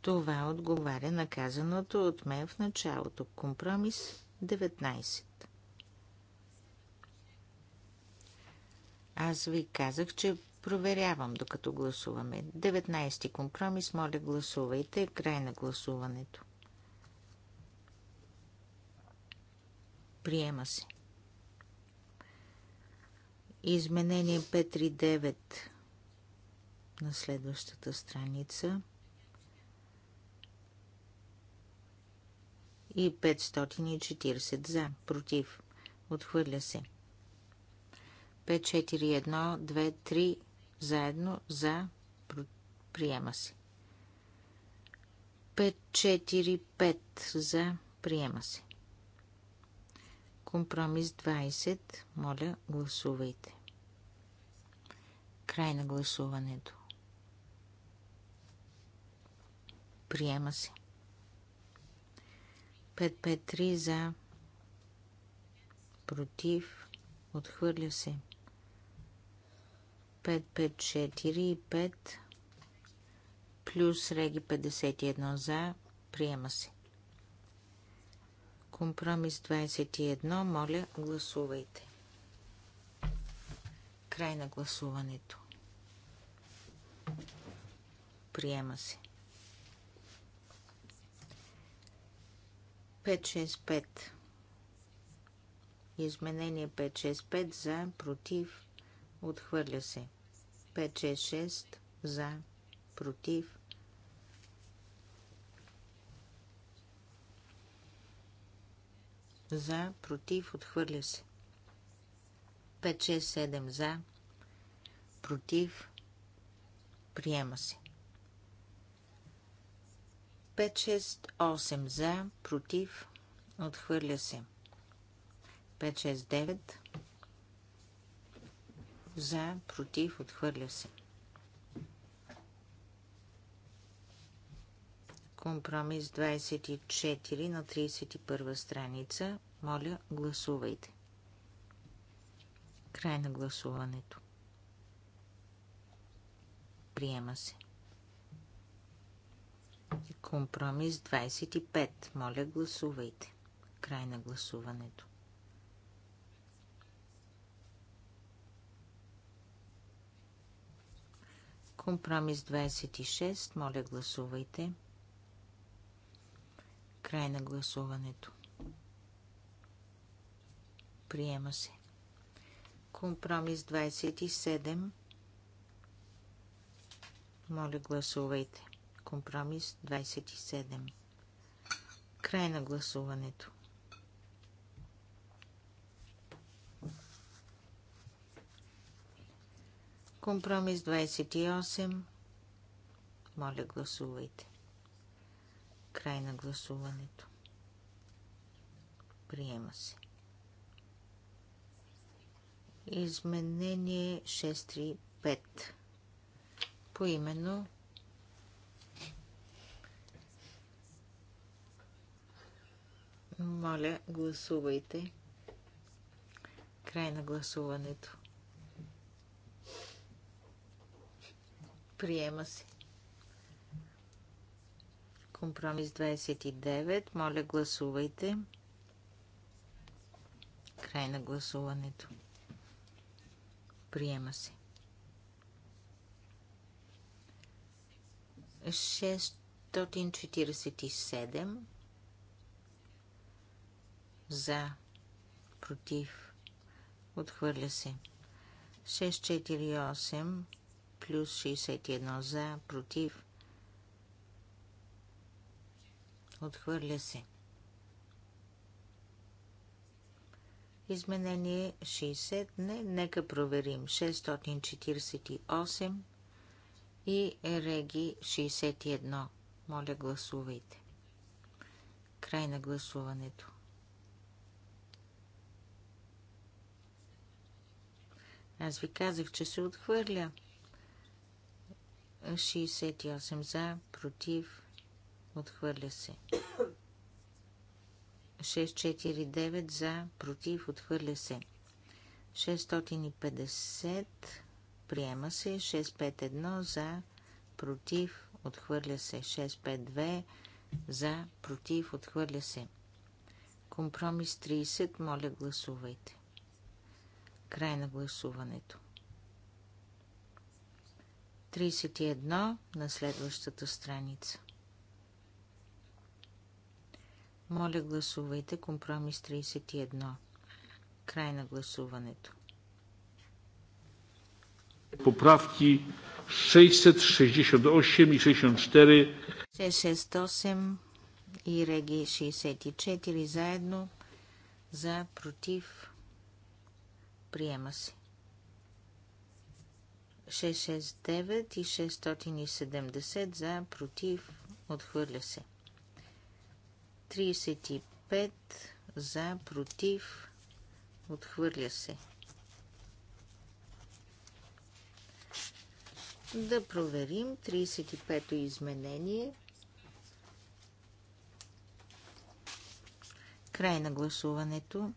Това отговаря на казаното от мен в началото. Компромис 19. Аз ви казах, че проверявам докато гласуваме. 19 компромис, моля гласувайте. Край на гласуването. Приема се. Изменение 539 на следващата страница и 540 за, против, отхвърля се. 5.4.1.2.3 заедно за, приема се. 545 за, приема се. Компромис 20. Моля, гласувайте. Край на гласуването. Приема се. 553 за. Против. Отхвърля се. 554 и 5 плюс Реги 51 за. Приема се. Компромис 21. Моля, гласувайте. Край на гласуването. Приема се. 565. Изменение 565 за, против, отхвърля се. 566 за, против, за, против, отхвърля се. 5, 6, 7 за, против, приема се. 5, 6, 8 за, против, отхвърля се. 5, 6, 9 за, против, отхвърля се. 5-6-10 Компромис 24 на 31 страница. Моля, гласувайте. Край на гласуването. Приема се. Компромис 25. Моля, гласувайте. Край на гласуването. Компромис 26. Моля, гласувайте. Край на гласуването. Приема се. Компромис 27. Моля, гласувайте. Компромис 27. Край на гласуването. Компромис 28. Моля, гласувайте. Край на гласуването. Приема се. Изменение 635. именно. Моля, гласувайте. Край на гласуването. Приема се. Компромис 29. Моля, гласувайте. Край на гласуването. Приема се. 647 за против отхвърля се 648 плюс 61 за против Отхвърля се. Изменение 60. Не, нека проверим. 648 и Реги 61. Моля, гласувайте. Край на гласуването. Аз ви казах, че се отхвърля. 68 за, против, Отхвърля се. 649 за, против, отхвърля се. 650 приема се. 651 за, против, отхвърля се. 652 за, против, отхвърля се. Компромис 30, моля гласувайте. Край на гласуването. 31 на следващата страница. Моля, гласувайте компромис 31. Край на гласуването. Поправки 668 и 64. 668 и Реги 64 заедно. За, против. Приема се. 669 и 670 за, против. Отхвърля се. 35 за, против, отхвърля се. Да проверим 35-то изменение. Край на гласуването.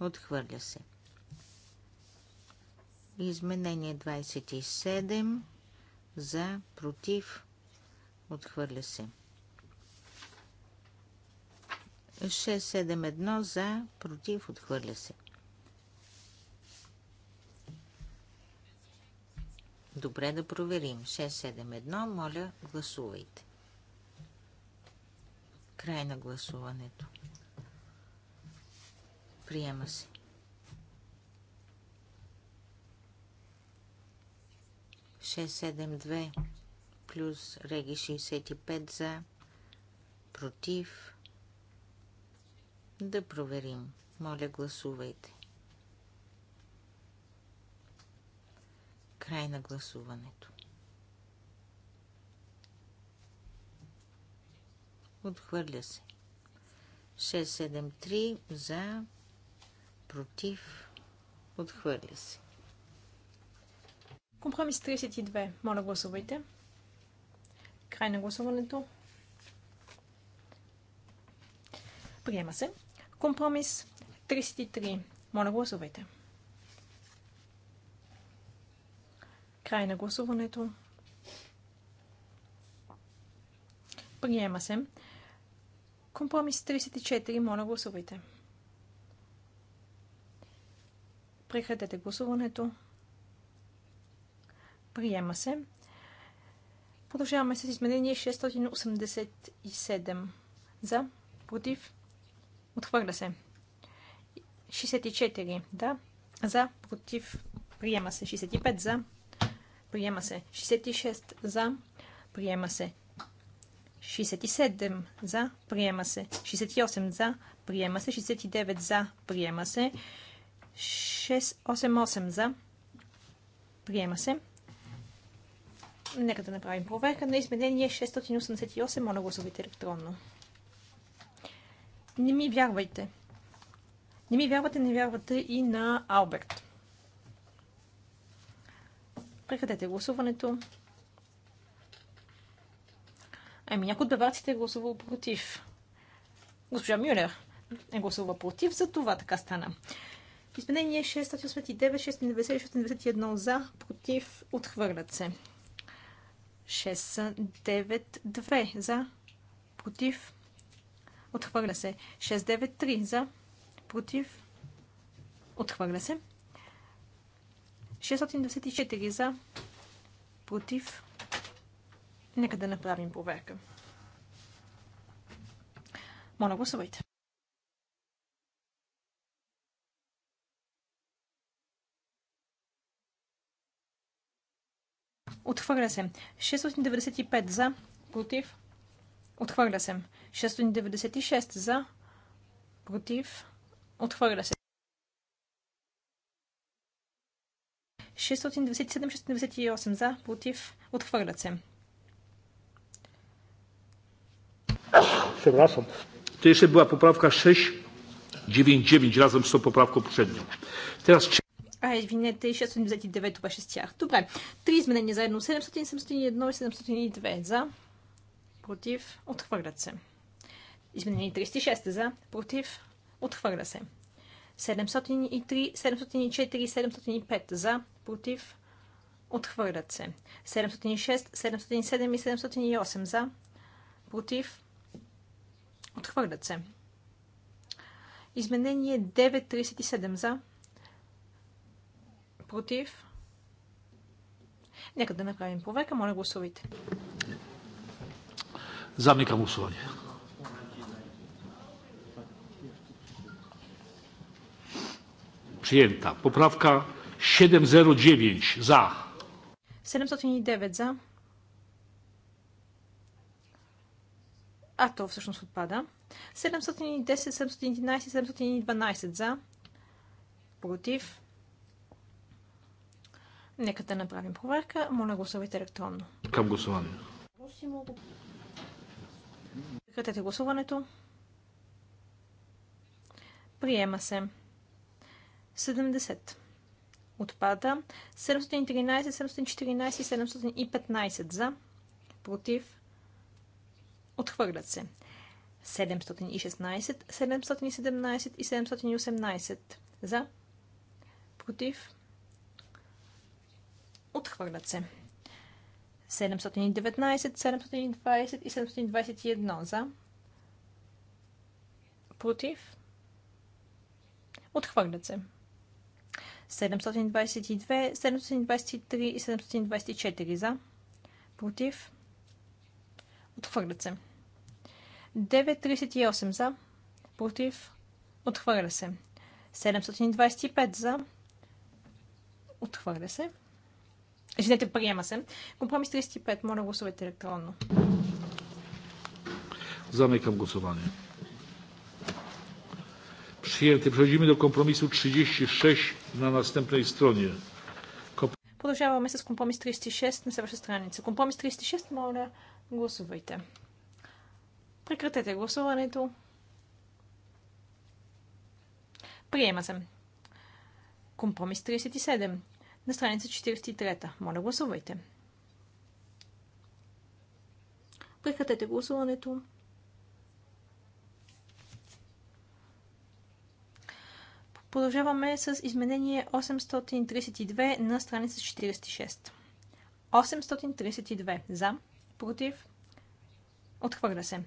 Отхвърля се. Изменение 27 за, против, отхвърля се. 6-7-1 за, против, отхвърля се. Добре да проверим. 67-1, моля, гласувайте. Край на гласуването. Приема се. 672 плюс Реги 65 за, против, да проверим. Моля, гласувайте. Край на гласуването. Отхвърля се. 673 за, против, отхвърля се. Компромис 32. Моля, гласувайте. Край на гласуването. Приема се. Компромис 33. Моля, гласувайте. Край на гласуването. Приема се. Компромис 34. Моля, гласувайте. Прекратете гласуването. Приема се. Продължаваме с изменение 687. За, против, Отхвърля се. 64. Да. За. Против. Приема се. 65. За. Приема се. 66. За. Приема се. 67 за, приема се. 68 за, приема се. 69 за, приема се. 688 за, приема се. Нека да направим проверка на изменение 688. Моля гласувайте електронно. Не ми вярвайте. Не ми вярвате, не вярвате и на Алберт. Прекратете гласуването. Ами някой от баварците е гласувал против. Госпожа Мюлер е гласувал против, за това така стана. Изменение 689, 690, 691 за, против, отхвърлят се. 692 за, против, Отхвърля се. 693 за. Против. Отхвърля се. 694 за. Против. Нека да направим проверка. Моля, гласувайте. Отхвърля се. 695 за. Против. Отхвърля се. 696 за, против, отхвърля се. 697-698 за, против, отхвърлят се. Przepraszam. To jeszcze była poprawka 699 razem z tą poprawką poprzednią. Teraz А, извинете, 699 обаче с тях. Добре. Три изменения заедно. 700, 701 и 702 за. Против. Отхвърлят се. Изменени 36 за, против, отхвърля се. 703, 704, 705 за, против, отхвърлят се. 706, 707 и 708 за, против, отхвърлят се. Изменение 937 за, против. Нека да направим проверка. Моля, гласувайте. Замикам гласуване. Przyjęta. Poprawka 709 za. 709 za. А то всъщност отпада. 710, 711, 712 за. Против. Нека да направим проверка. Моля, гласувайте електронно. Към гласуване. Прекратете гласуването. Приема се. 70. Отпада. 713, 714 и 715 за. Против. Отхвърлят се. 716, 717 и 718 за. Против. Отхвърлят се. 719, 720 и 721 за. Против. Отхвърлят се. 722, 723 и 724 за. Против. Отхвърлят се. 938 за. Против. Отхвърля се. 725 за. Отхвърля се. Извинете, приема се. Компромис 35. Моля, гласувайте електронно. Замикам гласуване. Przyjęty. Przechodzimy do kompromisu 36 na następnej stronie. Продължаваме с компромис 36 на следващата страница. Компромис 36, моля, гласувайте. Прекратете гласуването. Приема се. Компромис 37 на страница 43. Моля, гласувайте. Прекратете гласуването. Продължаваме с изменение 832 на страница 46. 832 за, против, отхвърля се.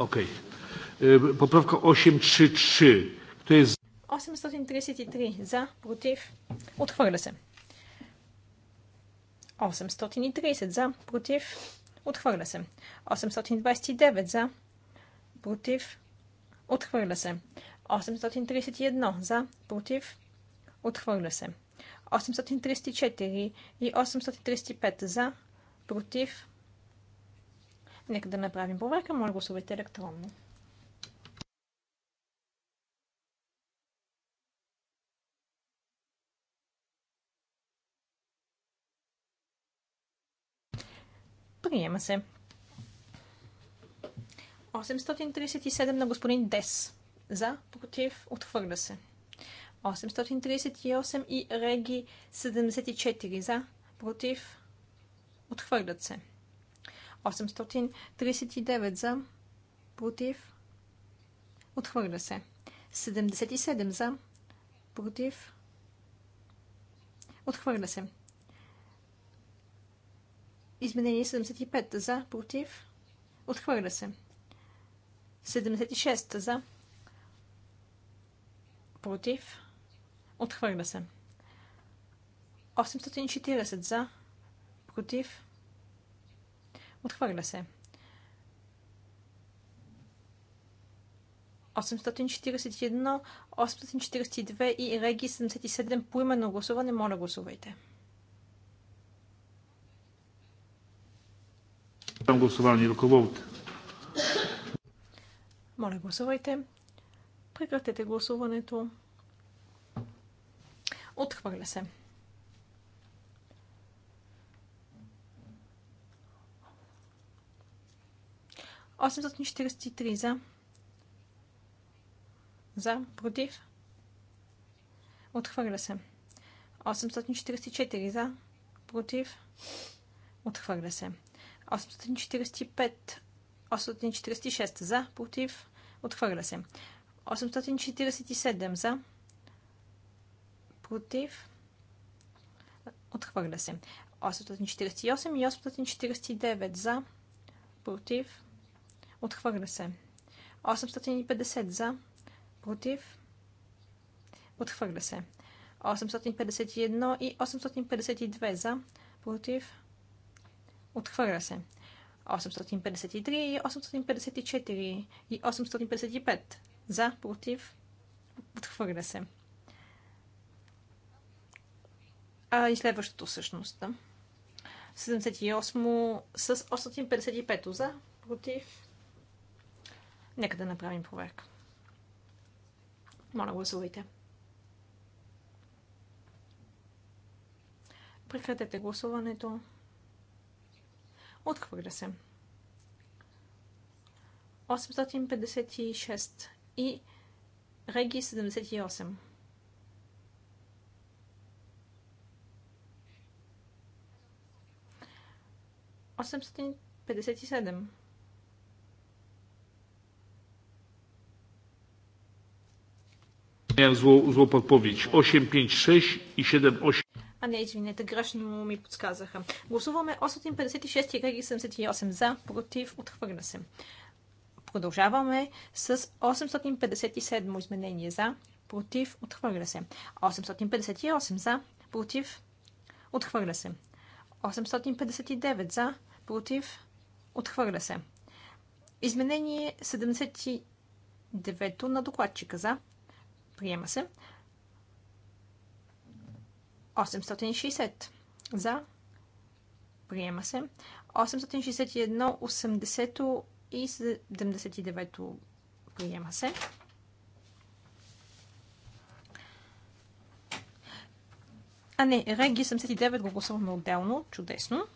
Окей. Okay. Поправка 833. Кто е за? 833 за, против, отхвърля се. 830 за, против, отхвърля се. 829 за, против, отхвърля се. 831 за, против, отхвърля се. 834 и 835 за, против. Нека да направим проверка. Моля, гласувайте електронно. Приема се. 837 на господин Дес. За, против, отхвърля се. 838 и Реги 74 за, против, отхвърлят се. 839 за, против, отхвърля се. 77 за, против, отхвърля се. Изменение 75 за, против, отхвърля се. 76 за, против, отхвърля се. 840 за, против, отхвърля се. 841, 842 и Реги 77 по именно гласуване. Моля, гласувайте. Там гласуване. Ръководите. Моля, гласувайте. Прекратете гласуването. Отхвърля се. Осемстотин за. За. Против. Отхвърля се. 844 за. Против. Отхвърля се. 845, 846 за, против, отхвърля се. 847 за, против, отхвърля се. 848 и 849 за, против, отхвърля се. 850 за, против, отхвърля се. 851 и 852 за, против, Отхвърля се. 853 и 854 и 855. За, против, отхвърля се. А и следващото всъщност. 78 с 855 за, против. Нека да направим проверка. Моля, гласувайте. Прекратете гласуването. Отхвърля се. 856 и Реги 78. Осемстотин петдесет и седем. Miałem złą, złą podpowiedź. 8, 5, 6 i 7, 8. А не, извинете, грешно ми подсказаха. Гласуваме 856 и 78 за, против, отхвърля се. Продължаваме с 857 изменение за, против, отхвърля се. 858 за, против, отхвърля се. 859 за, против, отхвърля се. Изменение 79 на докладчика за, приема се. 860 за. Приема се. 861, 80 и 79 приема се. А не, Реги 79 го гласуваме отделно. Чудесно.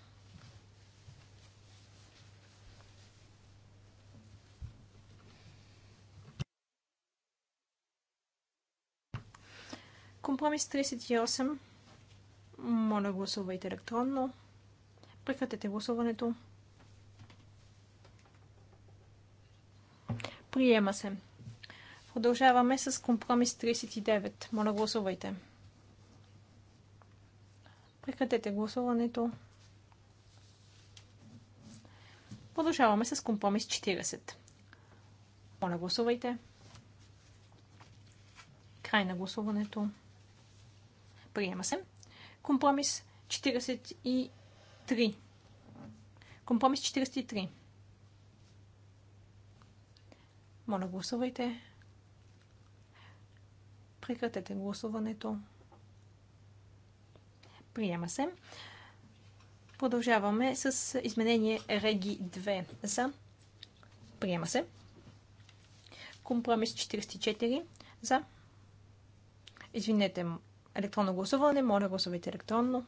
Компромис 38 моля, гласувайте електронно. Прекратете гласуването. Приема се. Продължаваме с компромис 39. Моля, гласувайте. Прекратете гласуването. Продължаваме с компромис 40. Моля, гласувайте. Край на гласуването. Приема се. Компромис 43. Компромис 43. Моля, гласувайте. Прекратете гласуването. Приема се. Продължаваме с изменение Реги 2 за. Приема се. Компромис 44 за. Извинете, електронно гласуване. Моля, гласувайте електронно.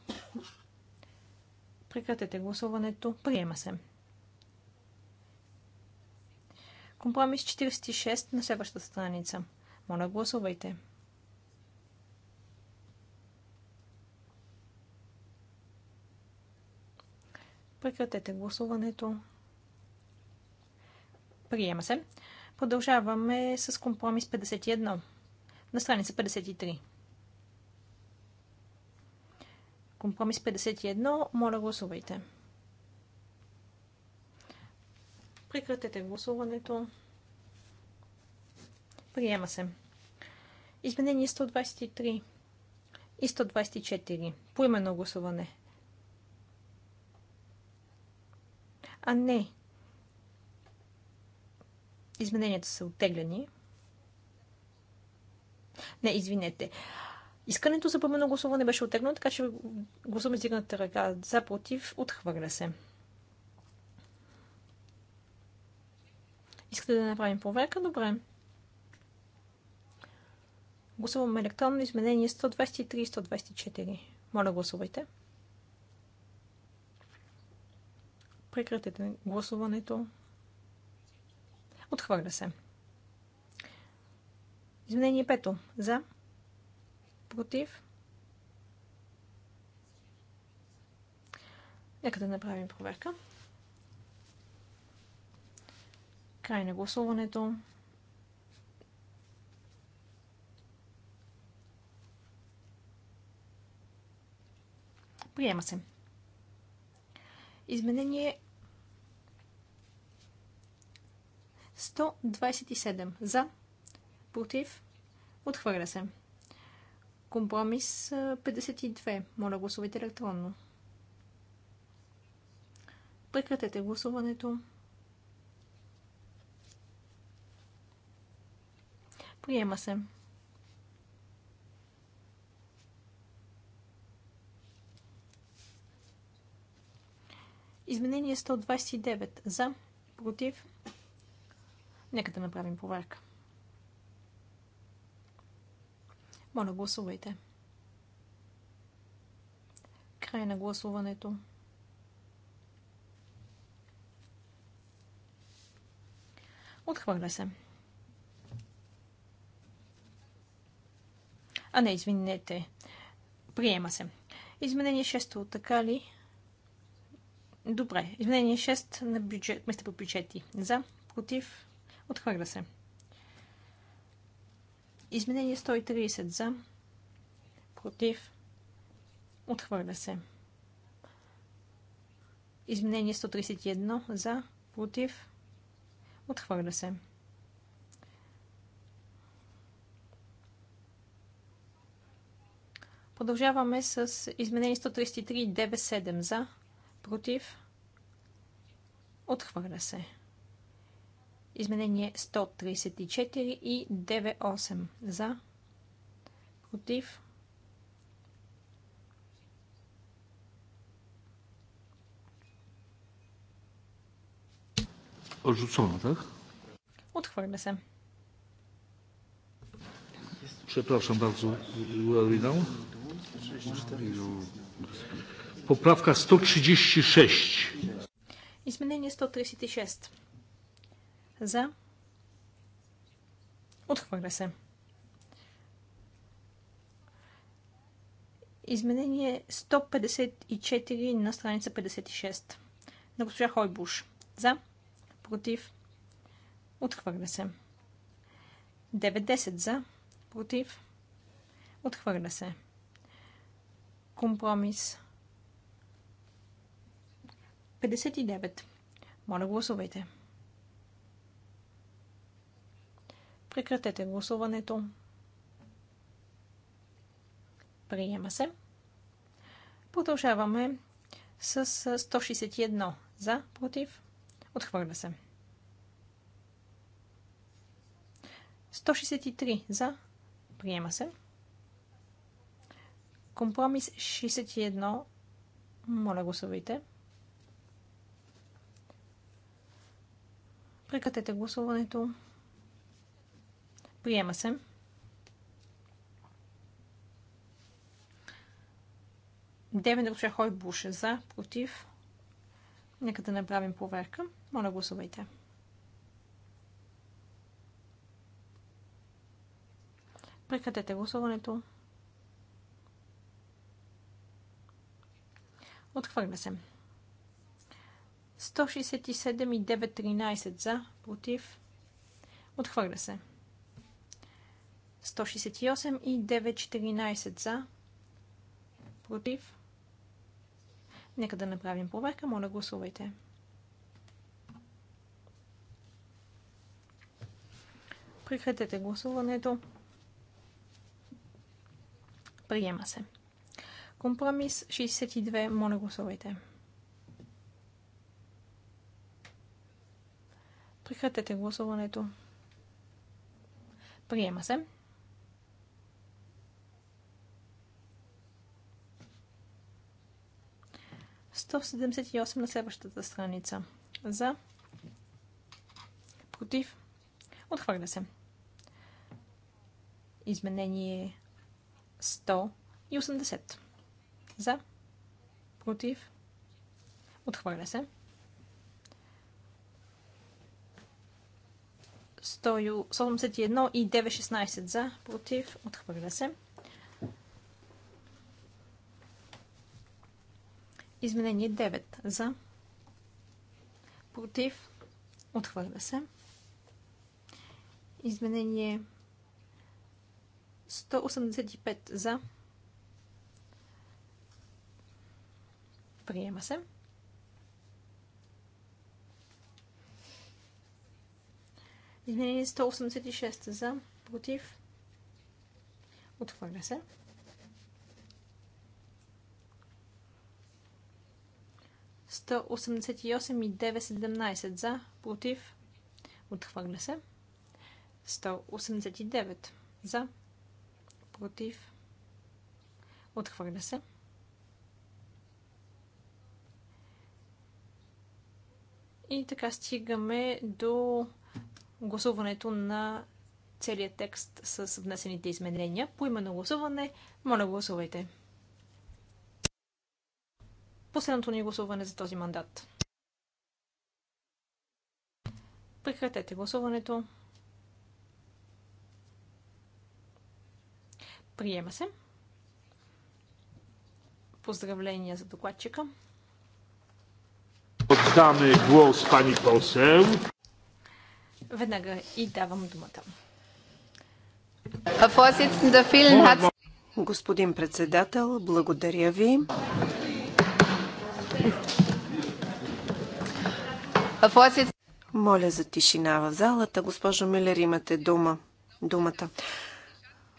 Прекратете гласуването. Приема се. Компромис 46 на следващата страница. Моля, гласувайте. Прекратете гласуването. Приема се. Продължаваме с компромис 51 на страница 53. Компромис 51. Моля, гласувайте. Прекратете гласуването. Приема се. Изменение 123 и 124. Поименно гласуване. А не. Измененията са оттеглени. Не, извинете. Искането за пълно гласуване беше отегнато, така че гласуваме с дигната ръка. За, против, отхвърля се. Искате да направим проверка? Добре. Гласуваме електронно изменение 123 124. Моля, гласувайте. Прекратете гласуването. Отхвърля се. Изменение 5. За. Против? Нека да направим проверка. Край на гласуването. Приема се. Изменение 127. За. Против. Отхвърля се. Компромис 52. Моля, гласувайте електронно. Прекратете гласуването. Приема се. Изменение 129. За, против. Нека да направим проверка. Моля, гласувайте. Край на гласуването. Отхвърля се. А не, извинете. Приема се. Изменение 6 така ли? Добре. Изменение 6 на бюджет, места по бюджети. За, против, отхвърля се. Изменение 130 за, против, отхвърля се. Изменение 131 за, против, отхвърля се. Продължаваме с изменение 133 97 за, против, отхвърля се. Изменение 134 и 98 за, против, Odrzucona, tak? Utwórzmy się. Przepraszam bardzo, Uelwinał. Poprawka 136. Изменение 136 за. Отхвърля се. Изменение 154 на страница 56. На госпожа Хойбуш. За. Против. Отхвърля се. 9-10 за. Против. Отхвърля се. Компромис. 59. Моля гласувайте. Прекратете гласуването. Приема се. Продължаваме с 161 за, против, отхвърля се. 163 за, приема се. Компромис 61, моля гласувайте. Прекратете гласуването. Приема се. Девен Хой Буша е за, против. Нека да направим проверка. Моля, гласувайте. Прекратете гласуването. Отхвърля се. 167 и 913 за, против. Отхвърля се. 168 и 914 за. Против. Нека да направим проверка. Моля, гласувайте. Прекратете гласуването. Приема се. Компромис 62. Моля, гласувайте. Прекратете гласуването. Приема се. 178 на следващата страница. За. Против. Отхвърля се. Изменение 180. За. Против. Отхвърля се. 181 и 916 за. Против. Отхвърля се. Изменение 9 за. Против. Отхвърля се. Изменение 185 за. Приема се. Изменение 186 за. Против. Отхвърля се. 188 и 917 за, против, отхвърля се. 189 за, против, отхвърля се. И така стигаме до гласуването на целият текст с внесените изменения. По именно гласуване, моля гласувайте последното ни гласуване за този мандат. Прекратете гласуването. Приема се. Поздравления за докладчика. Отдаме глас пани Посел. Веднага и давам думата. Господин председател, благодаря ви. Моля за тишина в залата. Госпожо Милер, имате дума. думата.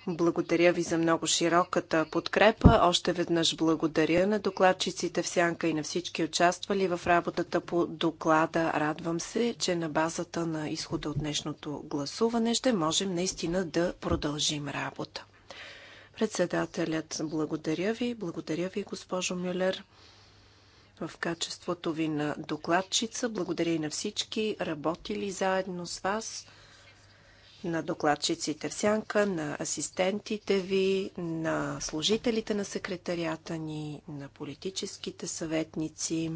Благодаря ви за много широката подкрепа. Още веднъж благодаря на докладчиците в Сянка и на всички участвали в работата по доклада. Радвам се, че на базата на изхода от днешното гласуване ще можем наистина да продължим работа. Председателят, благодаря ви. Благодаря ви, госпожо Мюлер в качеството ви на докладчица. Благодаря и на всички, работили заедно с вас, на докладчиците в сянка, на асистентите ви, на служителите на секретарията ни, на политическите съветници.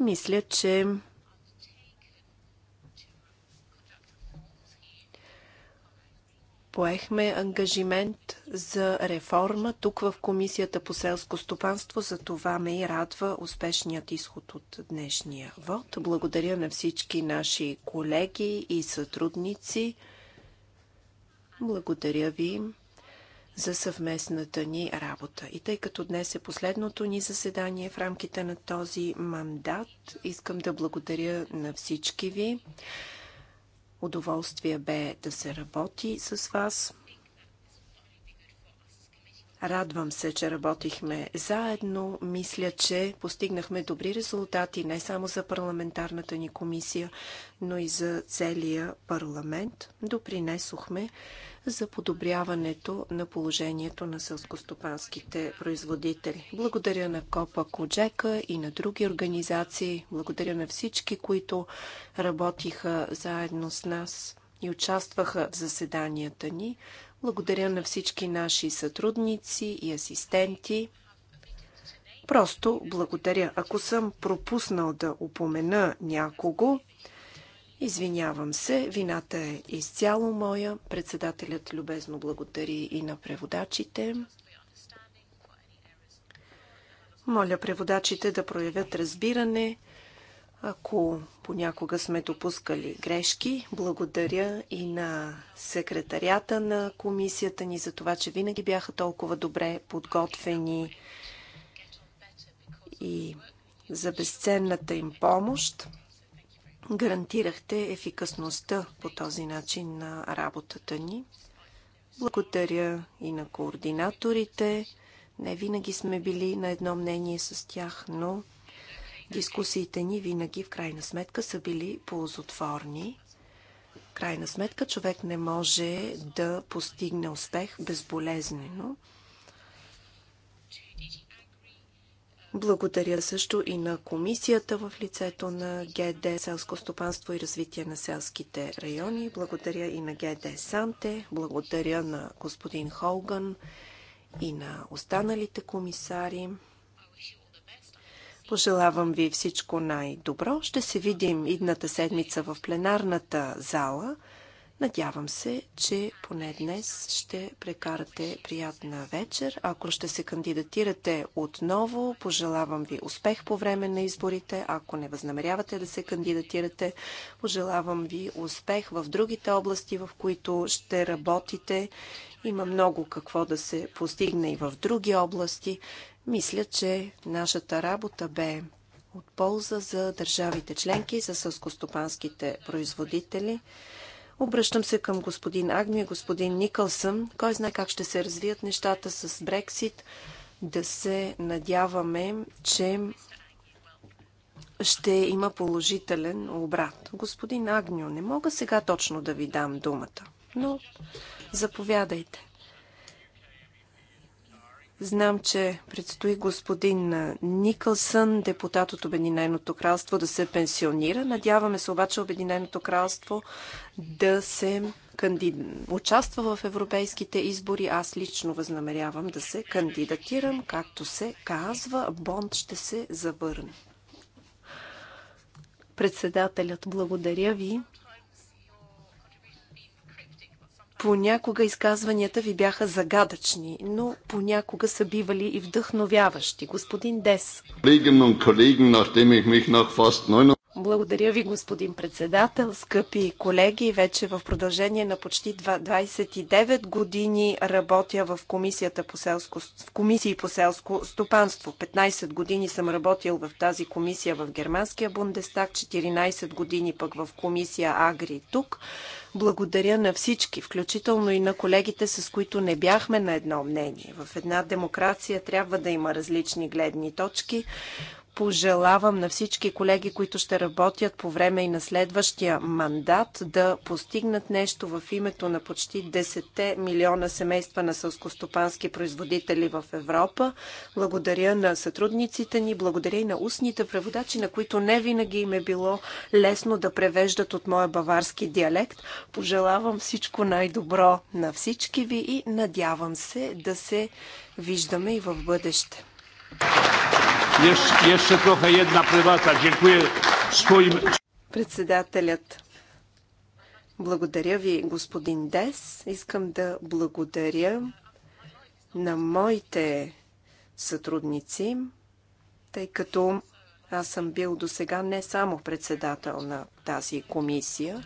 Мисля, че Поехме ангажимент за реформа тук в Комисията по селско стопанство. За това ме и радва успешният изход от днешния вод. Благодаря на всички наши колеги и сътрудници. Благодаря ви за съвместната ни работа. И тъй като днес е последното ни заседание в рамките на този мандат, искам да благодаря на всички ви. Удоволствие бе да се работи с вас. Радвам се, че работихме заедно. Мисля, че постигнахме добри резултати не само за парламентарната ни комисия, но и за целия парламент. Допринесохме за подобряването на положението на селскостопанските производители. Благодаря на Копа Коджека и на други организации. Благодаря на всички, които работиха заедно с нас и участваха в заседанията ни. Благодаря на всички наши сътрудници и асистенти. Просто благодаря. Ако съм пропуснал да упомена някого, Извинявам се, вината е изцяло моя. Председателят любезно благодари и на преводачите. Моля преводачите да проявят разбиране, ако понякога сме допускали грешки. Благодаря и на секретарята на комисията ни за това, че винаги бяха толкова добре подготвени и за безценната им помощ гарантирахте ефикасността по този начин на работата ни. Благодаря и на координаторите. Не винаги сме били на едно мнение с тях, но дискусиите ни винаги в крайна сметка са били ползотворни. В крайна сметка човек не може да постигне успех безболезнено. Благодаря също и на комисията в лицето на ГД Селско стопанство и развитие на селските райони. Благодаря и на ГД Санте. Благодаря на господин Холган и на останалите комисари. Пожелавам ви всичко най-добро. Ще се видим идната седмица в пленарната зала. Надявам се, че поне днес ще прекарате приятна вечер. Ако ще се кандидатирате отново, пожелавам ви успех по време на изборите. Ако не възнамерявате да се кандидатирате, пожелавам ви успех в другите области, в които ще работите. Има много какво да се постигне и в други области. Мисля, че нашата работа бе от полза за държавите членки, за сълскостопанските производители. Обръщам се към господин Агми и господин Никълсън. Кой знае как ще се развият нещата с Брексит. Да се надяваме, че ще има положителен обрат. Господин Агню, не мога сега точно да ви дам думата, но заповядайте. Знам, че предстои господин Никълсън, депутат от Обединеното кралство, да се пенсионира. Надяваме се обаче Обединеното кралство да се канди... участва в европейските избори. Аз лично възнамерявам да се кандидатирам. Както се казва, Бонд ще се завърне. Председателят, благодаря ви. Понякога изказванията ви бяха загадъчни, но понякога са бивали и вдъхновяващи. Господин Дес. Колеги колеги, благодаря ви, господин председател, скъпи колеги. Вече в продължение на почти 29 години работя в комисията по селско, в комисии по селско стопанство. 15 години съм работил в тази комисия в Германския Бундестаг, 14 години пък в комисия Агри тук. Благодаря на всички, включително и на колегите, с които не бяхме на едно мнение. В една демокрация трябва да има различни гледни точки пожелавам на всички колеги, които ще работят по време и на следващия мандат, да постигнат нещо в името на почти 10 милиона семейства на сълскостопански производители в Европа. Благодаря на сътрудниците ни, благодаря и на устните преводачи, на които не винаги им е било лесно да превеждат от моя баварски диалект. Пожелавам всичко най-добро на всички ви и надявам се да се виждаме и в бъдеще. Е Председателят. Благодаря ви, господин Дес. Искам да благодаря на моите сътрудници, тъй като аз съм бил до сега не само председател на тази комисия.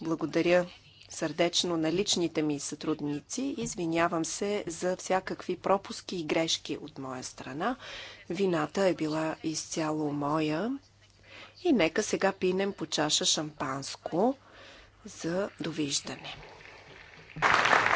Благодаря сърдечно на личните ми сътрудници. Извинявам се за всякакви пропуски и грешки от моя страна. Вината е била изцяло моя. И нека сега пинем по чаша шампанско за довиждане. Thank you.